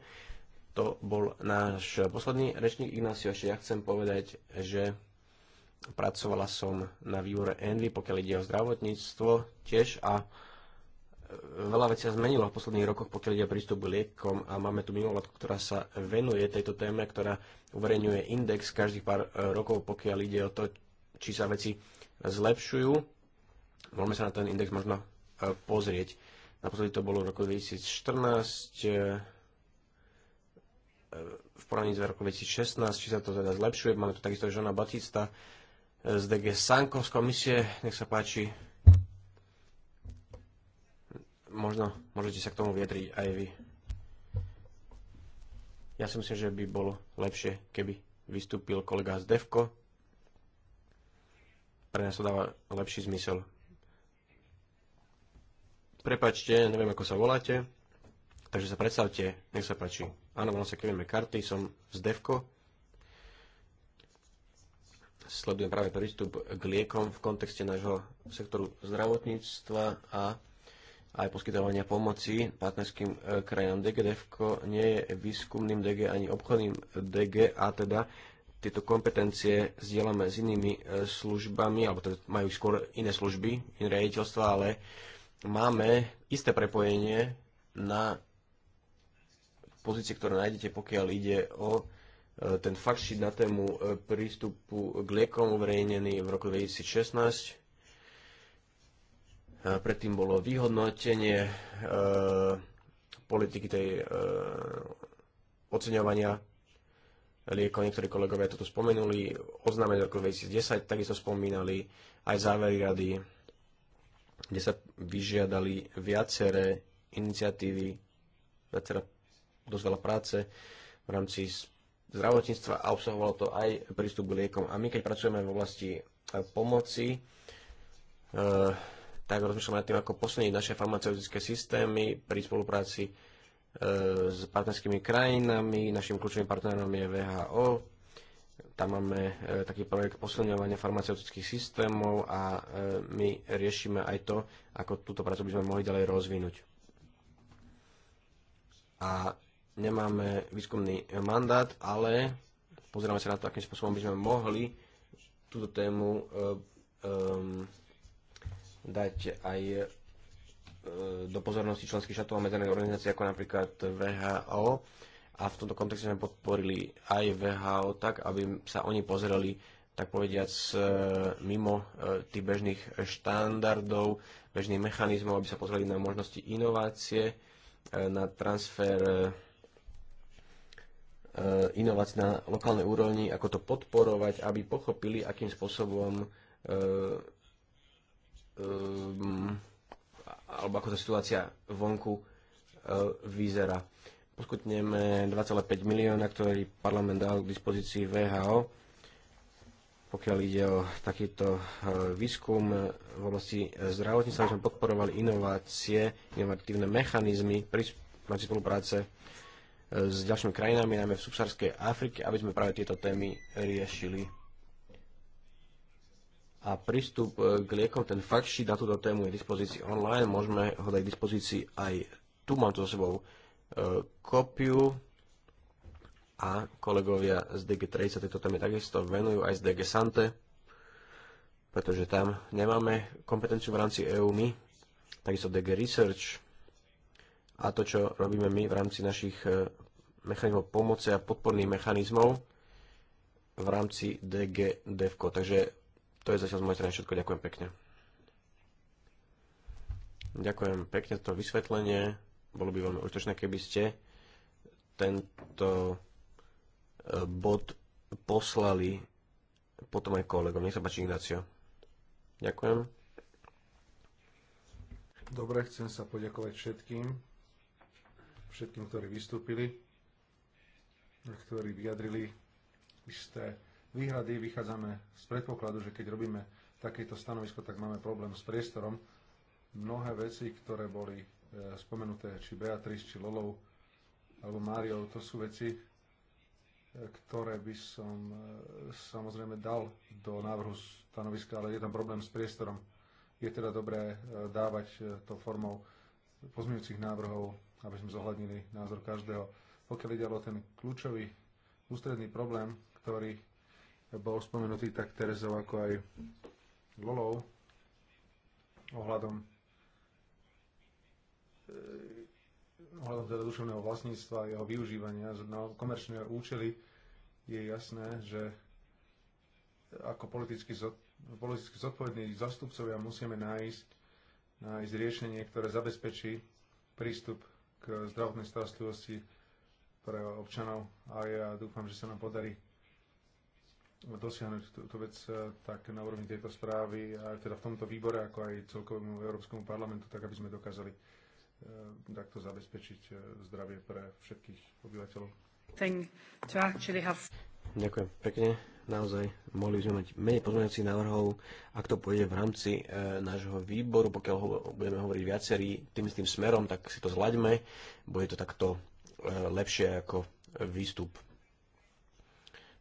To bol náš posledný rečník Ignacio. Ešte ja chcem povedať, že Pracovala som na výbore Envy, pokiaľ ide o zdravotníctvo tiež a e, veľa vecí sa zmenilo v posledných rokoch, pokiaľ ide prístup k liekom a máme tu mimovládku, ktorá sa venuje tejto téme, ktorá uverejňuje index každých pár e, rokov, pokiaľ ide o to, či sa veci zlepšujú. Môžeme sa na ten index možno e, pozrieť. Naposledy to bolo v roku 2014, v porovnaní s roku 2016, či sa to teda zlepšuje. Máme tu takisto Žona Batista, z DG Sanko z komisie. Nech sa páči. Možno môžete sa k tomu vyjadriť aj vy. Ja si myslím, že by bolo lepšie, keby vystúpil kolega z Devko. Pre nás to dáva lepší zmysel. Prepačte, neviem, ako sa voláte. Takže sa predstavte, nech sa páči. Áno, volám sa Kevin McCarthy, som z Devko sledujem práve prístup k liekom v kontexte nášho sektoru zdravotníctva a aj poskytovania pomoci partnerským e, krajinám. DGDF nie je výskumným DG ani obchodným DG a teda tieto kompetencie zdieľame s inými e, službami, alebo teda majú skôr iné služby, iné riaditeľstva, ale máme isté prepojenie na pozície, ktoré nájdete, pokiaľ ide o E, ten fakt šít na tému e, prístupu k liekom uverejnený v roku 2016. E, predtým bolo vyhodnotenie politiky tej oceňovania liekov, niektorí kolegovia toto spomenuli, oznámenie roku 2010 takisto spomínali, aj závery rady, kde sa vyžiadali viaceré iniciatívy, viacera dosť veľa práce v rámci zdravotníctva a obsahovalo to aj prístup k liekom. A my, keď pracujeme v oblasti e, pomoci, e, tak rozmýšľame nad tým, ako posilniť naše farmaceutické systémy pri spolupráci e, s partnerskými krajinami. Našim kľúčovým partnerom je VHO. Tam máme taký projekt posilňovania farmaceutických systémov a my riešime aj to, ako túto prácu by sme mohli ďalej rozvinúť. A nemáme výskumný mandát, ale pozeráme sa na to, akým spôsobom by sme mohli túto tému um, dať aj e, do pozornosti členských štátov a medzinárodných organizácií ako napríklad VHO a v tomto kontexte sme podporili aj VHO tak, aby sa oni pozerali tak povediac mimo tých bežných štandardov, bežných mechanizmov, aby sa pozreli na možnosti inovácie, na transfer E, inovácií na lokálnej úrovni, ako to podporovať, aby pochopili, akým spôsobom e, e, alebo ako tá situácia vonku vyzerá. Poskutneme 2,5 milióna, ktorý parlament dal k dispozícii VHO, pokiaľ ide o takýto výskum v oblasti zdravotníctva, aby sme podporovali inovácie, inovatívne mechanizmy pri, spolupráce s ďalšími krajinami, najmä v subsárskej Afrike, aby sme práve tieto témy riešili. A prístup e, k liekom, ten fakt sheet na túto tému je dispozícii online, môžeme ho dať dispozícii aj tu, mám tu so sebou e, kopiu a kolegovia z DG3 sa tejto téme takisto venujú aj z DG Sante, pretože tam nemáme kompetenciu v rámci EU my, takisto DG Research, a to, čo robíme my v rámci našich e, mechanizmov pomoci a podporných mechanizmov v rámci DG DEVCO. Takže to je zatiaľ z mojej strany všetko. Ďakujem pekne. Ďakujem pekne za to vysvetlenie. Bolo by veľmi užitočné, keby ste tento e, bod poslali potom aj kolegom. Nech sa páči, Ignacio. Ďakujem. Dobre, chcem sa poďakovať všetkým všetkým, ktorí vystúpili a ktorí vyjadrili isté výhrady. Vychádzame z predpokladu, že keď robíme takéto stanovisko, tak máme problém s priestorom. Mnohé veci, ktoré boli e, spomenuté, či Beatrice, či Lolov, alebo Máriou, to sú veci, e, ktoré by som e, samozrejme dal do návrhu stanoviska, ale je tam problém s priestorom. Je teda dobré dávať to formou pozmeňujúcich návrhov aby sme zohľadnili názor každého. Pokiaľ ide o ten kľúčový ústredný problém, ktorý bol spomenutý tak Terezov ako aj Lolov ohľadom eh, ohľadom teda duševného vlastníctva a jeho využívania na no, komerčné účely je jasné, že ako politicky, zod, politicky zodpovední zastupcovia musíme nájsť, nájsť riešenie, ktoré zabezpečí prístup k zdravotnej starostlivosti pre občanov a ja dúfam, že sa nám podarí dosiahnuť túto vec eh, tak na úrovni tejto správy, aj teda v tomto výbore, ako aj celkovému Európskemu parlamentu, tak aby sme dokázali eh, takto zabezpečiť eh, zdravie pre všetkých obyvateľov. Have... Ďakujem pekne naozaj mohli by sme mať menej pozmeňovacích návrhov, ak to pôjde v rámci e, nášho výboru, pokiaľ ho, budeme hovoriť viacerí tým istým smerom, tak si to zlaďme, bude to takto e, lepšie ako výstup.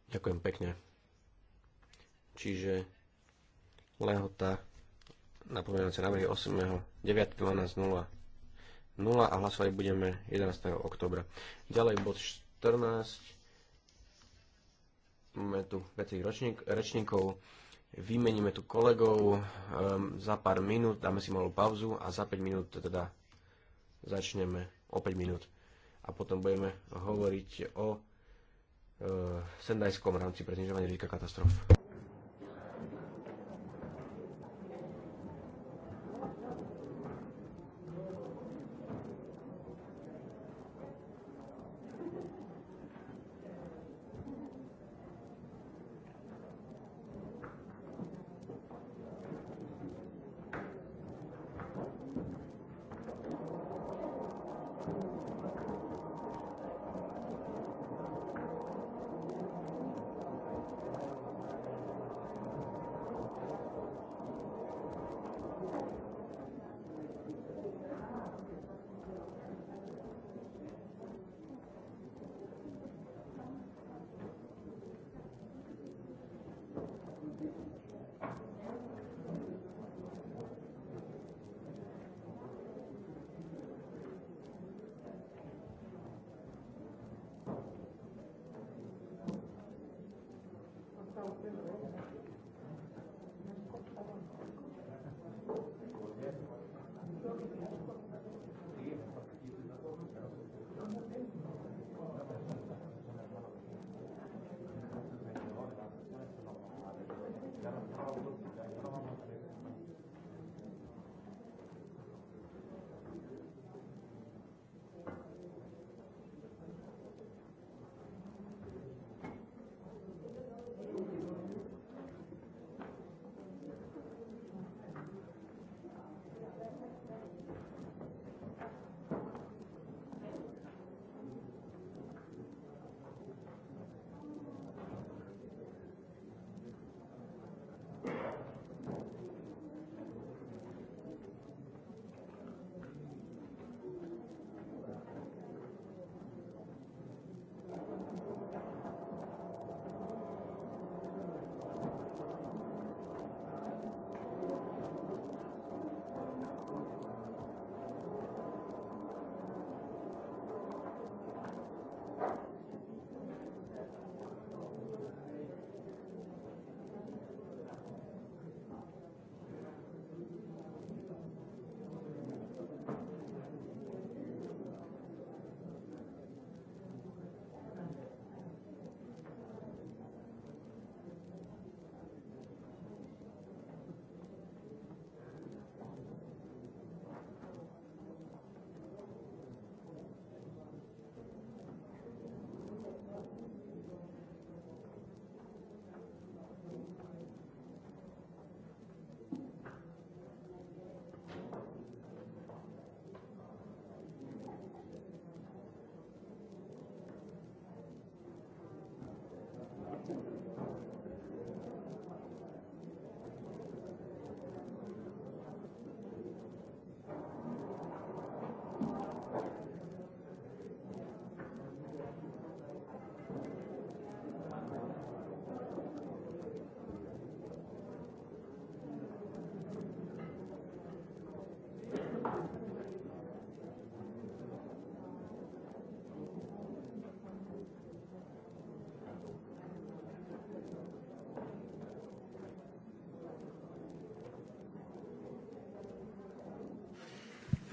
Ďakujem pekne. Čiže lehota na pozmeňovacie návrhy 8. 9. 12. 0. 0 a hlasovať budeme 11. oktobra. Ďalej bod 14 Máme tu viacerých ročník, rečníkov, vymeníme tu kolegov um, za pár minút, dáme si malú pauzu a za 5 minút teda začneme o 5 minút a potom budeme hovoriť o uh, sendajskom rámci pre znižovanie rizika katastrof.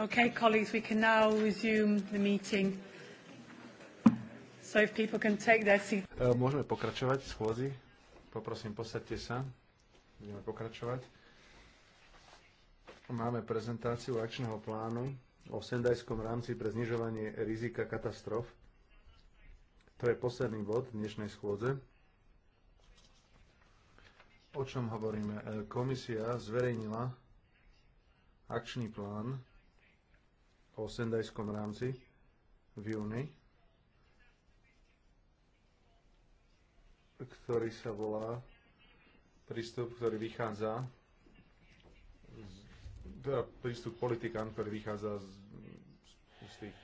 Okay, colleagues, we can now resume the meeting. So if people can take their seats. Eh, môžeme pokračovať v schôzi. Poprosím, posadte sa. Budeme pokračovať. Máme prezentáciu akčného plánu o sendajskom rámci pre znižovanie rizika katastrof. To je posledný bod dnešnej schôdze. O čom hovoríme? Eh, komisia zverejnila akčný plán o sendajskom rámci v júni, ktorý sa volá prístup, ktorý vychádza teda prístup politikán, ktorý vychádza z, z tých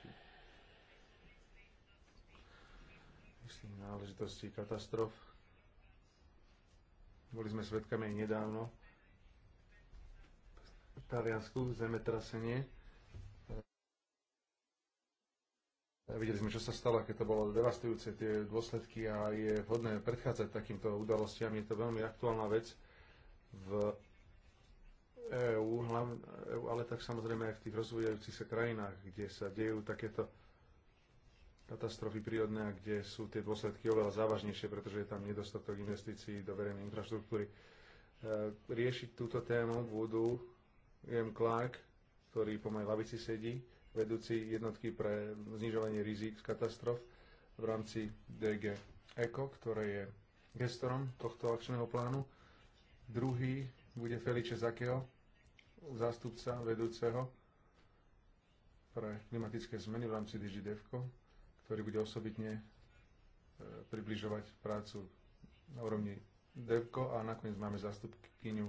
istých náležitostí katastrof. Boli sme svedkami aj nedávno v Taliansku zemetrasenie, Videli sme, čo sa stalo, aké to bolo devastujúce tie dôsledky a je vhodné predchádzať takýmto udalostiam. Je to veľmi aktuálna vec v EÚ, e ale tak samozrejme aj v tých rozvíjajúcich sa krajinách, kde sa dejú takéto katastrofy prírodné a kde sú tie dôsledky oveľa závažnejšie, pretože je tam nedostatok investícií do verejnej infraštruktúry. E, riešiť túto tému budú Jem Clark, ktorý po mojej lavici sedí, vedúci jednotky pre znižovanie rizik z katastrof v rámci DG ECO, ktoré je gestorom tohto akčného plánu. Druhý bude Felice Zakeo, zástupca vedúceho pre klimatické zmeny v rámci DigiDevco, ktorý bude osobitne e, približovať prácu na úrovni DEVCO a nakoniec máme zástupkyňu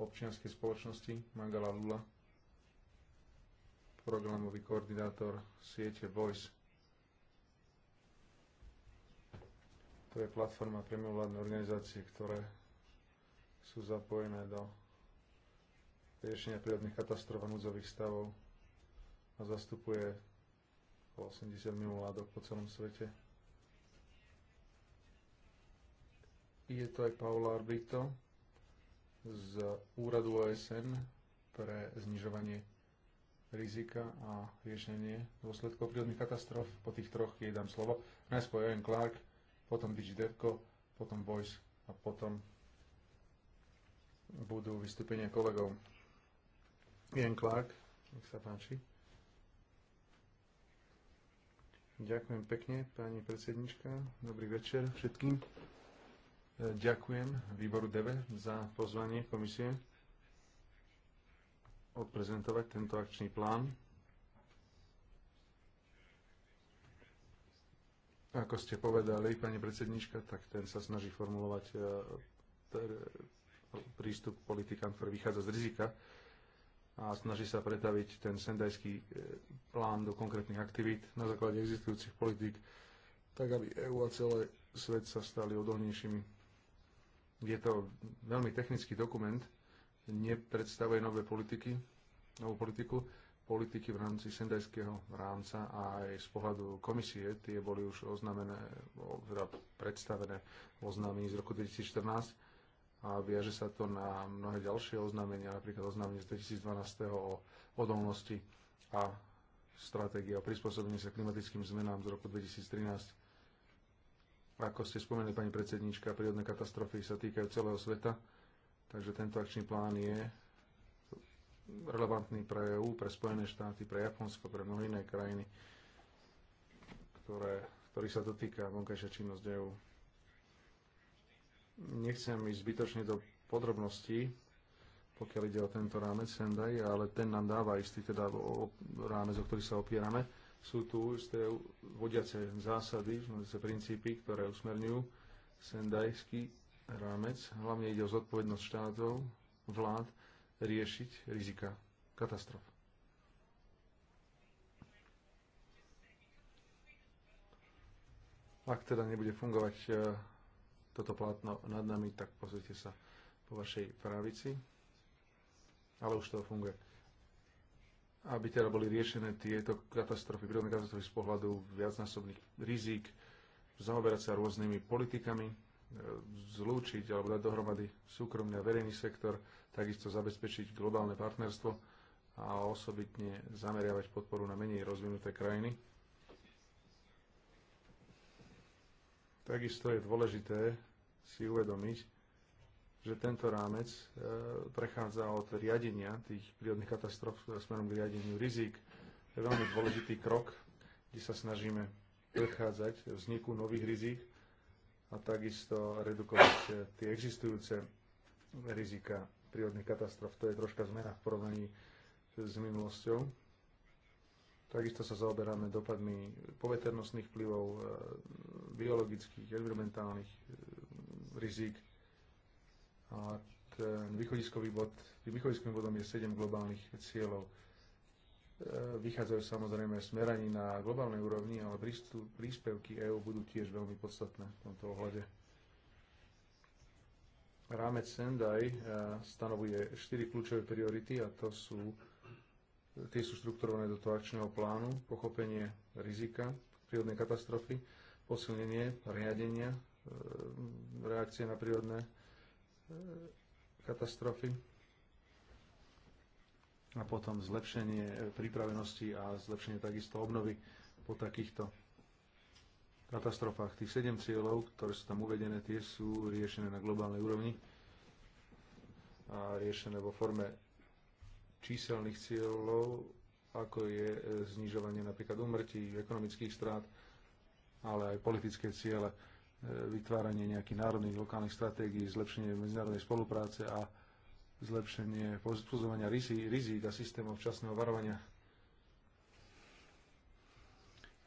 občianskej spoločnosti Mangala Lula, programový koordinátor siete Voice. To je platforma pre mimovládne organizácie, ktoré sú zapojené do riešenia prírodných katastrof a núdzových stavov a zastupuje 80 mimovládok po celom svete. Je to aj Paula Arbito z úradu OSN pre znižovanie rizika a riešenie dôsledkov prírodných katastrof. Po tých troch jej dám slovo. Najskôr Joen Clark, potom DigiDevco, potom Voice a potom budú vystúpenia kolegov. Ian Clark, nech sa páči. Ďakujem pekne, pani predsednička. Dobrý večer všetkým. E, ďakujem výboru DEVE za pozvanie komisie odprezentovať tento akčný plán. Ako ste povedali, pani predsednička, tak ten sa snaží formulovať e, prístup politikám, ktorý vychádza z rizika a snaží sa pretaviť ten sendajský e, plán do konkrétnych aktivít na základe existujúcich politík, tak aby EU a celé svet sa stali odolnejšími. Je to veľmi technický dokument, nepredstavuje nové politiky, novú politiku, politiky v rámci sendajského rámca a aj z pohľadu komisie, tie boli už oznamené, teda predstavené oznámení z roku 2014 a viaže sa to na mnohé ďalšie oznámenia, napríklad oznámenie z 2012. o odolnosti a stratégia o prispôsobení sa klimatickým zmenám z roku 2013. Ako ste spomenuli, pani predsednička, prírodné katastrofy sa týkajú celého sveta Takže tento akčný plán je relevantný pre EÚ, pre Spojené štáty, pre Japonsko, pre mnohé iné krajiny, ktoré, ktorý sa dotýka vonkajšia činnosť EU. Nechcem ísť zbytočne do podrobností, pokiaľ ide o tento rámec Sendai, ale ten nám dáva istý teda rámec, o ktorý sa opierame. Sú tu isté vodiace zásady, vodiace princípy, ktoré usmerňujú sendajský rámec. Hlavne ide o zodpovednosť štátov, vlád riešiť rizika katastrof. Ak teda nebude fungovať e, toto plátno nad nami, tak pozrite sa po vašej pravici. Ale už to funguje. Aby teda boli riešené tieto katastrofy, prírodné katastrofy z pohľadu viacnásobných rizík, zaoberať sa rôznymi politikami, zlúčiť alebo dať dohromady súkromný a verejný sektor, takisto zabezpečiť globálne partnerstvo a osobitne zameriavať podporu na menej rozvinuté krajiny. Takisto je dôležité si uvedomiť, že tento rámec e, prechádza od riadenia tých prírodných katastrof e, smerom k riadeniu rizik. To je veľmi dôležitý krok, kde sa snažíme prechádzať vzniku nových rizik a takisto redukovať eh, tie existujúce rizika prírodných katastrof. To je troška zmena v porovnaní s minulosťou. Takisto sa zaoberáme dopadmi poveternostných vplyvov, eh, biologických, environmentálnych eh, rizik. A ten východiskový bod, tým východiskovým bodom je 7 globálnych cieľov E, vychádzajú samozrejme smeraní na globálnej úrovni, ale príspevky EÚ budú tiež veľmi podstatné v tomto ohľade. Rámec Sendai e, stanovuje štyri kľúčové priority a to sú, tie sú štrukturované do toho akčného plánu, pochopenie rizika prírodnej katastrofy, posilnenie riadenia, e, reakcie na prírodné katastrofy, a potom zlepšenie e, pripravenosti a zlepšenie takisto obnovy po takýchto katastrofách. Tých sedem cieľov, ktoré sú tam uvedené, tie sú riešené na globálnej úrovni a riešené vo forme číselných cieľov, ako je e, znižovanie napríklad úmrtí, ekonomických strát, ale aj politické ciele, e, vytváranie nejakých národných, lokálnych stratégií, zlepšenie medzinárodnej spolupráce a zlepšenie pozitúzovania rizík a systémov včasného varovania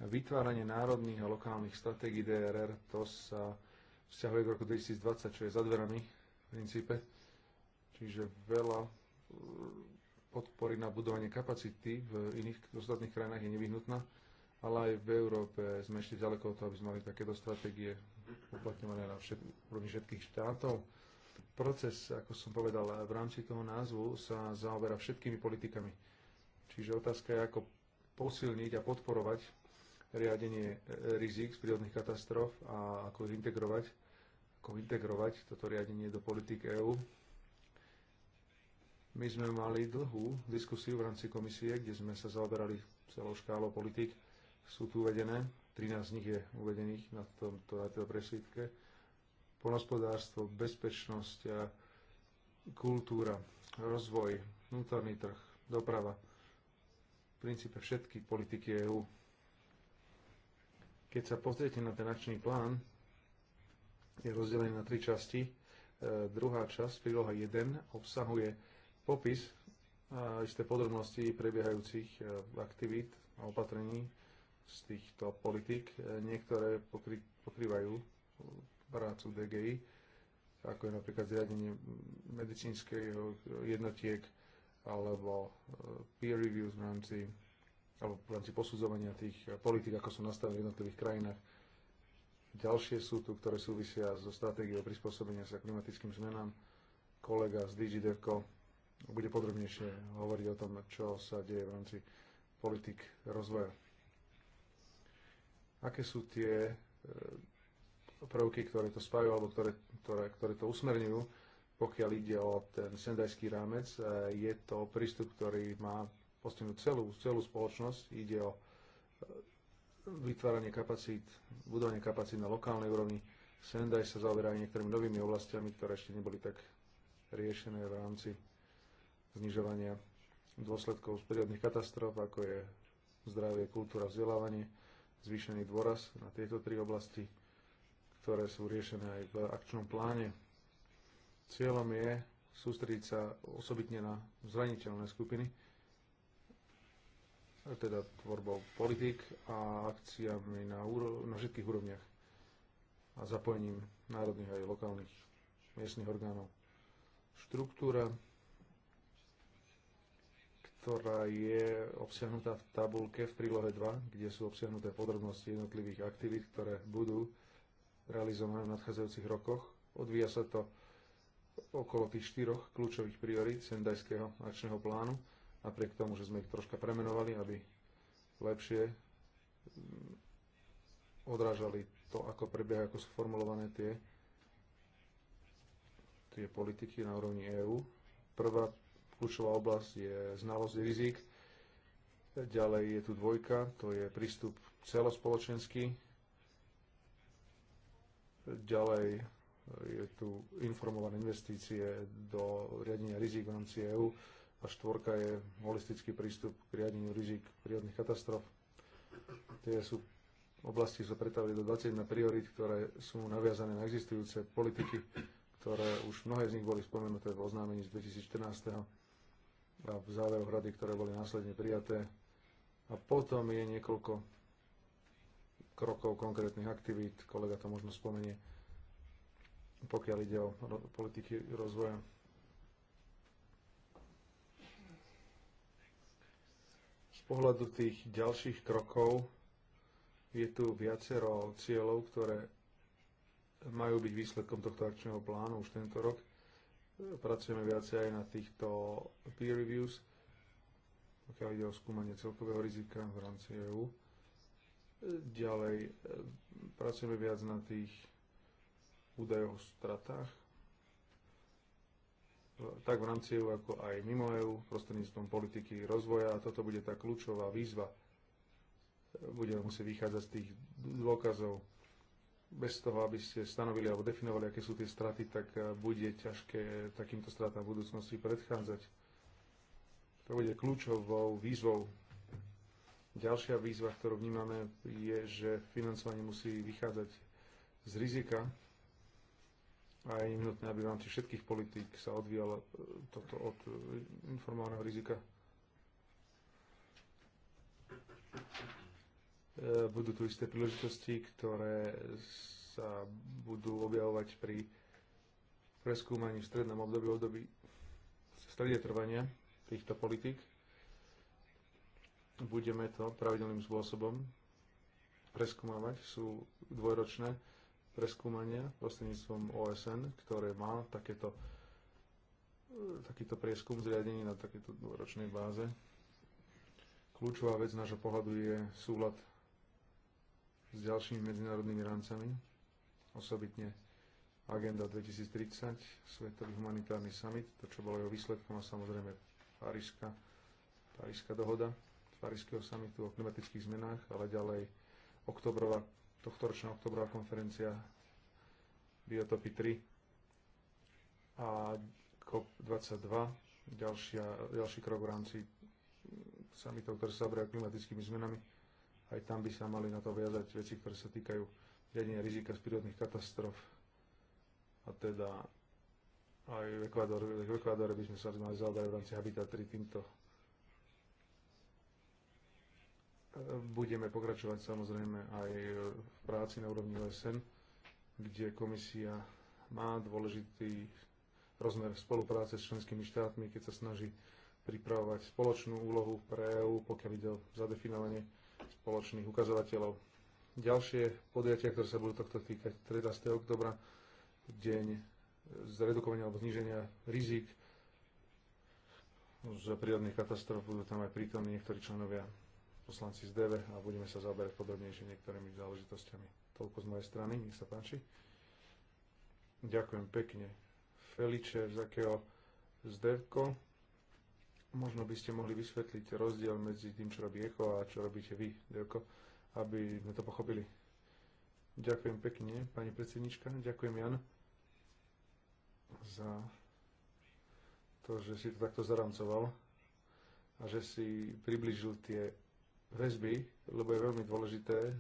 vytváranie národných a lokálnych stratégií DRR, to sa vzťahuje k roku 2020, čo je za dverami v princípe. Čiže veľa e, podpory na budovanie kapacity v iných v ostatných krajinách je nevyhnutná, ale aj v Európe sme ešte ďaleko od toho, aby sme mali takéto stratégie uplatňované na všet, všetkých štátov Proces, ako som povedal, v rámci toho názvu sa zaoberá všetkými politikami. Čiže otázka je, ako posilniť a podporovať riadenie e, rizik z prírodných katastrof a ako ich integrovať, ako integrovať toto riadenie do politik EÚ. My sme mali dlhú diskusiu v rámci komisie, kde sme sa zaoberali celou škálou politik. Sú tu uvedené, 13 z nich je uvedených na tomto na tejto presvítke polnospodárstvo, bezpečnosť, a kultúra, rozvoj, vnútorný trh, doprava, v princípe všetky politiky EÚ. Keď sa pozriete na ten akčný plán, je rozdelený na tri časti. E, druhá časť, príloha 1, obsahuje popis a isté podrobnosti prebiehajúcich e, aktivít a opatrení z týchto politik. E, niektoré pokrývajú prácu DGI, ako je napríklad zriadenie medicínskeho jednotiek alebo eh, peer reviews v rámci, alebo v rámci posudzovania tých politik, ako sú nastavené v jednotlivých krajinách. Ďalšie sú tu, ktoré súvisia so stratégiou prispôsobenia sa klimatickým zmenám. Kolega z DigiDevco bude podrobnejšie hovoriť o tom, čo sa deje v rámci politik rozvoja. Aké sú tie eh, prvky, ktoré to spajú alebo ktoré, ktoré, ktoré to usmerňujú, pokiaľ ide o ten sendajský rámec. Eh, je to prístup, ktorý má postihnúť celú, celú spoločnosť. Ide o eh, vytváranie kapacít, budovanie kapacít na lokálnej úrovni. Sendaj sa zaoberá niektorými novými oblastiami, ktoré ešte neboli tak riešené v rámci znižovania dôsledkov z prírodných katastrof, ako je zdravie, kultúra, vzdelávanie, zvýšený dôraz na tieto tri oblasti ktoré sú riešené aj v akčnom pláne. Cieľom je sústrediť sa osobitne na zraniteľné skupiny, teda tvorbou politik a akciami na, úro, na všetkých úrovniach a zapojením národných aj lokálnych miestnych orgánov. Štruktúra, ktorá je obsiahnutá v tabulke v prílohe 2, kde sú obsiahnuté podrobnosti jednotlivých aktivít, ktoré budú realizované v nadchádzajúcich rokoch. Odvíja sa to okolo tých štyroch kľúčových priorít Sendajského akčného plánu, napriek tomu, že sme ich troška premenovali, aby lepšie mm, odrážali to, ako prebieha, ako sú formulované tie, tie politiky na úrovni EÚ. Prvá kľúčová oblasť je znalosť rizik, ďalej je tu dvojka, to je prístup celospoločenský, Ďalej e, je tu informované investície do riadenia rizik v rámci EÚ a štvorka je holistický prístup k riadeniu rizik prírodných katastrof. Tie sú oblasti sa pretavili do 21 priorit, ktoré sú naviazané na existujúce politiky, ktoré už mnohé z nich boli spomenuté v oznámení z 2014. a v záveroch rady, ktoré boli následne prijaté. A potom je niekoľko krokov, konkrétnych aktivít, kolega to možno spomenie, pokiaľ ide o politiky rozvoja. Z pohľadu tých ďalších krokov je tu viacero cieľov, ktoré majú byť výsledkom tohto akčného plánu už tento rok. Pracujeme viacej aj na týchto peer reviews, pokiaľ ide o skúmanie celkového rizika v rámci EÚ Ďalej e, pracujeme viac na tých údajoch o stratách, tak v rámci EU ako aj mimo EU, prostredníctvom politiky rozvoja. A toto bude tá kľúčová výzva. E, budeme musieť vychádzať z tých dôkazov. Bez toho, aby ste stanovili alebo definovali, aké sú tie straty, tak e, bude ťažké takýmto stratám v budúcnosti predchádzať. To bude kľúčovou výzvou Ďalšia výzva, ktorú vnímame, je, že financovanie musí vychádzať z rizika a je nevyhnutné, aby v rámci všetkých politík sa odvíjalo e, toto od e, informovaného rizika. E, budú tu isté príležitosti, ktoré sa budú objavovať pri preskúmaní v strednom období, období v strede trvania týchto politík budeme to pravidelným spôsobom preskúmavať. Sú dvojročné preskúmania prostredníctvom OSN, ktoré má takéto, takýto prieskum zriadený na takéto dvojročnej báze. Kľúčová vec nášho pohľadu je súlad s ďalšími medzinárodnými rámcami, osobitne Agenda 2030, Svetový humanitárny summit, to čo bolo jeho výsledkom a samozrejme Paríska, Paríska dohoda. Parížského samitu o klimatických zmenách, ale ďalej oktobrová, tohtoročná oktobrová konferencia Biotopy 3 a COP22, ďalšia, ďalší krok v rámci samitov, ktoré sa zabrajú klimatickými zmenami. Aj tam by sa mali na to viazať veci, ktoré sa týkajú riadenia rizika z prírodných katastrof a teda aj v Ekvádore, v Ekvádore by sme sa mali zaoberať v rámci Habitat 3 týmto Budeme pokračovať samozrejme aj v práci na úrovni OSN, kde komisia má dôležitý rozmer spolupráce s členskými štátmi, keď sa snaží pripravovať spoločnú úlohu pre EÚ, pokiaľ ide o zadefinovanie spoločných ukazovateľov. Ďalšie podujatia, ktoré sa budú tohto týkať 13. oktobra, deň zredukovania alebo zníženia rizik z prírodných katastrof, budú tam aj prítomní niektorí členovia poslanci z DV a budeme sa zaoberať podrobnejšie niektorými záležitostiami. Toľko z mojej strany, nech sa páči. Ďakujem pekne. Feliče Zakeo Zdevko, možno by ste mohli vysvetliť rozdiel medzi tým, čo robí Echo a čo robíte vy, Devko, aby sme to pochopili. Ďakujem pekne, pani predsednička. Ďakujem, Jan, za to, že si to takto zaramcoval a že si približil tie väzby, lebo je veľmi dôležité e,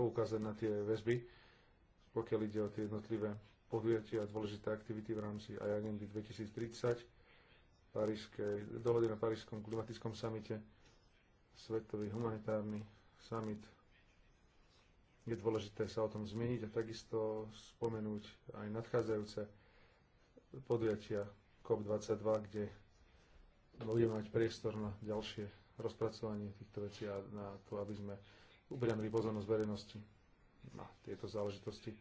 poukázať na tie väzby, pokiaľ ide o tie jednotlivé podujatia a dôležité aktivity v rámci aj agendy 2030, Paríske, dohody na Parížskom klimatickom samite, Svetový humanitárny summit. Je dôležité sa o tom zmeniť a takisto spomenúť aj nadchádzajúce podujatia COP22, kde budeme mať priestor na ďalšie rozpracovanie týchto vecí a na to, aby sme upriamili pozornosť verejnosti na tieto záležitosti.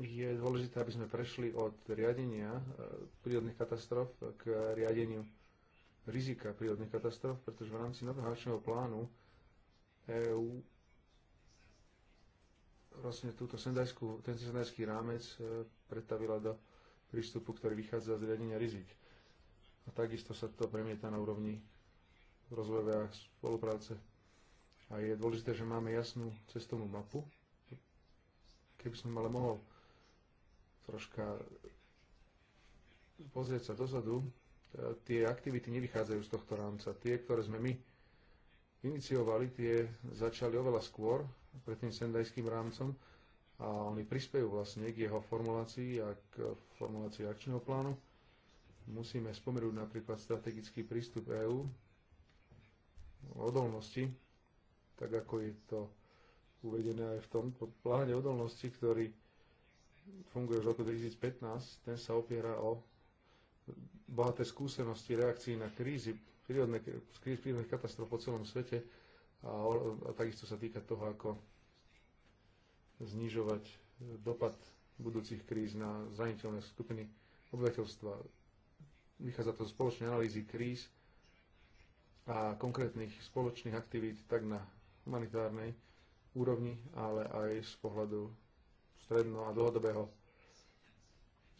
Je dôležité, aby sme prešli od riadenia e, prírodných katastrof k riadeniu rizika prírodných katastrof, pretože v rámci nového akčného plánu EÚ vlastne túto sendajskú, ten sendajský rámec e, pretavila do prístupu, ktorý vychádza z riadenia rizik a takisto sa to premieta na úrovni rozvoja a spolupráce. A je dôležité, že máme jasnú cestovnú mapu. Keby som ale mohol troška pozrieť sa dozadu, tie aktivity nevychádzajú z tohto rámca. Tie, ktoré sme my iniciovali, tie začali oveľa skôr, pred tým sendajským rámcom, a oni prispejú vlastne k jeho formulácii a k formulácii akčného plánu. Musíme spomenúť napríklad strategický prístup EÚ odolnosti, tak ako je to uvedené aj v tom pláne odolnosti, ktorý funguje v roku 2015, ten sa opiera o bohaté skúsenosti reakcií na krízy, prírodné, prírodné katastrof po celom svete a, a takisto sa týka toho, ako znižovať dopad budúcich kríz na zraniteľné skupiny obyvateľstva. Vychádza to z spoločnej analýzy kríz a konkrétnych spoločných aktivít tak na humanitárnej úrovni, ale aj z pohľadu stredno- a dlhodobého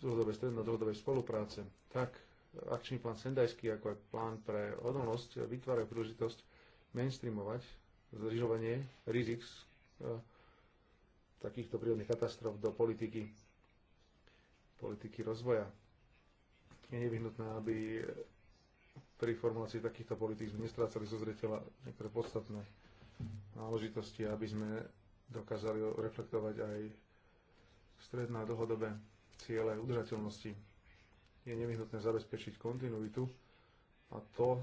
dlhodobej stredno- a dlhodobej spolupráce. Tak akčný plán Sendajský, ako aj plán pre odolnosť, vytvárajú príležitosť mainstreamovať zrižovanie rizik z eh, takýchto prírodných katastrof do politiky, politiky rozvoja je nevyhnutné, aby pri formulácii takýchto politík sme nestrácali zo zreteľa niektoré podstatné náležitosti, aby sme dokázali reflektovať aj stredná dlhodobé ciele udržateľnosti. Je nevyhnutné zabezpečiť kontinuitu a to e,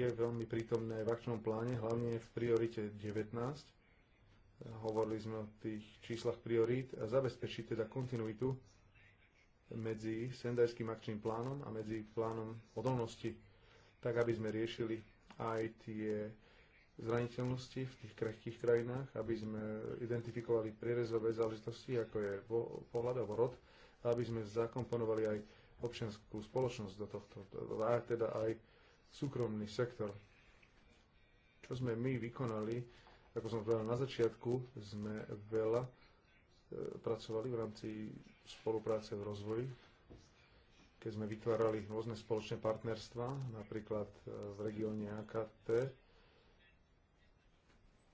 je veľmi prítomné aj v akčnom pláne, hlavne v priorite 19. Hovorili sme o tých číslach priorít a zabezpečiť teda kontinuitu medzi sendajským akčným plánom a medzi plánom odolnosti, tak aby sme riešili aj tie zraniteľnosti v tých krehkých krajinách, aby sme identifikovali prierezové záležitosti, ako je pohľad alebo rod, aby sme zakomponovali aj občianskú spoločnosť do tohto, a teda aj súkromný sektor. Čo sme my vykonali, ako som povedal na začiatku, sme veľa e, pracovali v rámci spolupráce v rozvoji, keď sme vytvárali rôzne spoločné partnerstva, napríklad e, v regióne AKT,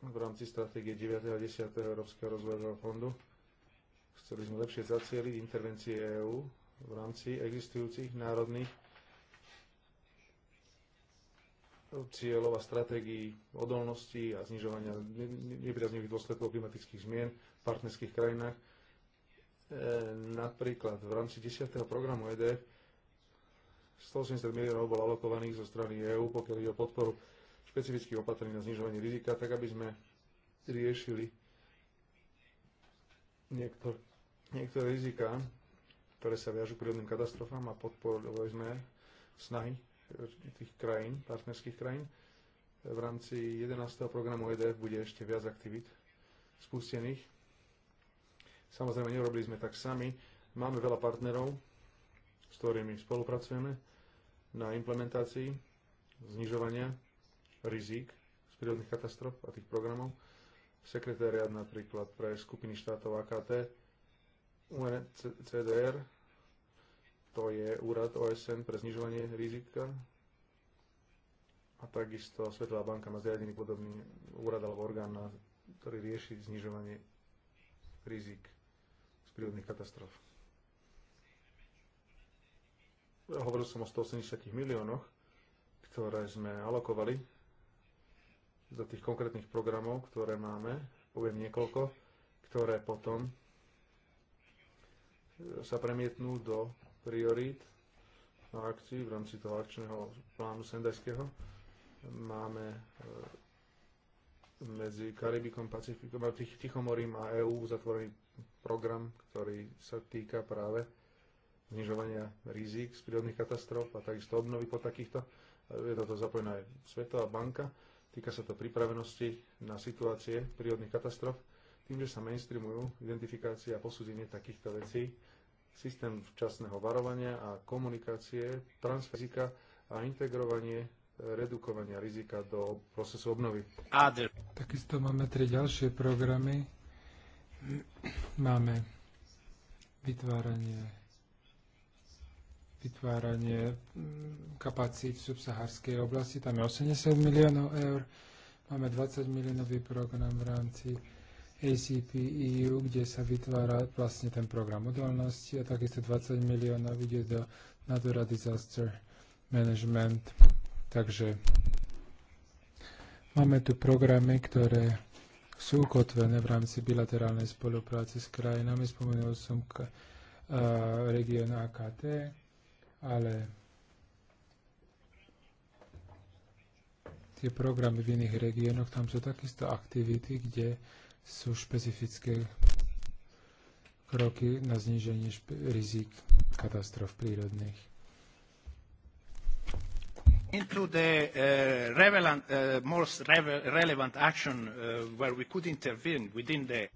v rámci stratégie 9. a 10. Európskeho rozvojového fondu. Chceli sme lepšie zacieliť intervencie EÚ v rámci existujúcich národných e, cieľov a stratégií odolnosti a znižovania nepriaznivých dôsledkov klimatických zmien v partnerských krajinách E, napríklad v rámci 10. programu EDF 180 miliónov bol alokovaných zo strany EÚ, pokiaľ ide o podporu špecifických opatrení na znižovanie rizika, tak aby sme riešili niektor, niektoré rizika, ktoré sa viažú k prírodným katastrofám a podporovali sme snahy tých krajín, partnerských krajín. V rámci 11. programu EDF bude ešte viac aktivít spustených Samozrejme, nerobili sme tak sami. Máme veľa partnerov, s ktorými spolupracujeme na implementácii znižovania rizik z prírodných katastrof a tých programov. Sekretariat napríklad pre skupiny štátov AKT, UNCDR, to je úrad OSN pre znižovanie rizika a takisto Svetová banka má zriadený podobný úrad alebo orgán, ktorý rieši znižovanie rizik prírodných katastrof. Ja hovoril som o 180 miliónoch, ktoré sme alokovali do tých konkrétnych programov, ktoré máme, poviem niekoľko, ktoré potom sa premietnú do priorít na akcii v rámci toho akčného plánu sendajského. Máme e, medzi Karibikom, Pacifikom a Tichomorím a EÚ zatvorený program, ktorý sa týka práve znižovania rizik z prírodných katastrof a takisto obnovy po takýchto. Je toto zapojená aj Svetová banka. Týka sa to pripravenosti na situácie prírodných katastrof. Tým, že sa mainstreamujú identifikácia a posúdenie takýchto vecí, systém včasného varovania a komunikácie, transfer rizika a integrovanie redukovania rizika do procesu obnovy. Takisto máme tri ďalšie programy Máme vytváranie, vytváranie mm, kapacít v subsaharskej oblasti, tam je 80 miliónov eur, máme 20 miliónový program v rámci ACP EU, kde sa vytvára vlastne ten program odolnosti a takisto 20 miliónov ide do Natura Disaster Management. Takže máme tu programy, ktoré sú ukotvené v rámci bilaterálnej spolupráce s krajinami. Spomenul som k, e, region AKT, ale tie programy v iných regiónoch, tam sú takisto aktivity, kde sú špecifické kroky na zníženie rizik katastrof prírodných into the uh, relevant, uh, most re- relevant action uh, where we could intervene within the...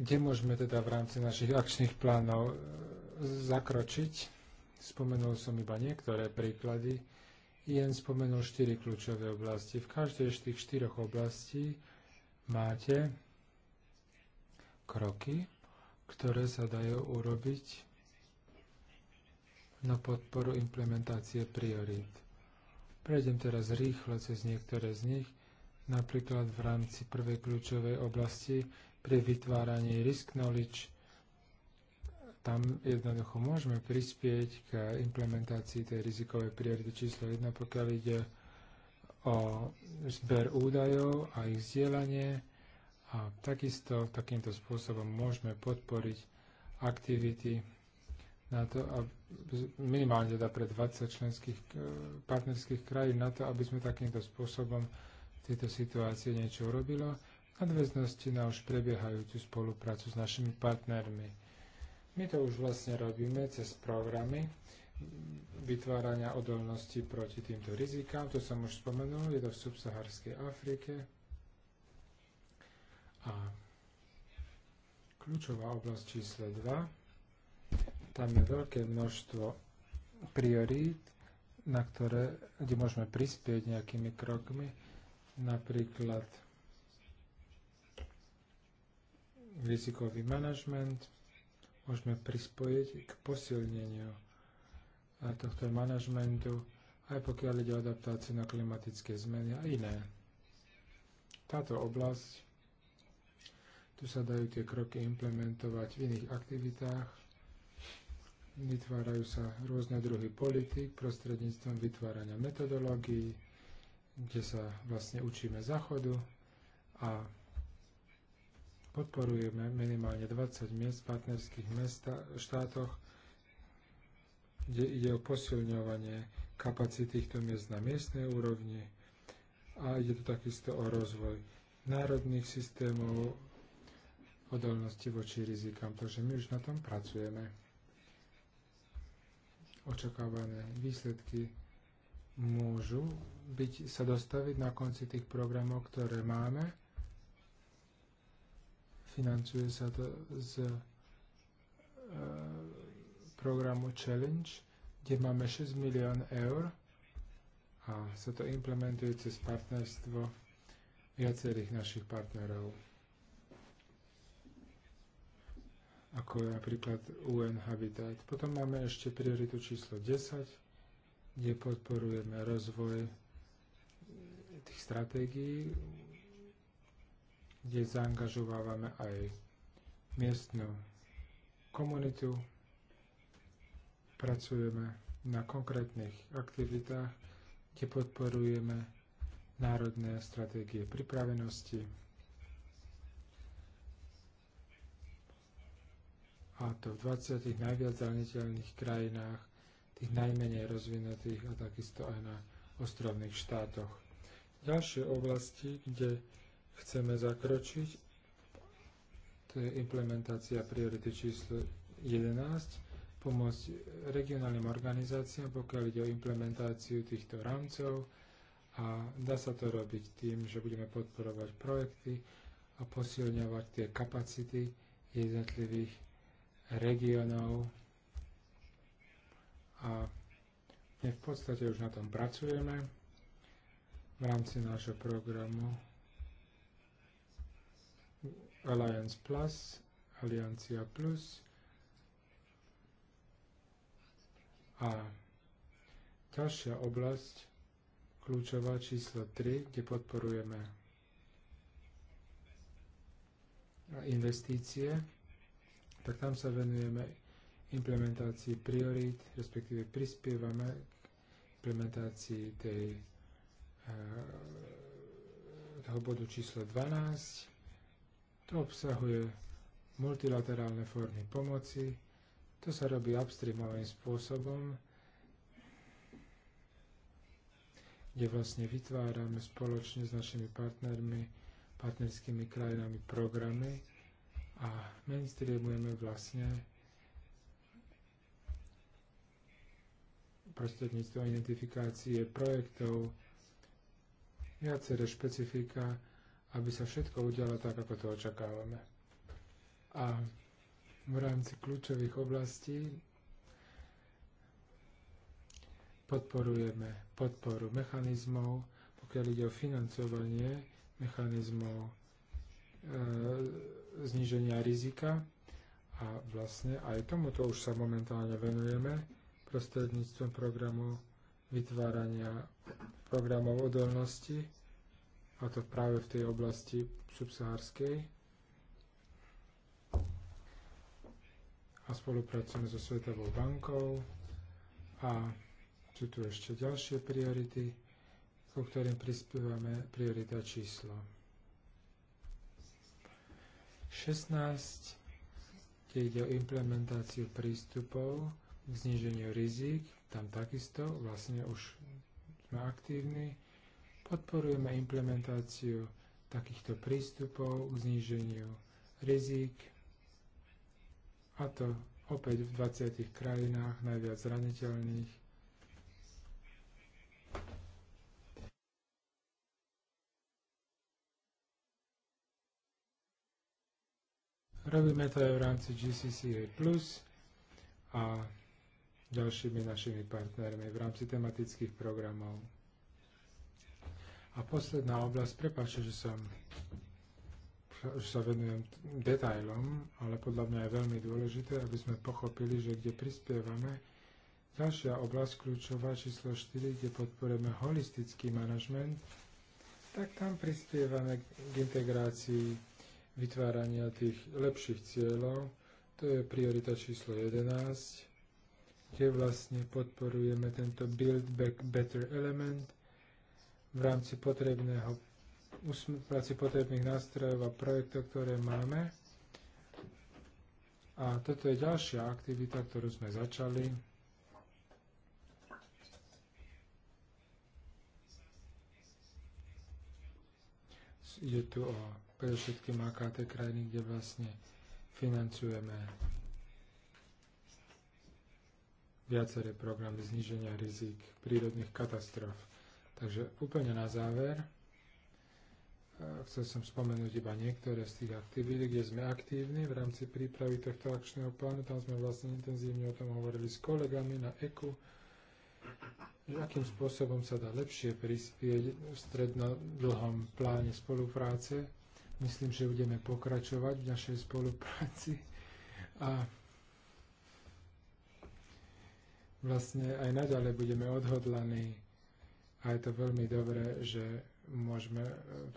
Kde môžeme teda v rámci našich akčných plánov uh, zakročiť? Spomenul som iba niektoré príklady. jen spomenul štyri kľúčové oblasti. V každej z tých štyroch oblastí máte kroky, ktoré sa dajú urobiť na podporu implementácie priorít. Prejdem teraz rýchlo cez niektoré z nich, napríklad v rámci prvej kľúčovej oblasti pri vytváraní risk knowledge. Tam jednoducho môžeme prispieť k implementácii tej rizikovej priority číslo 1, pokiaľ ide o zber údajov a ich zdieľanie. A takisto takýmto spôsobom môžeme podporiť aktivity na to, a minimálne teda pre 20 členských e, partnerských krajín na to, aby sme takýmto spôsobom v tejto situácii niečo urobilo nadväznosti na už prebiehajúcu spoluprácu s našimi partnermi. My to už vlastne robíme cez programy vytvárania odolnosti proti týmto rizikám. To som už spomenul, je to v subsaharskej Afrike. A kľúčová oblasť číslo 2 tam je veľké množstvo priorít, na ktoré, kde môžeme prispieť nejakými krokmi, napríklad rizikový manažment, môžeme prispojiť k posilneniu tohto manažmentu, aj pokiaľ ide o adaptáciu na klimatické zmeny a iné. Táto oblasť, tu sa dajú tie kroky implementovať v iných aktivitách, vytvárajú sa rôzne druhy politik prostredníctvom vytvárania metodológií, kde sa vlastne učíme záchodu a podporujeme minimálne 20 miest v partnerských mesta, štátoch, kde ide o posilňovanie kapacít týchto miest na miestnej úrovni a ide tu takisto o rozvoj národných systémov odolnosti voči rizikám. Takže my už na tom pracujeme očakávané výsledky môžu byť, sa dostaviť na konci tých programov, ktoré máme. Financuje sa to z e, programu Challenge, kde máme 6 milión eur a sa to implementuje cez partnerstvo viacerých našich partnerov. ako je napríklad UN Habitat. Potom máme ešte prioritu číslo 10, kde podporujeme rozvoj tých stratégií, kde zaangažovávame aj miestnu komunitu, pracujeme na konkrétnych aktivitách, kde podporujeme národné stratégie pripravenosti, a to v 20 najviac zraniteľných krajinách, tých najmenej rozvinutých a takisto aj na ostrovných štátoch. Ďalšie oblasti, kde chceme zakročiť, to je implementácia priority číslo 11, pomôcť regionálnym organizáciám, pokiaľ ide o implementáciu týchto rámcov a dá sa to robiť tým, že budeme podporovať projekty a posilňovať tie kapacity jednotlivých regionov a v podstate už na tom pracujeme v rámci nášho programu Alliance Plus, Aliancia Plus a ďalšia oblasť kľúčová číslo 3, kde podporujeme investície tak tam sa venujeme implementácii priorít, respektíve prispievame k implementácii tej, eh, toho bodu číslo 12. To obsahuje multilaterálne formy pomoci. To sa robí upstreamovým spôsobom, kde vlastne vytvárame spoločne s našimi partnermi, partnerskými krajinami programy, a mainstreamujeme vlastne prostredníctvom identifikácie projektov viaceré špecifika, aby sa všetko udialo tak, ako to očakávame. A v rámci kľúčových oblastí podporujeme podporu mechanizmov, pokiaľ ide o financovanie mechanizmov e, zniženia rizika a vlastne aj tomuto už sa momentálne venujeme prostredníctvom programu vytvárania programov odolnosti a to práve v tej oblasti subsahárskej a spolupracujeme so Svetovou bankou a sú tu ešte ďalšie priority, ku ktorým prispievame priorita číslo 16, kde ide o implementáciu prístupov k zniženiu rizik, tam takisto vlastne už sme aktívni. Podporujeme implementáciu takýchto prístupov k zníženiu rizik a to opäť v 20 krajinách najviac zraniteľných Robíme to aj v rámci GCCA+, a ďalšími našimi partnermi v rámci tematických programov. A posledná oblasť, prepáčte, že som že sa venujem detailom, ale podľa mňa je veľmi dôležité, aby sme pochopili, že kde prispievame, ďalšia oblasť kľúčová číslo 4, kde podporujeme holistický manažment, tak tam prispievame k integrácii vytvárania tých lepších cieľov. To je priorita číslo 11, kde vlastne podporujeme tento Build Back Better element v rámci, potrebného, v rámci potrebných nástrojov a projektov, ktoré máme. A toto je ďalšia aktivita, ktorú sme začali. Ide tu o pre všetky AKT krajiny, kde vlastne financujeme viaceré programy zniženia rizik prírodných katastrof. Takže úplne na záver, chcel som spomenúť iba niektoré z tých aktivít, kde sme aktívni v rámci prípravy tohto akčného plánu. Tam sme vlastne intenzívne o tom hovorili s kolegami na EKU, že akým spôsobom sa dá lepšie prispieť v strednodlhom pláne spolupráce Myslím, že budeme pokračovať v našej spolupráci a vlastne aj naďalej budeme odhodlaní a je to veľmi dobré, že môžeme e,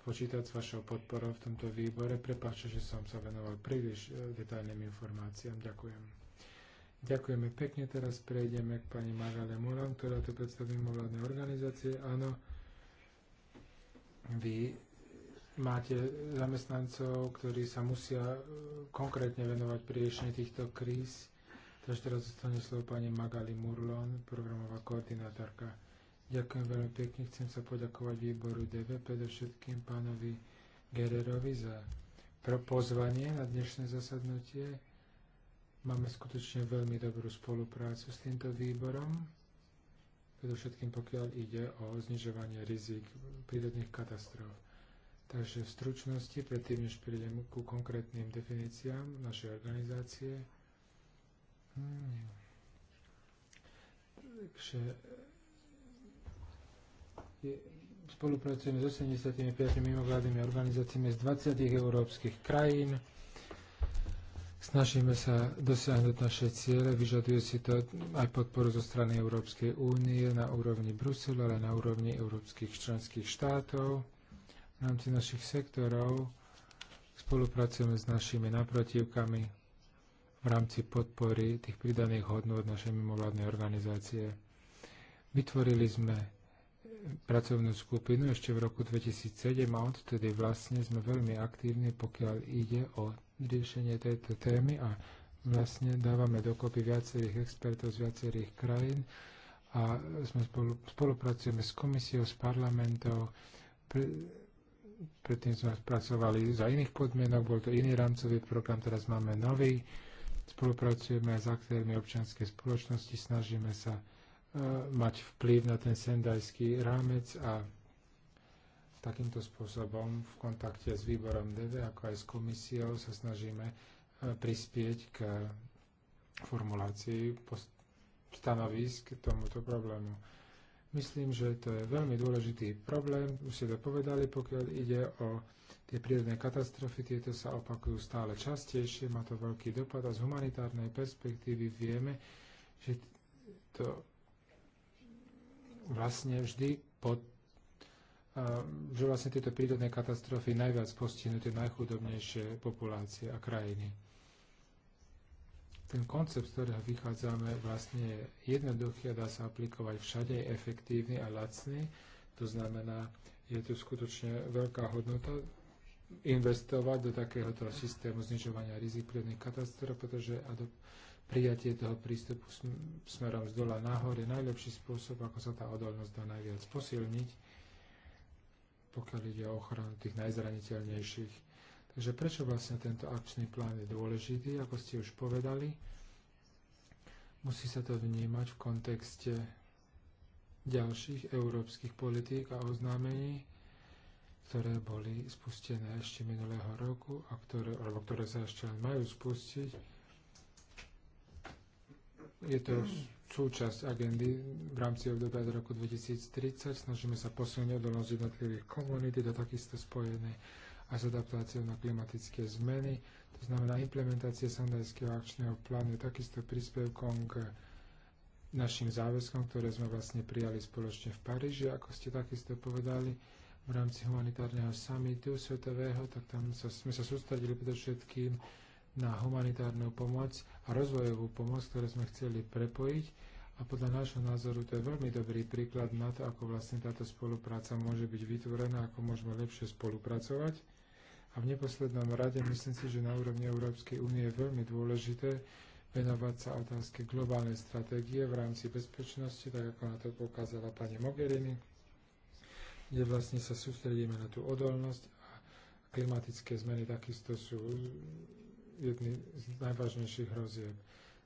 počítať s vašou podporou v tomto výbore. Prepáčte, že som sa venoval príliš e, detajným informáciám. Ďakujem. Ďakujeme pekne. Teraz prejdeme k pani Magale Mulan, ktorá tu predstaví mimovládne organizácie. Áno, vy máte zamestnancov, ktorí sa musia e, konkrétne venovať pri riešení týchto kríz. Takže teraz zostane slovo pani Magali Murlon, programová koordinátorka. Ďakujem veľmi pekne, chcem sa poďakovať výboru DV, predovšetkým pánovi Gererovi za pozvanie na dnešné zasadnutie. Máme skutočne veľmi dobrú spoluprácu s týmto výborom, predovšetkým pokiaľ ide o znižovanie rizik prírodných katastrof. Takže v stručnosti, predtým než prídem ku konkrétnym definíciám našej organizácie, hmm, takže je, spolupracujeme s 85 mimovládnymi organizáciami z 20 európskych krajín. Snažíme sa dosiahnuť naše ciele, vyžaduje si to aj podporu zo strany Európskej únie na úrovni Bruselu, ale na úrovni európskych členských štátov v rámci našich sektorov spolupracujeme s našimi naprotivkami v rámci podpory tých pridaných hodnot našej mimovládnej organizácie. Vytvorili sme pracovnú skupinu ešte v roku 2007 a odtedy vlastne sme veľmi aktívni, pokiaľ ide o riešenie tejto témy a vlastne dávame dokopy viacerých expertov z viacerých krajín a sme spolu, spolupracujeme s komisiou, s parlamentov, predtým sme pracovali za iných podmienok, bol to iný rámcový program, teraz máme nový, spolupracujeme s aktérmi občianskej spoločnosti, snažíme sa e, mať vplyv na ten sendajský rámec a takýmto spôsobom v kontakte s výborom DV, ako aj s komisiou sa snažíme e, prispieť k formulácii stanovisk k tomuto problému Myslím, že to je veľmi dôležitý problém, už ste to povedali, pokiaľ ide o tie prírodné katastrofy, tieto sa opakujú stále častejšie, má to veľký dopad a z humanitárnej perspektívy vieme, že to vlastne vždy pod že vlastne tieto prírodné katastrofy najviac postihnú tie najchudobnejšie populácie a krajiny ten koncept, z ktorého vychádzame, vlastne je jednoduchý a dá sa aplikovať všade, je efektívny a lacný. To znamená, je tu skutočne veľká hodnota investovať do takéhoto systému znižovania rizik prírodných katastrof, pretože prijatie toho prístupu smerom z dola nahor je najlepší spôsob, ako sa tá odolnosť dá najviac posilniť, pokiaľ ide o ochranu tých najzraniteľnejších. Takže prečo vlastne tento akčný plán je dôležitý, ako ste už povedali? Musí sa to vnímať v kontexte ďalších európskych politík a oznámení, ktoré boli spustené ešte minulého roku a ktoré, alebo ktoré sa ešte len majú spustiť. Je to súčasť agendy v rámci obdobia do roku 2030. Snažíme sa posunúť odolnosť jednotlivých komunity do takisto spojenej a s adaptáciou na klimatické zmeny. To znamená, implementácia Sandajského akčného plánu je takisto príspevkom k našim záväzkom, ktoré sme vlastne prijali spoločne v Paríži, ako ste takisto povedali, v rámci humanitárneho samitu svetového, tak tam sa, sme sa sústredili predovšetkým na humanitárnu pomoc a rozvojovú pomoc, ktoré sme chceli prepojiť. A podľa nášho názoru to je veľmi dobrý príklad na to, ako vlastne táto spolupráca môže byť vytvorená, ako môžeme lepšie spolupracovať. A v neposlednom rade myslím si, že na úrovni Európskej únie je veľmi dôležité venovať sa otázke globálnej stratégie v rámci bezpečnosti, tak ako na to poukázala pani Mogherini, kde vlastne sa sústredíme na tú odolnosť a klimatické zmeny takisto sú jedny z najvážnejších hrozieb.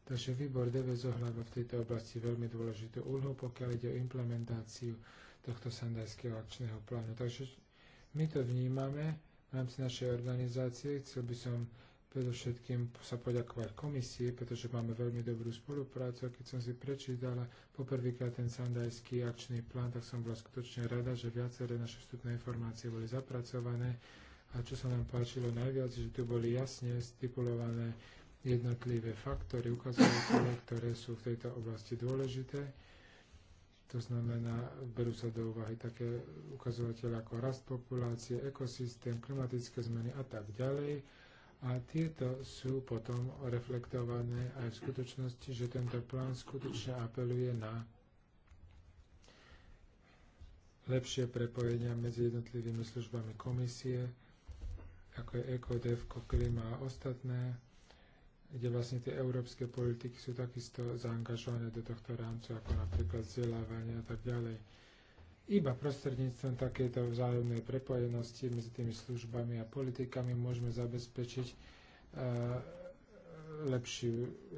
Takže výbor DV zohráva v tejto oblasti veľmi dôležitú úlohu, pokiaľ ide o implementáciu tohto sandajského akčného plánu. Takže my to vnímame v rámci našej organizácie. Chcel by som predovšetkým sa poďakovať komisii, pretože máme veľmi dobrú spoluprácu. A keď som si prečítala poprvýkrát ten sandajský akčný plán, tak som bola skutočne rada, že viaceré naše vstupné informácie boli zapracované. A čo sa nám páčilo najviac, že tu boli jasne stipulované jednotlivé faktory, ukazovatele, ktoré sú v tejto oblasti dôležité to znamená, berú sa do úvahy také ukazovateľe ako rast populácie, ekosystém, klimatické zmeny a tak ďalej. A tieto sú potom reflektované aj v skutočnosti, že tento plán skutočne apeluje na lepšie prepojenia medzi jednotlivými službami komisie, ako je ECO, DEVCO, Klima a ostatné, kde vlastne tie európske politiky sú takisto zaangažované do tohto rámcu, ako napríklad vzdelávanie a tak ďalej. Iba prostredníctvom takéto vzájomnej prepojenosti medzi tými službami a politikami môžeme zabezpečiť uh, eh, lepší,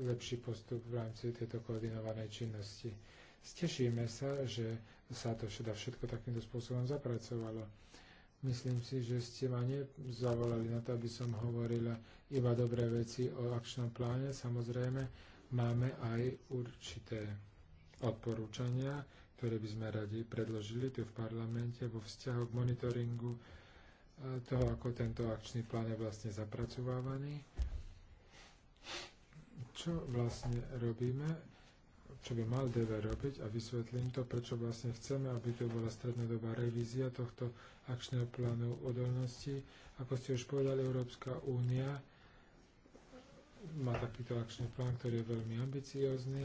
lepší postup v rámci tejto koordinovanej činnosti. Stešíme sa, že sa to všetko takýmto spôsobom zapracovalo. Myslím si, že ste ma nezavolali na to, aby som hovorila iba dobré veci o akčnom pláne. Samozrejme, máme aj určité odporúčania, ktoré by sme radi predložili tu v parlamente vo vzťahu k monitoringu e, toho, ako tento akčný plán je vlastne zapracovávaný. Čo vlastne robíme? čo by mal DV robiť a vysvetlím to, prečo vlastne chceme, aby tu bola strednodobá revízia tohto akčného plánu odolnosti. Ako ste už povedali, Európska únia má takýto akčný plán, ktorý je veľmi ambiciózny,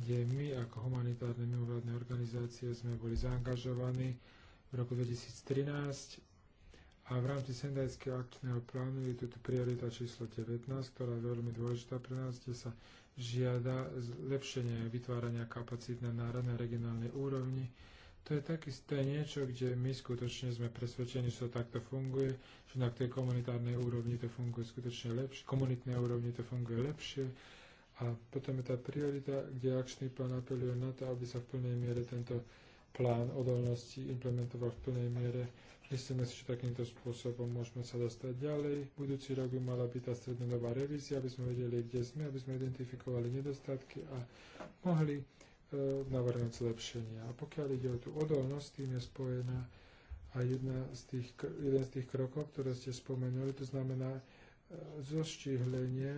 kde my ako humanitárne mimovládne organizácie sme boli zaangažovaní v roku 2013 a v rámci Sendajského akčného plánu je tu priorita číslo 19, ktorá je veľmi dôležitá pre nás, kde sa žiada zlepšenie vytvárania kapacít na národnej regionálnej úrovni. To je takisto niečo, kde my skutočne sme presvedčení, že to takto funguje, že na tej komunitárnej úrovni to funguje skutočne lepšie, komunitnej úrovni to funguje lepšie. A potom je tá priorita, kde akčný plán apeluje na to, aby sa v plnej miere tento plán odolnosti implementoval v plnej miere Myslíme si, že takýmto spôsobom môžeme sa dostať ďalej. Budúci rok by mala byť tá strednodobá revízia, aby sme vedeli, kde sme, aby sme identifikovali nedostatky a mohli e, navrhnúť zlepšenia. A pokiaľ ide o tú odolnosť, tým je spojená a jedna z tých, jeden z tých krokov, ktoré ste spomenuli, to znamená e, zoštihlenie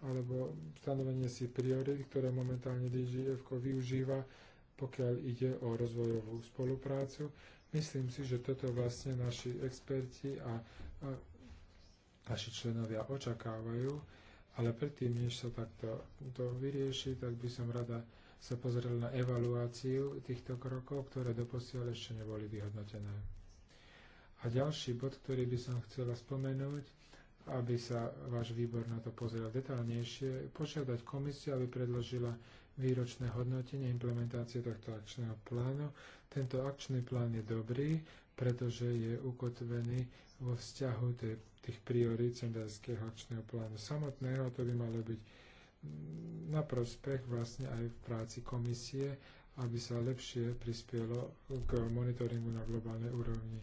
alebo stanovenie si priorit, ktoré momentálne DGF využíva, pokiaľ ide o rozvojovú spoluprácu. Myslím si, že toto vlastne naši experti a, a naši členovia očakávajú, ale predtým, než sa takto to vyrieši, tak by som rada sa pozrel na evaluáciu týchto krokov, ktoré doposiaľ ešte neboli vyhodnotené. A ďalší bod, ktorý by som chcela spomenúť, aby sa váš výbor na to pozeral detálnejšie, požiadať komisiu, aby predložila výročné hodnotenie implementácie tohto akčného plánu. Tento akčný plán je dobrý, pretože je ukotvený vo vzťahu tých priorít Sendajského akčného plánu samotného a to by malo byť na prospech vlastne aj v práci komisie, aby sa lepšie prispielo k monitoringu na globálnej úrovni.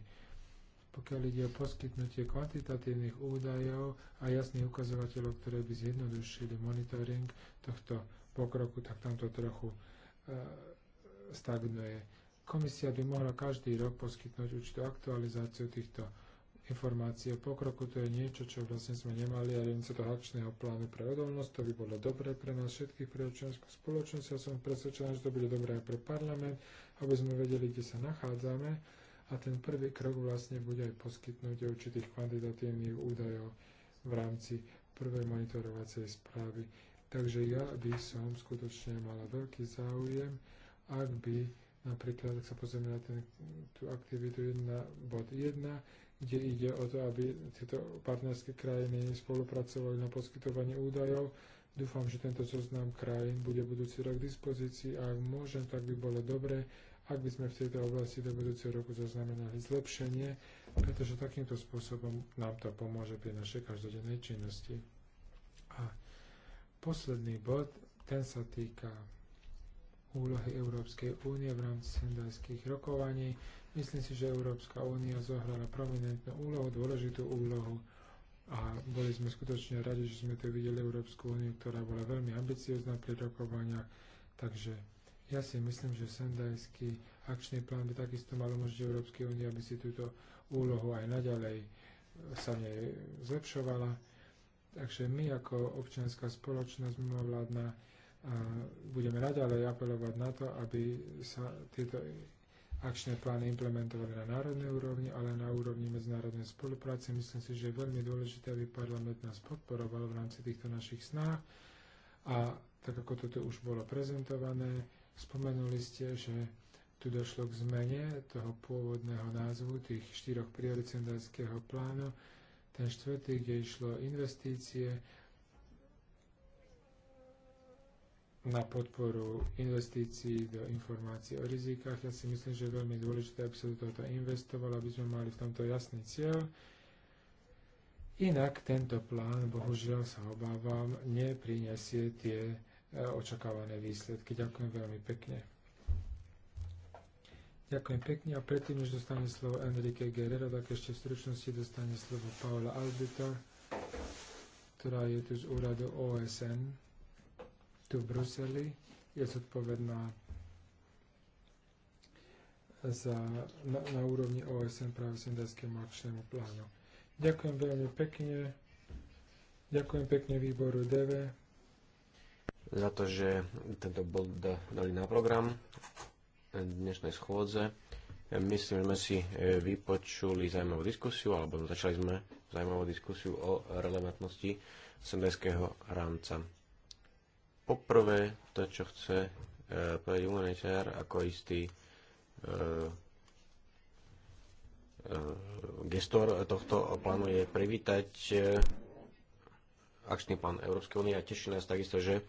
Pokiaľ ide o poskytnutie kvantitatívnych údajov a jasných ukazovateľov, ktoré by zjednodušili monitoring tohto pokroku, tak tam to trochu e, stagnuje. Komisia by mohla každý rok poskytnúť určitú aktualizáciu týchto informácií o pokroku. To je niečo, čo vlastne sme nemali a rámci toho akčného plánu pre odolnosť. To by bolo dobré pre nás všetkých, pre občianskú spoločnosť. Ja som presvedčená, že to bude dobré aj pre parlament, aby sme vedeli, kde sa nachádzame. A ten prvý krok vlastne bude aj poskytnúť určitých kvantitatívnych údajov v rámci prvej monitorovacej správy Takže ja by som skutočne mala veľký záujem, ak by napríklad, ak sa pozrieme na ten, tú aktivitu 1 bod 1, kde ide o to, aby tieto partnerské krajiny spolupracovali na poskytovaní údajov. Dúfam, že tento zoznam krajín bude budúci rok k dispozícii a ak môžem, tak by bolo dobre, ak by sme v tejto oblasti do budúceho roku zaznamenali zlepšenie, pretože takýmto spôsobom nám to pomôže pri našej každodennej činnosti. Posledný bod, ten sa týka úlohy Európskej únie v rámci sendajských rokovaní. Myslím si, že Európska únia zohrala prominentnú úlohu, dôležitú úlohu a boli sme skutočne radi, že sme tu videli Európsku úniu, ktorá bola veľmi ambiciozná pri rokovaniach. Takže ja si myslím, že sendajský akčný plán by takisto mal umožniť Európskej únie, aby si túto úlohu aj naďalej sa nej zlepšovala Takže my ako občianská spoločnosť mimovládna budeme naďalej apelovať na to, aby sa tieto akčné plány implementovali na národnej úrovni, ale na úrovni medzinárodnej spolupráce. Myslím si, že je veľmi dôležité, aby parlament nás podporoval v rámci týchto našich snách. A tak ako toto už bolo prezentované, spomenuli ste, že tu došlo k zmene toho pôvodného názvu tých štyroch prioricendárskeho plánu ten štvrtý, kde išlo investície na podporu investícií do informácií o rizikách. Ja si myslím, že je veľmi dôležité, aby sa do tohoto investovalo, aby sme mali v tomto jasný cieľ. Inak tento plán, bohužiaľ sa obávam, neprinesie tie eh, očakávané výsledky. Ďakujem veľmi pekne. Ďakujem pekne a predtým, než dostane slovo Enrique Guerrero, tak ešte v stručnosti dostane slovo Paula Albita, ktorá je tu z úradu OSN tu v Bruseli. Je zodpovedná za, na, na úrovni OSN práve sendajskému akčnému plánu. Ďakujem veľmi pekne. Ďakujem pekne výboru DV za to, že tento bod dali na program dnešnej schôdze. Myslím, že sme si e, vypočuli zaujímavú diskusiu, alebo začali sme zaujímavú diskusiu o relevantnosti sendajského rámca. Poprvé, to, čo chce e, povedať UNHCR ako istý e, gestor tohto plánu je privítať akčný plán Európskej únie a teší nás takisto, že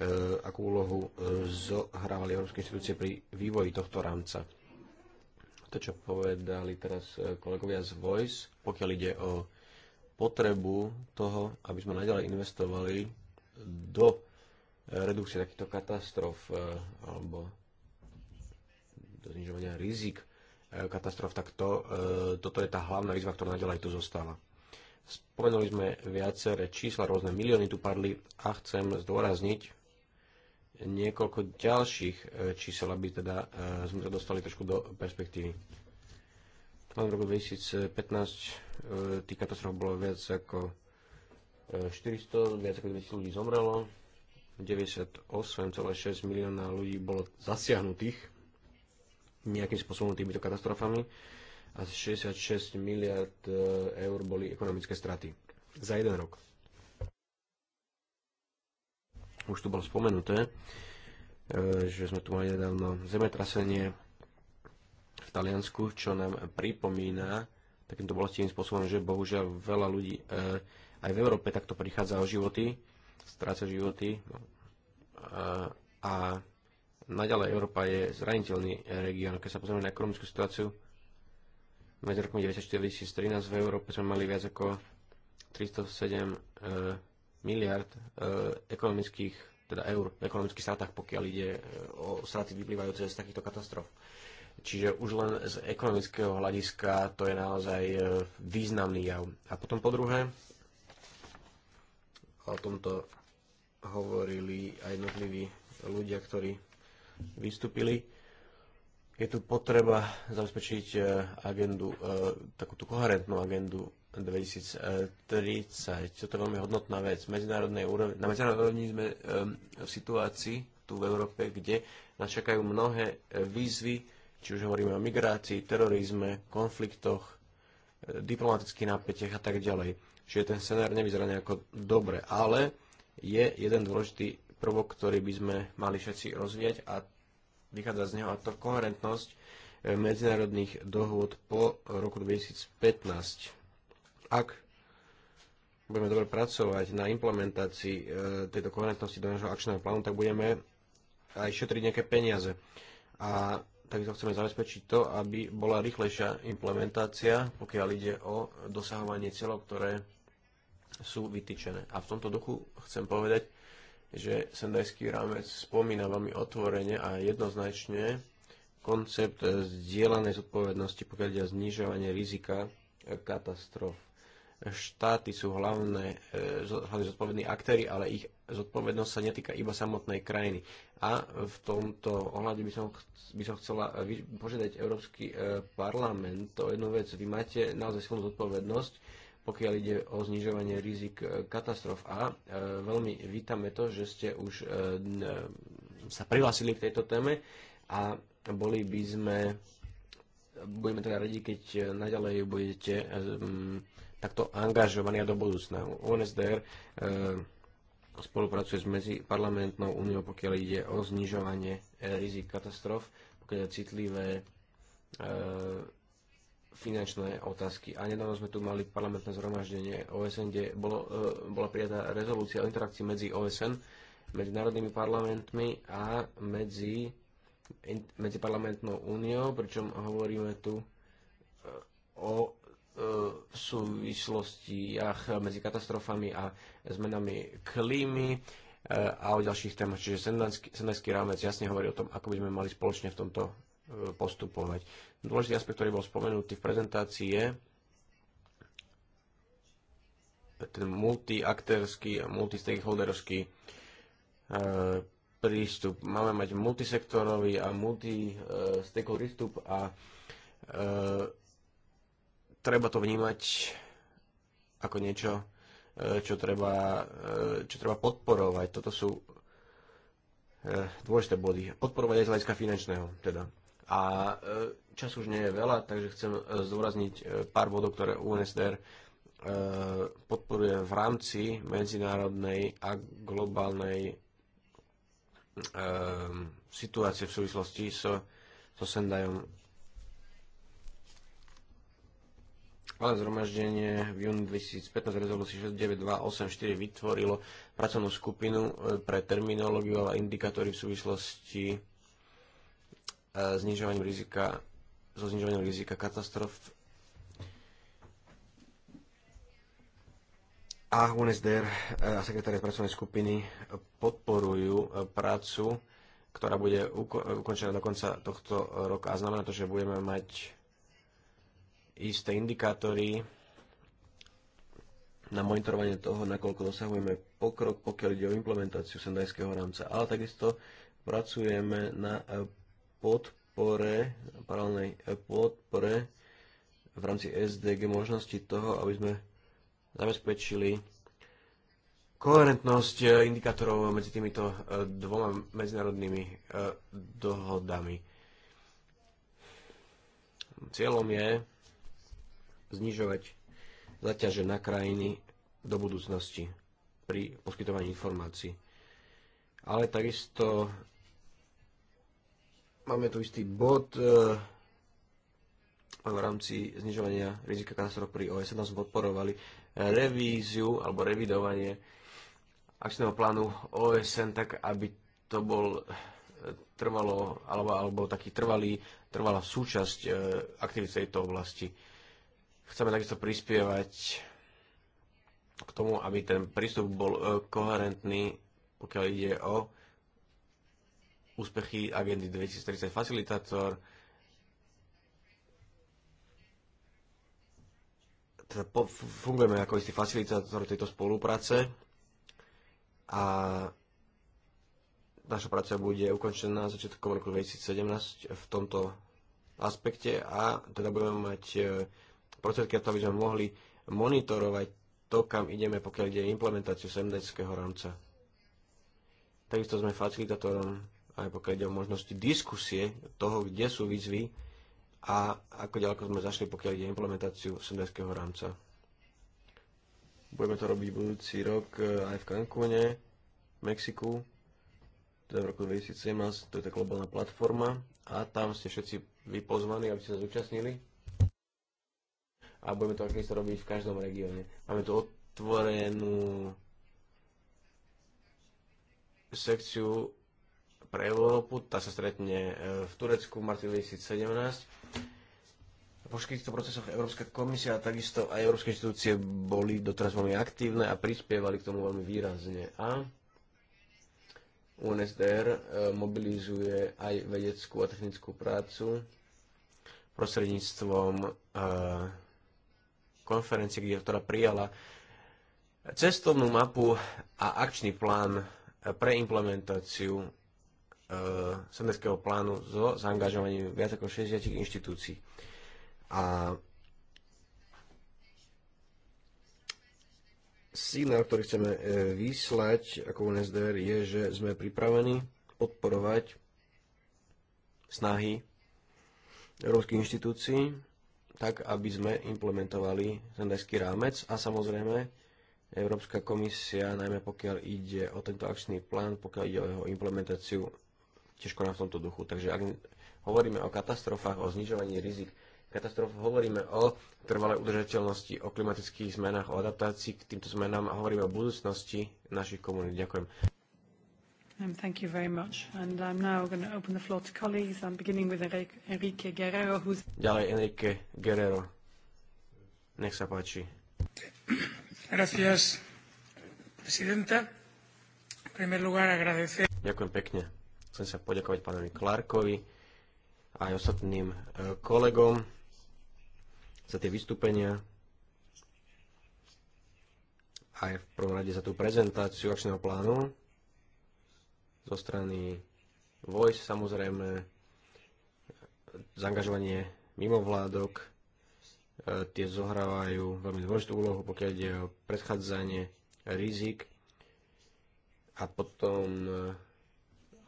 Eh, akú úlohu eh, zohrávali európske inštitúcie pri vývoji tohto rámca. To, čo povedali teraz eh, kolegovia z Voice, pokiaľ ide o potrebu toho, aby sme naďalej investovali do redukcie takýchto katastrof alebo do znižovania rizik katastrof, tak to, toto je tá hlavná výzva, ktorá naďalej tu zostáva. Spomenuli sme viaceré čísla, rôzne milióny tu padli a chcem zdôrazniť, niekoľko ďalších e, čísel, aby teda e, sme sa dostali trošku do perspektívy. v roku 2015 tých katastrof bolo viac ako 400, e, viac ako 200 ľudí zomrelo, 98,6 milióna ľudí bolo zasiahnutých nejakým spôsobom týmito katastrofami a 66 miliard eur boli ekonomické straty za jeden rok už tu bolo spomenuté, e, že sme tu mali nedávno zemetrasenie v Taliansku, čo nám pripomína takýmto bolestivým spôsobom, že bohužiaľ veľa ľudí e, aj v Európe takto prichádza o životy, stráca životy e, a naďalej Európa je zraniteľný región. Keď sa pozrieme na ekonomickú situáciu, medzi rokmi 1994 2013 v Európe sme mali viac ako 307 miliard e, ekonomických, teda eur v ekonomických stratách, pokiaľ ide e, o straty vyplývajúce z takýchto katastrof. Čiže už len z ekonomického hľadiska to je naozaj e, významný jav. A potom po druhé, o tomto hovorili aj jednotliví ľudia, ktorí vystúpili, je tu potreba zabezpečiť agendu, takúto koherentnú agendu 2030. Toto je veľmi hodnotná vec. Medzinárodnej úrovni, na medzinárodnej úrovni sme um, v situácii tu v Európe, kde nás čakajú mnohé e, výzvy, či už hovoríme o migrácii, terorizme, konfliktoch, e, diplomatických napätiach a tak ďalej. Čiže ten scenár nevyzerá nejako dobre, ale je jeden dôležitý prvok, ktorý by sme mali všetci rozvíjať a vychádza z neho a to koherentnosť e, medzinárodných dohôd po roku 2015 ak budeme dobre pracovať na implementácii e, tejto koherentnosti do nášho akčného plánu, tak budeme aj šetriť nejaké peniaze. A takisto chceme zabezpečiť to, aby bola rýchlejšia implementácia, pokiaľ ide o dosahovanie cieľov, ktoré sú vytýčené. A v tomto duchu chcem povedať, že sendajský rámec spomína veľmi otvorene a jednoznačne koncept zdieľanej zodpovednosti, pokiaľ ide o znižovanie rizika katastrof štáty sú hlavné, e, hlavne zodpovední aktéry, ale ich zodpovednosť sa netýka iba samotnej krajiny. A v tomto ohľade by som, by som chcela e, požiadať Európsky e, parlament o jednu vec. Vy máte naozaj silnú zodpovednosť, pokiaľ ide o znižovanie rizik katastrof. A veľmi vítame to, že ste už sa prihlásili k tejto téme a boli by sme, budeme teda radi, keď naďalej budete takto angažovania a do budúcna. UNSDR e, spolupracuje s medziparlamentnou úniou, pokiaľ ide o znižovanie e, rizik katastrof, pokiaľ je citlivé e, finančné otázky. A nedávno sme tu mali parlamentné zhromaždenie OSN, kde bolo, e, bola prijatá rezolúcia o interakcii medzi OSN, medzi národnými parlamentmi a medzi, medzi parlamentnou úniou, pričom hovoríme tu e, o v e, súvislostiach medzi katastrofami a zmenami klímy e, a o ďalších témach. Čiže Sendajský rámec jasne hovorí o tom, ako by sme mali spoločne v tomto e, postupovať. Dôležitý aspekt, ktorý bol spomenutý v prezentácii je ten multiaktérsky a multistakeholderovský prístup. Máme mať multisektorový a multistakeholder prístup a treba to vnímať ako niečo, e, čo treba, e, čo treba podporovať. Toto sú e, dôležité body. Podporovať aj z hľadiska finančného. Teda. A čas už nie je veľa, takže chcem zdôrazniť pár bodov, ktoré UNSDR podporuje v rámci medzinárodnej a globálnej situácie v súvislosti so, so Sendajom Ale zhromaždenie v júni 2015 rezolúcii 69284 vytvorilo pracovnú skupinu e, pre terminológiu a indikátory v súvislosti e, znižovaním rizika, so znižovaním rizika katastrof a UNSDR e, a sekretariat pracovnej skupiny podporujú prácu, ktorá bude ukončená do konca tohto roka a znamená to, že budeme mať isté indikátory na monitorovanie toho, nakoľko dosahujeme pokrok, pokiaľ ide o implementáciu sendajského rámca. Ale takisto pracujeme na e, podpore, paralelnej e, podpore v rámci SDG možnosti toho, aby sme zabezpečili koherentnosť e, indikátorov medzi týmito dvoma medzinárodnými dohodami. Cieľom je znižovať zaťaže na krajiny do budúcnosti pri poskytovaní informácií. Ale takisto máme tu istý bod e, v rámci znižovania rizika katastrof pri OSN. sme podporovali revíziu alebo revidovanie akčného plánu OSN tak, aby to bol e, trvalo, alebo, alebo taký trvalý, trvalá súčasť e, aktivít tejto oblasti Chceme takisto prispievať k tomu, aby ten prístup bol e, koherentný, pokiaľ ide o úspechy agendy 2030 facilitátor, teda po, fungujeme ako istý facilitátor tejto spolupráce a naša práca bude ukončená začiatkom roku 2017 v tomto aspekte a teda budeme mať e, prostriedky na to, aby sme mohli monitorovať to, kam ideme, pokiaľ ide implementáciu semdeckého rámca. Takisto sme facilitátorom aj pokiaľ ide o možnosti diskusie toho, kde sú výzvy a ako ďaleko sme zašli, pokiaľ ide implementáciu semdeckého rámca. Budeme to robiť budúci rok e, aj v Cancúne, v Mexiku, teda v roku 2017, to je tá globálna platforma a tam ste všetci vypozvaní, aby ste sa zúčastnili a budeme to takisto robiť v každom regióne. Máme tu otvorenú sekciu pre Európu, tá sa stretne e, v Turecku v marci 2017. Po všetkých týchto procesoch Európska komisia a takisto aj európske inštitúcie boli doteraz veľmi aktívne a prispievali k tomu veľmi výrazne. A UNSDR e, mobilizuje aj vedeckú a technickú prácu prostredníctvom e, konferencie, kde, ktorá prijala cestovnú mapu a akčný plán pre implementáciu e, semeckého plánu so zaangažovaním viac ako 60 inštitúcií. A signál, ktorý chceme e, vyslať ako UNSDR je, že sme pripravení podporovať snahy európskych inštitúcií tak aby sme implementovali zendajský rámec a samozrejme Európska komisia, najmä pokiaľ ide o tento akčný plán, pokiaľ ide o jeho implementáciu, tiež koná v tomto duchu. Takže ak hovoríme o katastrofách, o znižovaní rizik katastrof, hovoríme o trvalej udržateľnosti, o klimatických zmenách, o adaptácii k týmto zmenám a hovoríme o budúcnosti našich komunít. Ďakujem. Um, thank you very much. And I'm now going to open the floor to colleagues. I'm beginning with Enrique Guerrero, who's... Ďalej Enrique Guerrero. Nech sa páči. Gracias, presidenta. En primer lugar, agradecer... Ďakujem pekne. Chcem sa poďakovať pánovi Clarkovi a aj ostatným e, kolegom za tie vystúpenia, aj v prvom rade za tú prezentáciu akčného plánu zo strany Voice samozrejme, zaangažovanie mimovládok, e, tie zohrávajú veľmi dôležitú úlohu, pokiaľ ide o predchádzanie rizik a potom e,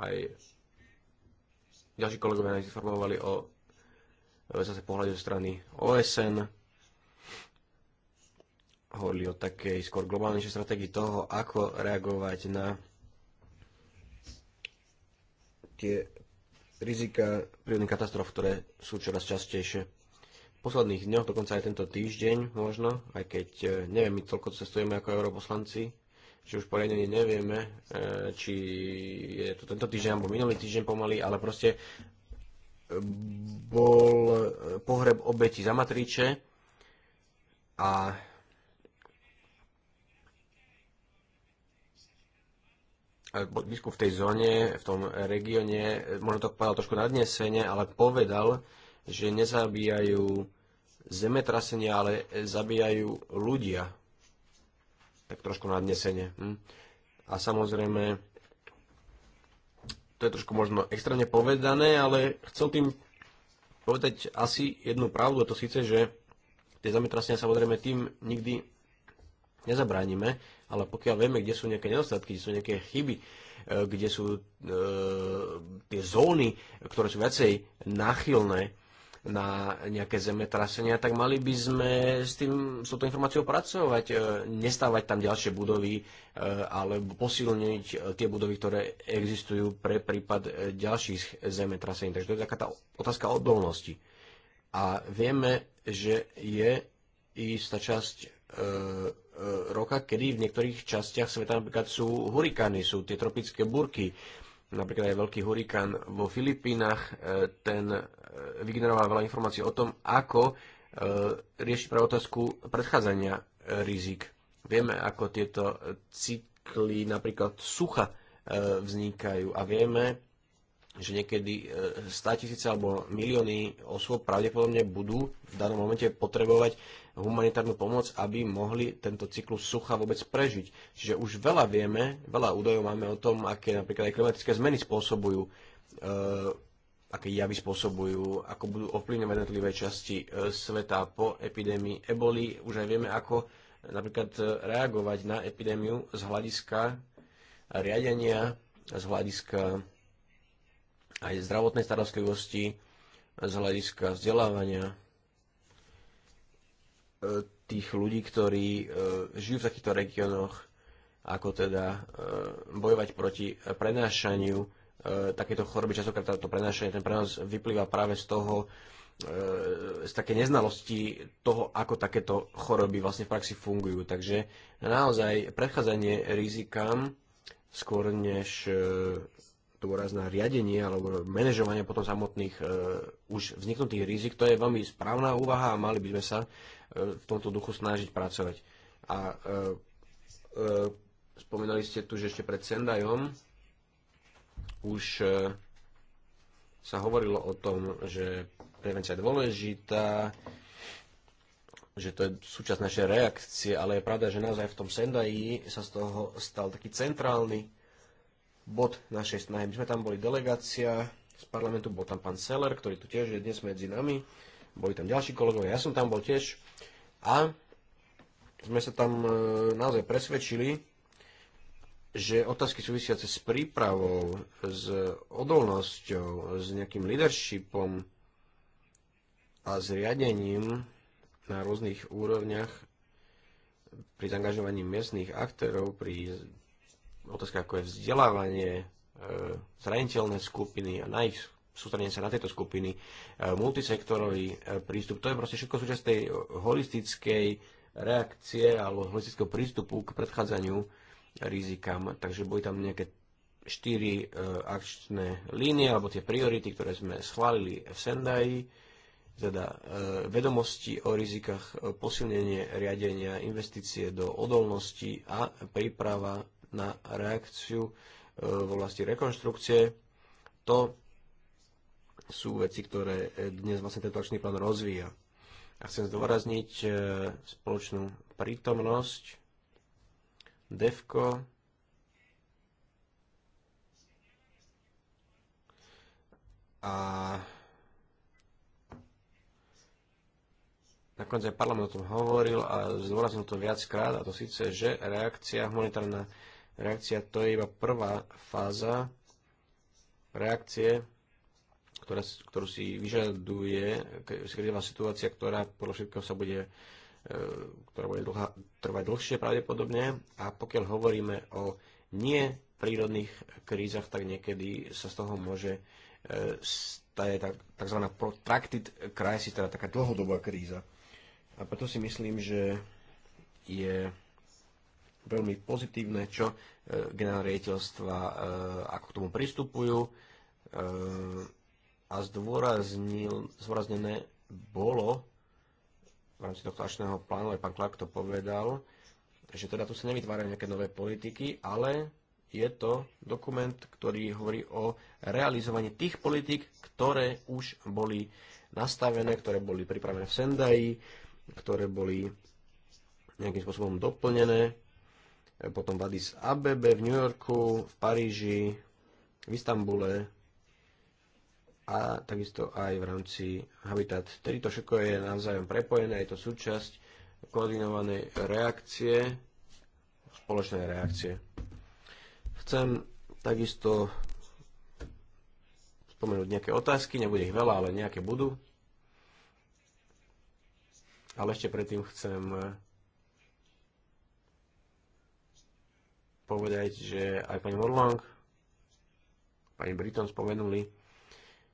aj ďalší kolegovia nás informovali o e, zase pohľade zo strany OSN, hovorili o takej skôr globálnejšej stratégii toho, ako reagovať na tie rizika prírodných katastrof, ktoré sú čoraz častejšie. V posledných dňoch, dokonca aj tento týždeň možno, aj keď e, neviem, my toľko cestujeme ako europoslanci, či už poriadne nevieme, e, či je to tento týždeň alebo minulý týždeň pomaly, ale proste e, bol pohreb obeti za matriče a biskup v tej zóne, v tom regióne, možno to povedal trošku nadnesene, ale povedal, že nezabíjajú zemetrasenia, ale zabíjajú ľudia. Tak trošku nadnesene. Hm? A samozrejme, to je trošku možno extrémne povedané, ale chcel tým povedať asi jednu pravdu, a to síce, že tie zemetrasenia samozrejme tým nikdy nezabránime, ale pokiaľ vieme, kde sú nejaké nedostatky, kde sú nejaké chyby, e, kde sú e, tie zóny, ktoré sú viacej náchylné na nejaké zemetrasenia, tak mali by sme s, tým, s touto informáciou pracovať, e, nestávať tam ďalšie budovy e, alebo posilniť e, tie budovy, ktoré existujú pre prípad e, ďalších zemetrasení. Takže to je taká tá otázka odolnosti. A vieme, že je istá časť e, E, roka, kedy v niektorých častiach sveta napríklad sú hurikány, sú tie tropické burky. Napríklad aj veľký hurikán vo Filipínach, e, ten e, vygeneroval veľa informácií o tom, ako riešiť pre otázku predchádzania rizik. Vieme, ako tieto cykly napríklad sucha vznikajú a vieme, že niekedy 100 e, tisíce alebo milióny osôb pravdepodobne budú v danom momente potrebovať humanitárnu pomoc, aby mohli tento cyklus sucha vôbec prežiť. Čiže už veľa vieme, veľa údajov máme o tom, aké napríklad aj klimatické zmeny spôsobujú, uh, aké javy spôsobujú, ako budú ovplyvňovať jednotlivé časti e, sveta po epidémii eboli. Už aj vieme, ako napríklad reagovať na epidémiu z hľadiska riadenia, z hľadiska aj zdravotnej starostlivosti, z hľadiska vzdelávania e, tých ľudí, ktorí e, žijú v takýchto regiónoch, ako teda e, bojovať proti prenášaniu takéto choroby. Častokrát to prenášanie, ten prenos vyplýva práve z toho, z také neznalosti toho, ako takéto choroby vlastne v praxi fungujú. Takže naozaj predchádzanie rizikám skôr než dôraz na riadenie alebo manažovanie potom samotných e, už vzniknutých rizik, to je veľmi správna úvaha a mali by sme sa e, v tomto duchu snažiť pracovať. A e, e, spomínali ste tu, že ešte pred Sendajom už e, sa hovorilo o tom, že prevencia je dôležitá, že to je súčasť našej reakcie, ale je pravda, že naozaj v tom Sendaji sa z toho stal taký centrálny bod našej snahy. My sme tam boli delegácia z parlamentu, bol tam pán Seller, ktorý tu tiež je dnes medzi nami, boli tam ďalší kolegovia, ja som tam bol tiež a sme sa tam e, naozaj presvedčili, že otázky súvisiace s prípravou, s odolnosťou, s nejakým leadershipom a s riadením na rôznych úrovniach pri zaangažovaní miestnych aktérov, pri otázka ako je vzdelávanie, e, zraniteľné skupiny a na ich sústredenie sa na tieto skupiny, e, multisektorový e, prístup, to je proste všetko súčasť tej holistickej reakcie alebo holistického prístupu k predchádzaniu rizikám. Takže boli tam nejaké štyri akčné línie alebo tie priority, ktoré sme schválili v Sendai, teda vedomosti o rizikách, posilnenie riadenia, investície do odolnosti a príprava na reakciu e, v oblasti rekonštrukcie. To sú veci, ktoré dnes vlastne tento akčný plán rozvíja. A chcem zdôrazniť e, spoločnú prítomnosť DEFCO, a nakoniec aj parlament o tom hovoril a zdôraznil to viackrát, a to síce, že reakcia humanitárna reakcia to je iba prvá fáza reakcie, ktorá, ktorú si vyžaduje skrytová situácia, ktorá podľa všetkého sa bude e, ktorá bude dlhá, trvať dlhšie pravdepodobne. A pokiaľ hovoríme o nie prírodných krízach, tak niekedy sa z toho môže e, stať tzv. protracted crisis, teda taká dlhodobá kríza. A preto si myslím, že je veľmi pozitívne, čo e, generálne riaditeľstva e, ako k tomu pristupujú e, a zdôraznil, zdôraznené bolo v rámci toho akčného plánu, aj pán Klak to povedal, že teda tu sa nevytvárajú nejaké nové politiky, ale je to dokument, ktorý hovorí o realizovaní tých politik, ktoré už boli nastavené, ktoré boli pripravené v Sendaji, ktoré boli nejakým spôsobom doplnené potom v Addis Abebe, v New Yorku, v Paríži, v Istambule a takisto aj v rámci Habitat 3. To všetko je navzájom prepojené, je to súčasť koordinovanej reakcie, spoločnej reakcie. Chcem takisto spomenúť nejaké otázky, nebude ich veľa, ale nejaké budú. Ale ešte predtým chcem povedať, že aj pani Morlang, pani Briton spomenuli,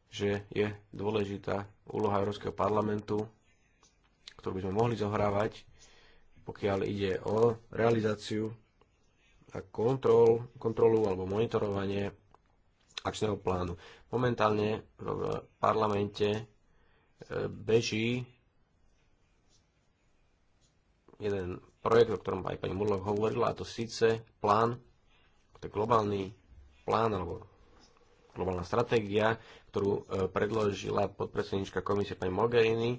že je dôležitá úloha Európskeho parlamentu, ktorú by sme mohli zohrávať, pokiaľ ide o realizáciu a kontrol, kontrolu alebo monitorovanie akčného plánu. Momentálne v parlamente e, beží jeden projekt, o ktorom aj pani Murlo hovorila, a to síce plán, to je globálny plán alebo globálna stratégia, ktorú e, predložila podpredsednička komisie pani Mogherini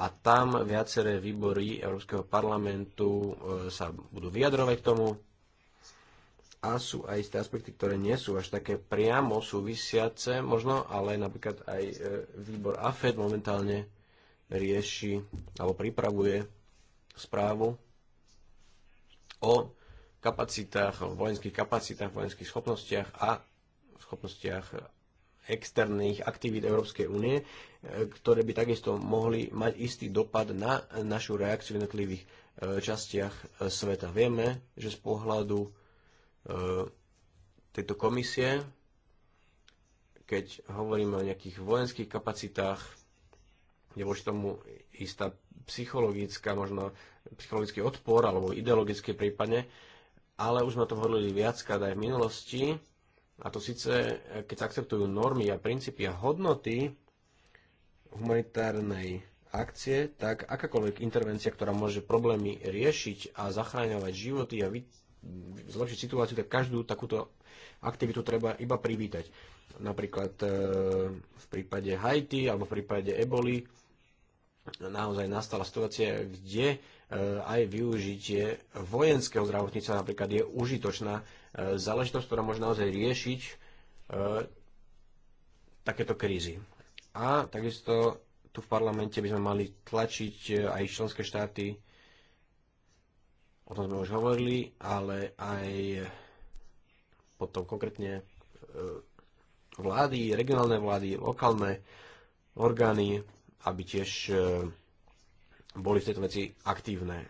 a tam viaceré výbory Európskeho parlamentu e, sa budú vyjadrovať k tomu a sú aj isté aspekty, ktoré nie sú až také priamo súvisiace možno, ale napríklad aj e, výbor AFED momentálne rieši alebo pripravuje správu o kapacitách, o vojenských kapacitách, vojenských schopnostiach a schopnostiach externých aktivít Európskej únie, e, ktoré by takisto mohli mať istý dopad na našu reakciu v jednotlivých e, častiach e, sveta. Vieme, že z pohľadu tejto komisie, keď hovoríme o nejakých vojenských kapacitách, je voči tomu istá psychologická, možno psychologický odpor, alebo ideologický prípadne, ale už sme to hovorili viackrát aj v minulosti, a to síce, keď sa akceptujú normy a princípy a hodnoty humanitárnej akcie, tak akákoľvek intervencia, ktorá môže problémy riešiť a zachráňovať životy a zlepšiť situáciu, tak každú takúto aktivitu treba iba privítať. Napríklad eh, v prípade Haiti alebo v prípade eboli naozaj nastala situácia, kde e, aj využitie vojenského zdravotníctva napríklad je užitočná e, záležitosť, ktorá môže naozaj riešiť e, takéto krízy. A takisto tu v parlamente by sme mali tlačiť aj členské štáty, o tom sme už hovorili, ale aj potom konkrétne vlády, regionálne vlády, lokálne orgány, aby tiež e, boli v tejto veci aktívne.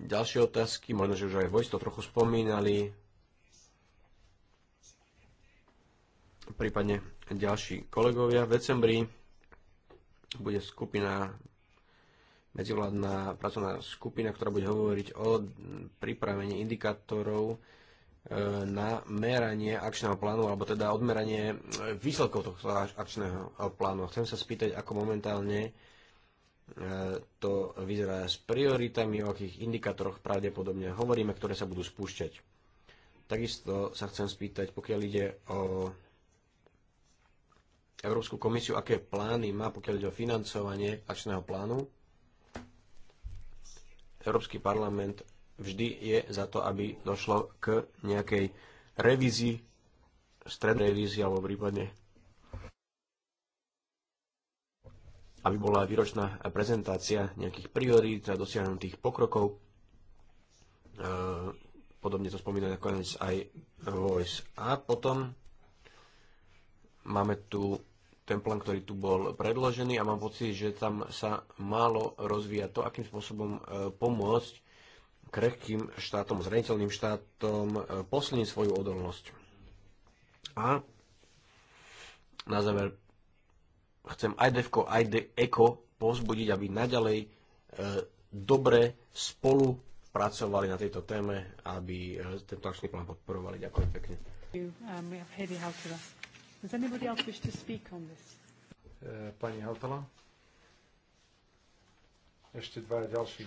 Ďalšie otázky, možno, že už aj Vojs to trochu spomínali, prípadne ďalší kolegovia. V decembri bude skupina medzivládna pracovná skupina, ktorá bude hovoriť o pripravení indikátorov E, na meranie akčného plánu, alebo teda odmeranie e, výsledkov tohto akčného e, plánu. Chcem sa spýtať, ako momentálne to vyzerá s prioritami, o akých indikátoroch pravdepodobne hovoríme, ktoré sa budú spúšťať. Takisto sa chcem spýtať, pokiaľ ide o Európsku komisiu, aké plány má, pokiaľ ide o financovanie akčného plánu. Európsky parlament vždy je za to, aby došlo k nejakej revízii, strednej revízii alebo prípadne aby bola výročná prezentácia nejakých priorít a dosiahnutých pokrokov. E, podobne to spomína nakoniec aj Voice. A potom máme tu ten plán, ktorý tu bol predložený a mám pocit, že tam sa málo rozvíja to, akým spôsobom e, pomôcť krehkým štátom, zraniteľným štátom e, posilniť svoju odolnosť. A na záver chcem aj DEFCO, aj de Eko pozbudiť, aby naďalej e, dobre spolu pracovali na tejto téme, aby e, tento akčný plán podporovali. Ďakujem pekne. Um, e, pani Haltala? Ešte dva ďalší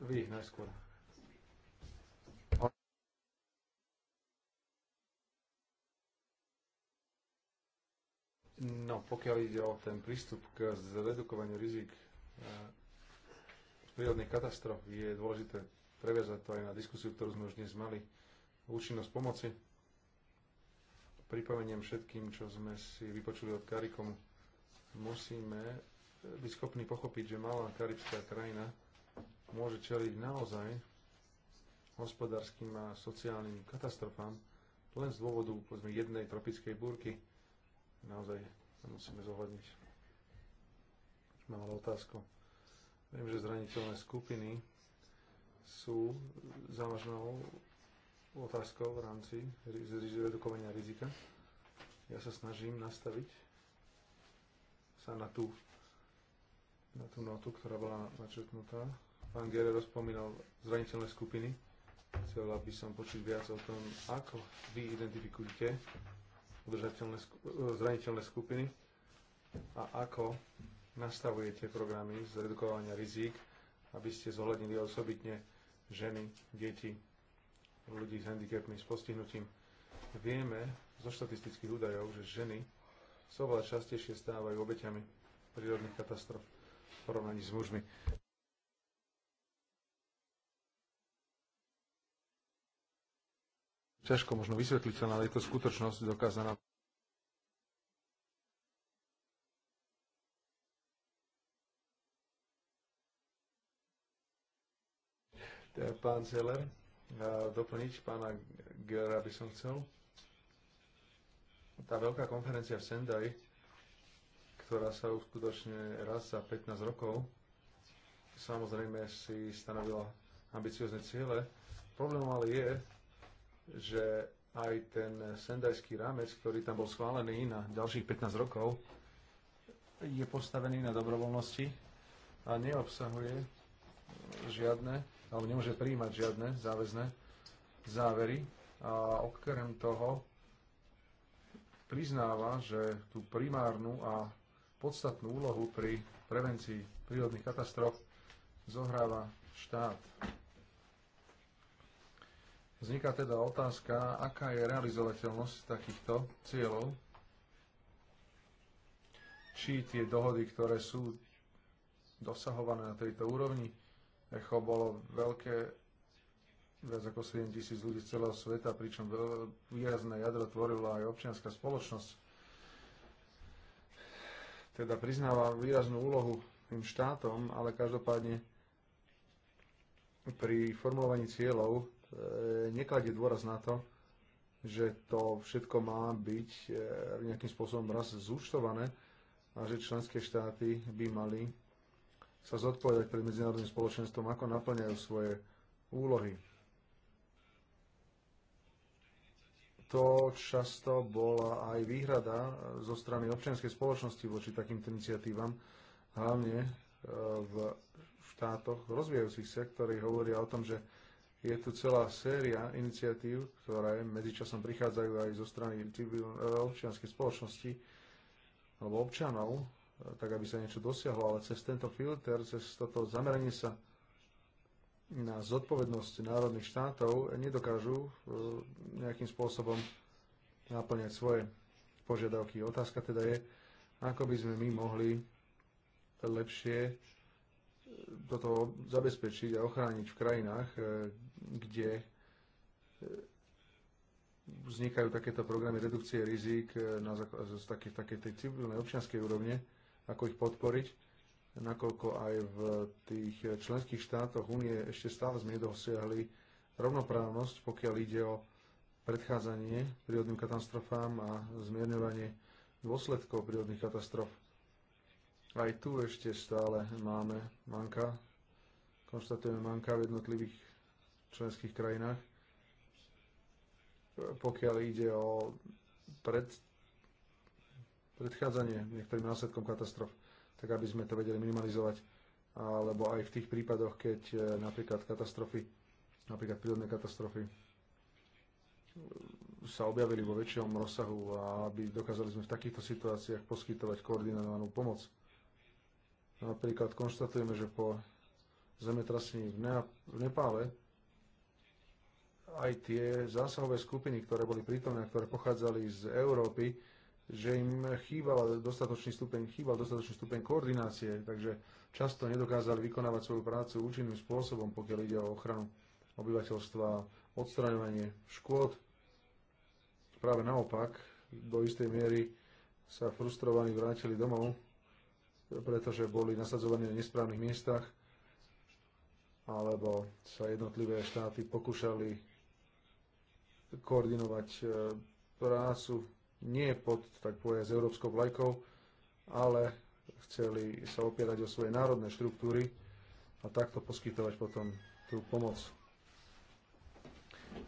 vy najskôr. No, pokiaľ ide o ten prístup k zredukovaniu rizik eh, prírodných katastrof, je dôležité previazať to aj na diskusiu, ktorú sme už dnes mali, účinnosť pomoci. Pripomeniem všetkým, čo sme si vypočuli od Karikomu. Musíme byť schopní pochopiť, že malá karibská krajina môže čeliť naozaj hospodárskym a sociálnym katastrofám len z dôvodu povedzme, jednej tropickej búrky. Naozaj to musíme zohľadniť. Mám ale otázku. Viem, že zraniteľné skupiny sú závažnou otázkou v rámci redukovania rizika. Ja sa snažím nastaviť sa na tú, na tú notu, ktorá bola načrtnutá Pán Guerrero rozpomínal zraniteľné skupiny. chcel, by som počuť viac o tom, ako vy identifikujete e, zraniteľné skupiny a ako nastavujete programy zredukovania rizík, aby ste zohľadnili osobitne ženy, deti, ľudí s handicapmi, s postihnutím. Vieme zo štatistických údajov, že ženy sa oveľa častejšie stávajú obeťami prírodných katastrof v porovnaní s mužmi. ťažko možno vysvetliteľná, ale je to skutočnosť dokázaná. Teda pán Zeller, doplniť pána Gera by som chcel. Tá veľká konferencia v Sendai, ktorá sa uskutočne raz za 15 rokov, samozrejme si stanovila ambiciozne ciele. Problém ale je, že aj ten sendajský rámec, ktorý tam bol schválený na ďalších 15 rokov, je postavený na dobrovoľnosti a neobsahuje žiadne, alebo nemôže príjmať žiadne záväzné závery. A okrem toho priznáva, že tú primárnu a podstatnú úlohu pri prevencii prírodných katastrof zohráva štát. Vzniká teda otázka, aká je realizovateľnosť takýchto cieľov, či tie dohody, ktoré sú dosahované na tejto úrovni, echo bolo veľké, viac ako 7 tisíc ľudí z celého sveta, pričom výrazné jadro tvorila aj občianská spoločnosť. Teda priznáva výraznú úlohu tým štátom, ale každopádne pri formulovaní cieľov E, nekladie dôraz na to, že to všetko má byť e, nejakým spôsobom raz zúčtované a že členské štáty by mali sa zodpovedať pred medzinárodným spoločenstvom, ako naplňajú svoje úlohy. To často bola aj výhrada zo strany občianskej spoločnosti voči takýmto iniciatívam, hlavne e, v štátoch rozvíjajúcich sa, ktorí hovoria o tom, že je tu celá séria iniciatív, ktoré medzičasom prichádzajú aj zo strany občianskej spoločnosti alebo občanov, tak aby sa niečo dosiahlo, ale cez tento filter, cez toto zameranie sa na zodpovednosť národných štátov nedokážu e, nejakým spôsobom naplňať svoje požiadavky. Otázka teda je, ako by sme my mohli lepšie toto zabezpečiť a ochrániť v krajinách, e, kde e, vznikajú takéto programy redukcie rizik e, na, z také, takej tej civilnej občianskej úrovne, ako ich podporiť, nakoľko aj v tých členských štátoch únie ešte stále sme nedosiahli rovnoprávnosť, pokiaľ ide o predchádzanie prírodným katastrofám a zmierňovanie dôsledkov prírodných katastrof. Aj tu ešte stále máme manka. Konštatujeme manka v jednotlivých členských krajinách. Pokiaľ ide o pred, predchádzanie niektorým následkom katastrof, tak aby sme to vedeli minimalizovať, alebo aj v tých prípadoch, keď e, napríklad katastrofy, napríklad prírodné katastrofy, e, sa objavili vo väčšom rozsahu a aby dokázali sme v takýchto situáciách poskytovať koordinovanú pomoc. Napríklad konštatujeme, že po zemetrasení v, ne- v Nepále aj tie zásahové skupiny, ktoré boli prítomné a ktoré pochádzali z Európy, že im chýbal dostatočný stupeň, chýbal dostatočný stupeň koordinácie, takže často nedokázali vykonávať svoju prácu účinným spôsobom, pokiaľ ide o ochranu obyvateľstva, odstraňovanie škôd. Práve naopak, do istej miery sa frustrovaní vrátili domov pretože boli nasadzovaní na nesprávnych miestach, alebo sa jednotlivé štáty pokúšali koordinovať e, prácu nie pod, tak povedať, s európskou vlajkou, ale chceli sa opierať o svoje národné štruktúry a takto poskytovať potom tú pomoc.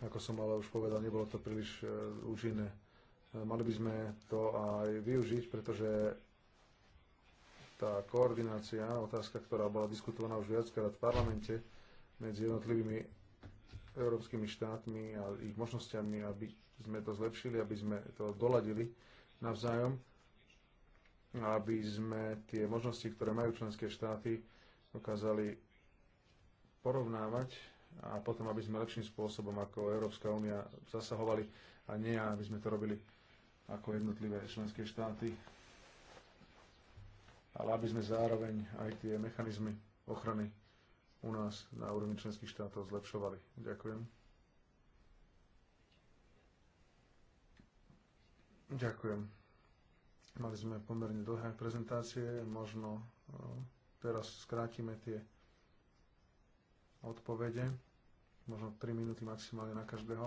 Ako som ale už povedal, nebolo to príliš e, účinné. E, mali by sme to aj využiť, pretože tá koordinácia, otázka, ktorá bola diskutovaná už viackrát v parlamente medzi jednotlivými európskymi štátmi a ich možnosťami, aby sme to zlepšili, aby sme to doladili navzájom, aby sme tie možnosti, ktoré majú členské štáty, dokázali porovnávať a potom, aby sme lepším spôsobom ako Európska únia zasahovali a nie, aby sme to robili ako jednotlivé členské štáty ale aby sme zároveň aj tie mechanizmy ochrany u nás na úrovni členských štátov zlepšovali. Ďakujem. Ďakujem. Mali sme pomerne dlhé prezentácie, možno eh, teraz skrátime tie odpovede, možno 3 minúty maximálne na každého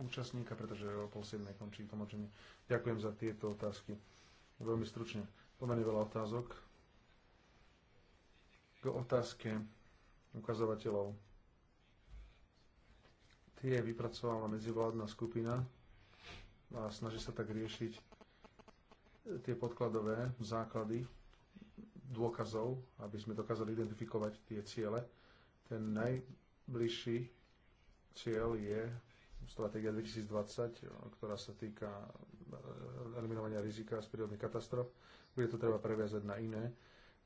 účastníka, pretože o pol 7 končí tlmočenie. Ďakujem za tieto otázky. Veľmi stručne pomerne veľa otázok k otázke ukazovateľov. Tie vypracovala medzivládna skupina a snaží sa tak riešiť tie podkladové základy dôkazov, aby sme dokázali identifikovať tie ciele. Ten najbližší cieľ je stratégia 2020, ktorá sa týka Eh, eliminovania rizika z prírodných katastrof. Bude to treba previazať na iné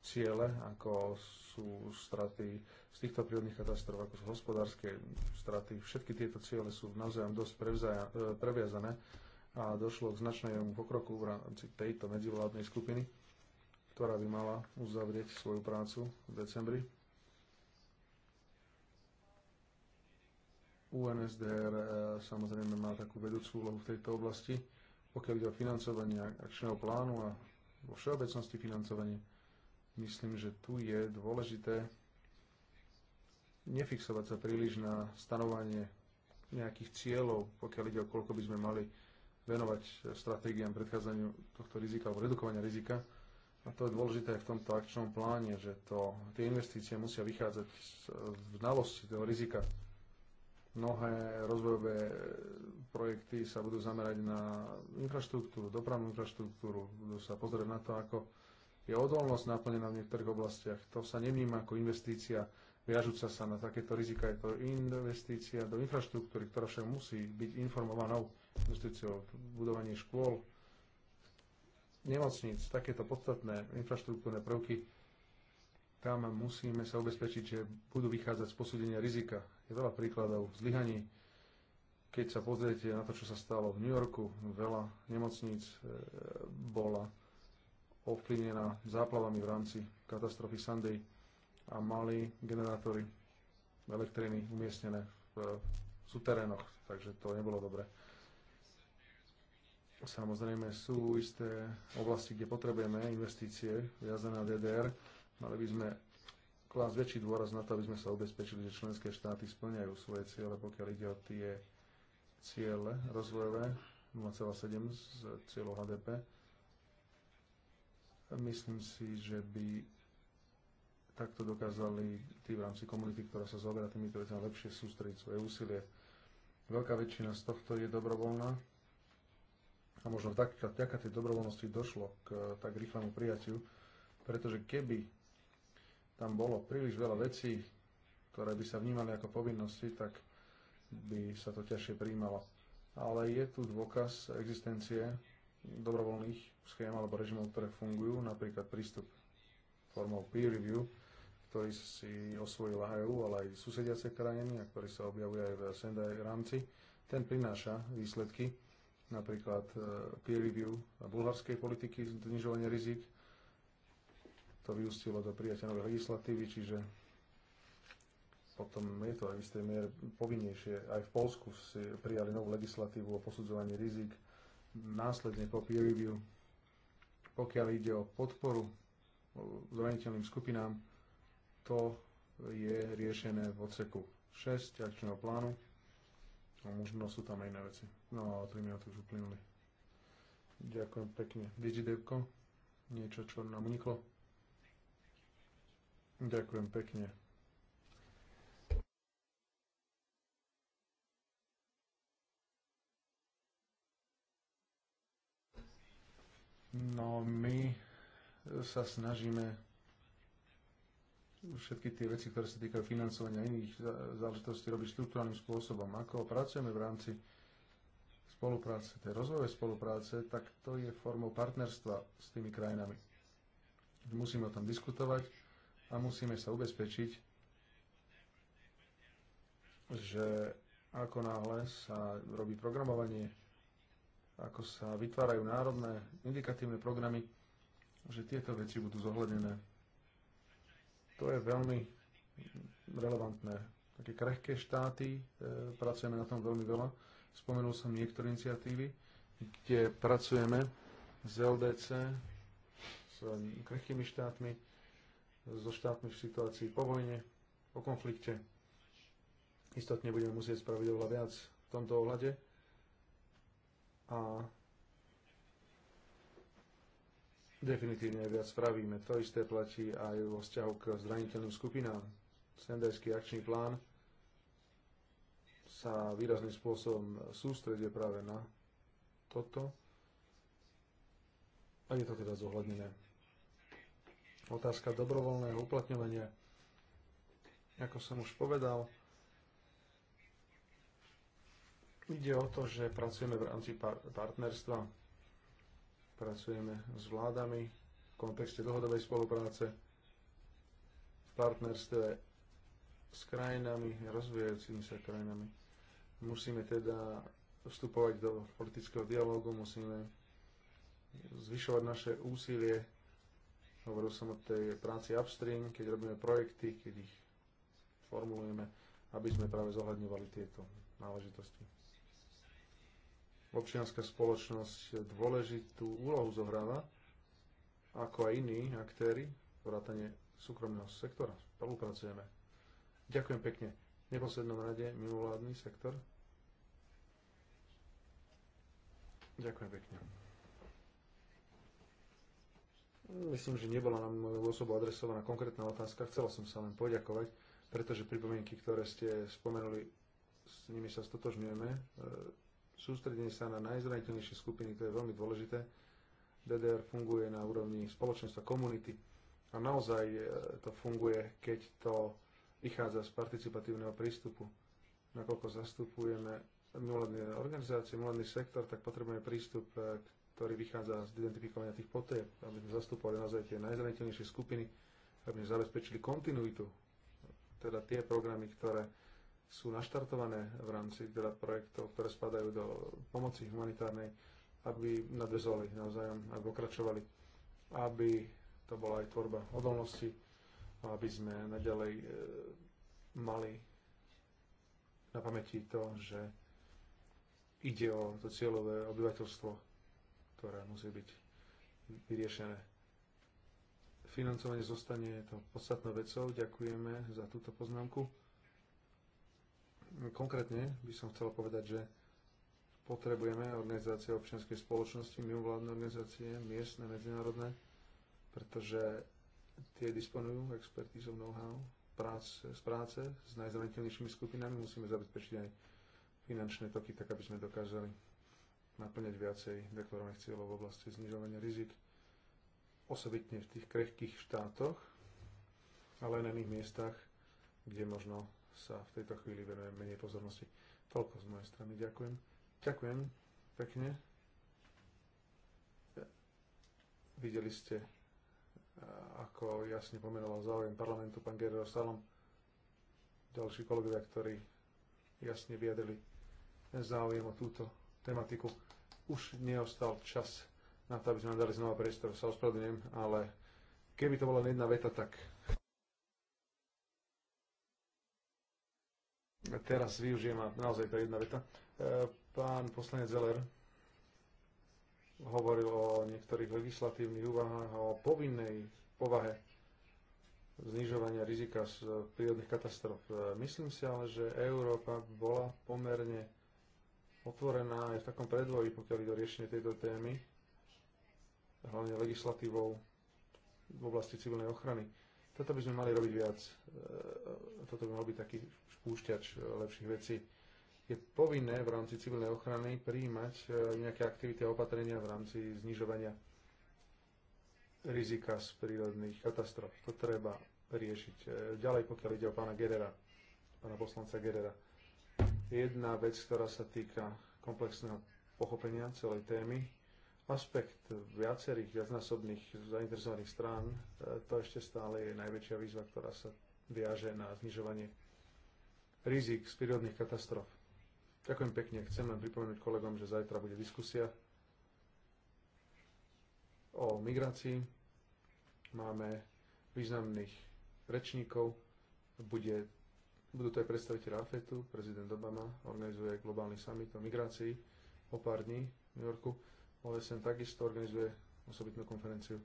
ciele, ako sú straty z týchto prírodných katastrof, ako sú hospodárske straty. Všetky tieto ciele sú naozaj dosť eh, previazané a došlo k značnému pokroku v rámci tejto medzivládnej skupiny, ktorá by mala uzavrieť svoju prácu v decembri. UNSDR eh, samozrejme má takú vedúcu úlohu v tejto oblasti pokiaľ ide o financovanie akčného plánu a vo všeobecnosti financovanie, myslím, že tu je dôležité nefixovať sa príliš na stanovanie nejakých cieľov, pokiaľ ide o koľko by sme mali venovať stratégiám predchádzaniu tohto rizika alebo redukovania rizika. A to je dôležité aj v tomto akčnom pláne, že to, tie investície musia vychádzať z znalosti toho rizika, Mnohé rozvojové projekty sa budú zamerať na infraštruktúru, dopravnú infraštruktúru, budú sa pozrieť na to, ako je odolnosť naplnená v niektorých oblastiach. To sa nevníma ako investícia, viažúca sa na takéto rizika. Je to investícia do infraštruktúry, ktorá však musí byť informovanou investíciou v budovaní škôl, nemocníc, takéto podstatné infraštruktúrne prvky tam musíme sa ubezpečiť, že budú vychádzať z posúdenia rizika. Je veľa príkladov zlyhaní. Keď sa pozriete na to, čo sa stalo v New Yorku, veľa nemocníc e, bola ovplyvnená záplavami v rámci katastrofy Sunday a mali generátory elektriny umiestnené v e, suterénoch, takže to nebolo dobre. Samozrejme sú isté oblasti, kde potrebujeme investície viazané na DDR Mali by sme klásť väčší dôraz na to, aby sme sa ubezpečili, že členské štáty splňajú svoje ciele, pokiaľ ide o tie ciele rozvojové 0,7 z cieľov HDP. Myslím si, že by takto dokázali tí v rámci komunity, ktorá sa zaoberá týmito vecami, lepšie sústrediť svoje úsilie. Veľká väčšina z tohto je dobrovoľná a možno vďaka tej dobrovoľnosti došlo k tak rýchlemu prijatiu, pretože keby tam bolo príliš veľa vecí, ktoré by sa vnímali ako povinnosti, tak by sa to ťažšie príjmalo. Ale je tu dôkaz existencie dobrovoľných schém alebo režimov, ktoré fungujú, napríklad prístup formou peer review, ktorý si osvojila EU, ale aj susediace krajiny, a ktorý sa objavuje aj v Sendai rámci. Ten prináša výsledky, napríklad e, peer review bulharskej politiky, znižovanie rizik, to vyústilo do prijatia novej legislatívy, čiže potom je to aj v istej miere povinnejšie. Aj v Polsku si prijali novú legislatívu o posudzovaní rizik následne po peer review. Pokiaľ ide o podporu zraniteľným skupinám, to je riešené v odseku 6 akčného plánu. No, možno sú tam aj iné veci. No, 3 minúty už uplynuli. Ďakujem pekne. DigiDevko, niečo, čo nám uniklo? Ďakujem pekne. No my sa snažíme všetky tie veci, ktoré sa týkajú financovania iných záležitostí, robiť štruktúrnym spôsobom. Ako pracujeme v rámci spolupráce, tej rozvojovej spolupráce, tak to je formou partnerstva s tými krajinami. Musíme o tom diskutovať, a musíme sa ubezpečiť, že ako náhle sa robí programovanie, ako sa vytvárajú národné indikatívne programy, že tieto veci budú zohľadené. To je veľmi relevantné. Také krehké štáty, e, pracujeme na tom veľmi veľa. Spomenul som niektoré iniciatívy, kde pracujeme s LDC, s krehkými štátmi, so štátmi v situácii po vojne, po konflikte. Istotne budeme musieť spraviť oveľa viac v tomto ohľade. A definitívne viac spravíme. To isté platí aj vo vzťahu k zraniteľným skupinám. Sendajský akčný plán sa výrazným spôsobom sústredie práve na toto a je to teda zohľadnené. Otázka dobrovoľného uplatňovania. Ako som už povedal, ide o to, že pracujeme v rámci par- partnerstva, pracujeme s vládami v kontexte dlhodobej spolupráce, v partnerstve s krajinami, rozvíjajúcimi sa krajinami. Musíme teda vstupovať do politického dialógu, musíme zvyšovať naše úsilie Hovoril som o tej práci upstream, keď robíme projekty, keď ich formulujeme, aby sme práve zohľadňovali tieto náležitosti. Občianská spoločnosť dôležitú úlohu zohráva, ako aj iní aktéry, vrátane súkromného sektora. Spolupracujeme. Ďakujem pekne. V neposlednom rade mimovládny sektor. Ďakujem pekne. Myslím, že nebola na moju osobu adresovaná konkrétna otázka. Chcela som sa len poďakovať, pretože pripomienky, ktoré ste spomenuli, s nimi sa stotožňujeme. E, sústredenie sa na najzraniteľnejšie skupiny, to je veľmi dôležité. DDR funguje na úrovni spoločenstva, komunity a naozaj e, to funguje, keď to vychádza z participatívneho prístupu. Nakoľko zastupujeme mimovládne organizácie, mimovládny sektor, tak potrebujeme prístup, e, k ktorý vychádza z identifikovania tých potrieb, aby sme zastupovali naozaj tie najzraniteľnejšie skupiny, aby sme zabezpečili kontinuitu, teda tie programy, ktoré sú naštartované v rámci teda projektov, ktoré spadajú do pomoci humanitárnej, aby nadvezovali navzájom, a pokračovali, aby to bola aj tvorba odolnosti, aby sme naďalej e, mali na pamäti to, že ide o to cieľové obyvateľstvo ktoré musí byť vyriešené. Financovanie zostane to podstatnou vecou. Ďakujeme za túto poznámku. Konkrétne by som chcel povedať, že potrebujeme organizácie občianskej spoločnosti, mimovládne organizácie, miestne, medzinárodné, pretože tie disponujú expertízou know-how práce, z práce s najzraniteľnejšími skupinami. Musíme zabezpečiť aj finančné toky, tak aby sme dokázali naplňať viacej deklarovaných cieľov v oblasti znižovania rizik, osobitne v tých krehkých štátoch, ale aj na iných miestach, kde možno sa v tejto chvíli venujem menej pozornosti. Toľko z mojej strany. Ďakujem. Ďakujem pekne. Videli ste, eh, ako jasne pomenoval záujem parlamentu pán Gerero Salom, ďalší kolegovia, ktorí jasne vyjadrili záujem o túto tematiku. Už neostal čas na to, aby sme dali znova priestor, sa ospravedlňujem, ale keby to bola len jedna veta, tak teraz využijem a naozaj to je jedna veta. E, pán poslanec Zeller hovoril o niektorých legislatívnych úvahách, o povinnej povahe znižovania rizika z prírodných katastrof. E, myslím si ale, že Európa bola pomerne otvorená aj v takom predvoji, pokiaľ ide o riešenie tejto témy, hlavne legislatívou v oblasti civilnej ochrany. Toto by sme mali robiť viac. E, toto by mal byť taký spúšťač lepších vecí. Je povinné v rámci civilnej ochrany príjmať e, nejaké aktivity a opatrenia v rámci znižovania rizika z prírodných katastrof. To treba riešiť. E, ďalej, pokiaľ ide o pána Gerera, pána poslanca Gerera Jedna vec, ktorá sa týka komplexného pochopenia celej témy, aspekt viacerých viacnásobných zainteresovaných strán, e, to ešte stále je najväčšia výzva, ktorá sa viaže na znižovanie rizik z prírodných katastrof. Ďakujem pekne. Chcem len pripomenúť kolegom, že zajtra bude diskusia o migrácii. Máme významných rečníkov. Bude budú to aj predstaviteľ AFETu, prezident Obama organizuje globálny summit o migrácii o pár dní v New Yorku. OSN takisto organizuje osobitnú konferenciu.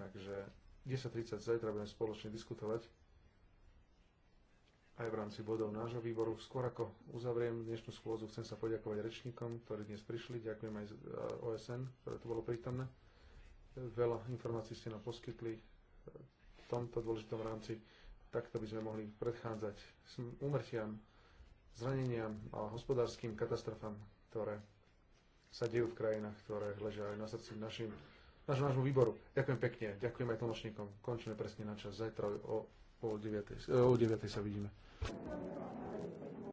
Takže 10.30 zajtra budeme spoločne diskutovať aj v rámci bodov nášho výboru. Skôr ako uzavriem dnešnú schôzu, chcem sa poďakovať rečníkom, ktorí dnes prišli. Ďakujem aj eh, OSN, ktoré tu bolo prítomné. Veľa informácií ste nám poskytli v tomto dôležitom rámci. Takto by sme mohli predchádzať umrtiam, zraneniam a hospodárským katastrofám, ktoré sa dejú v krajinách, ktoré ležia aj na srdci našim, našom, nášmu výboru. Ďakujem pekne, ďakujem aj tlmočníkom. Končíme presne na čas. Zajtra o, o, 9, o 9 sa vidíme.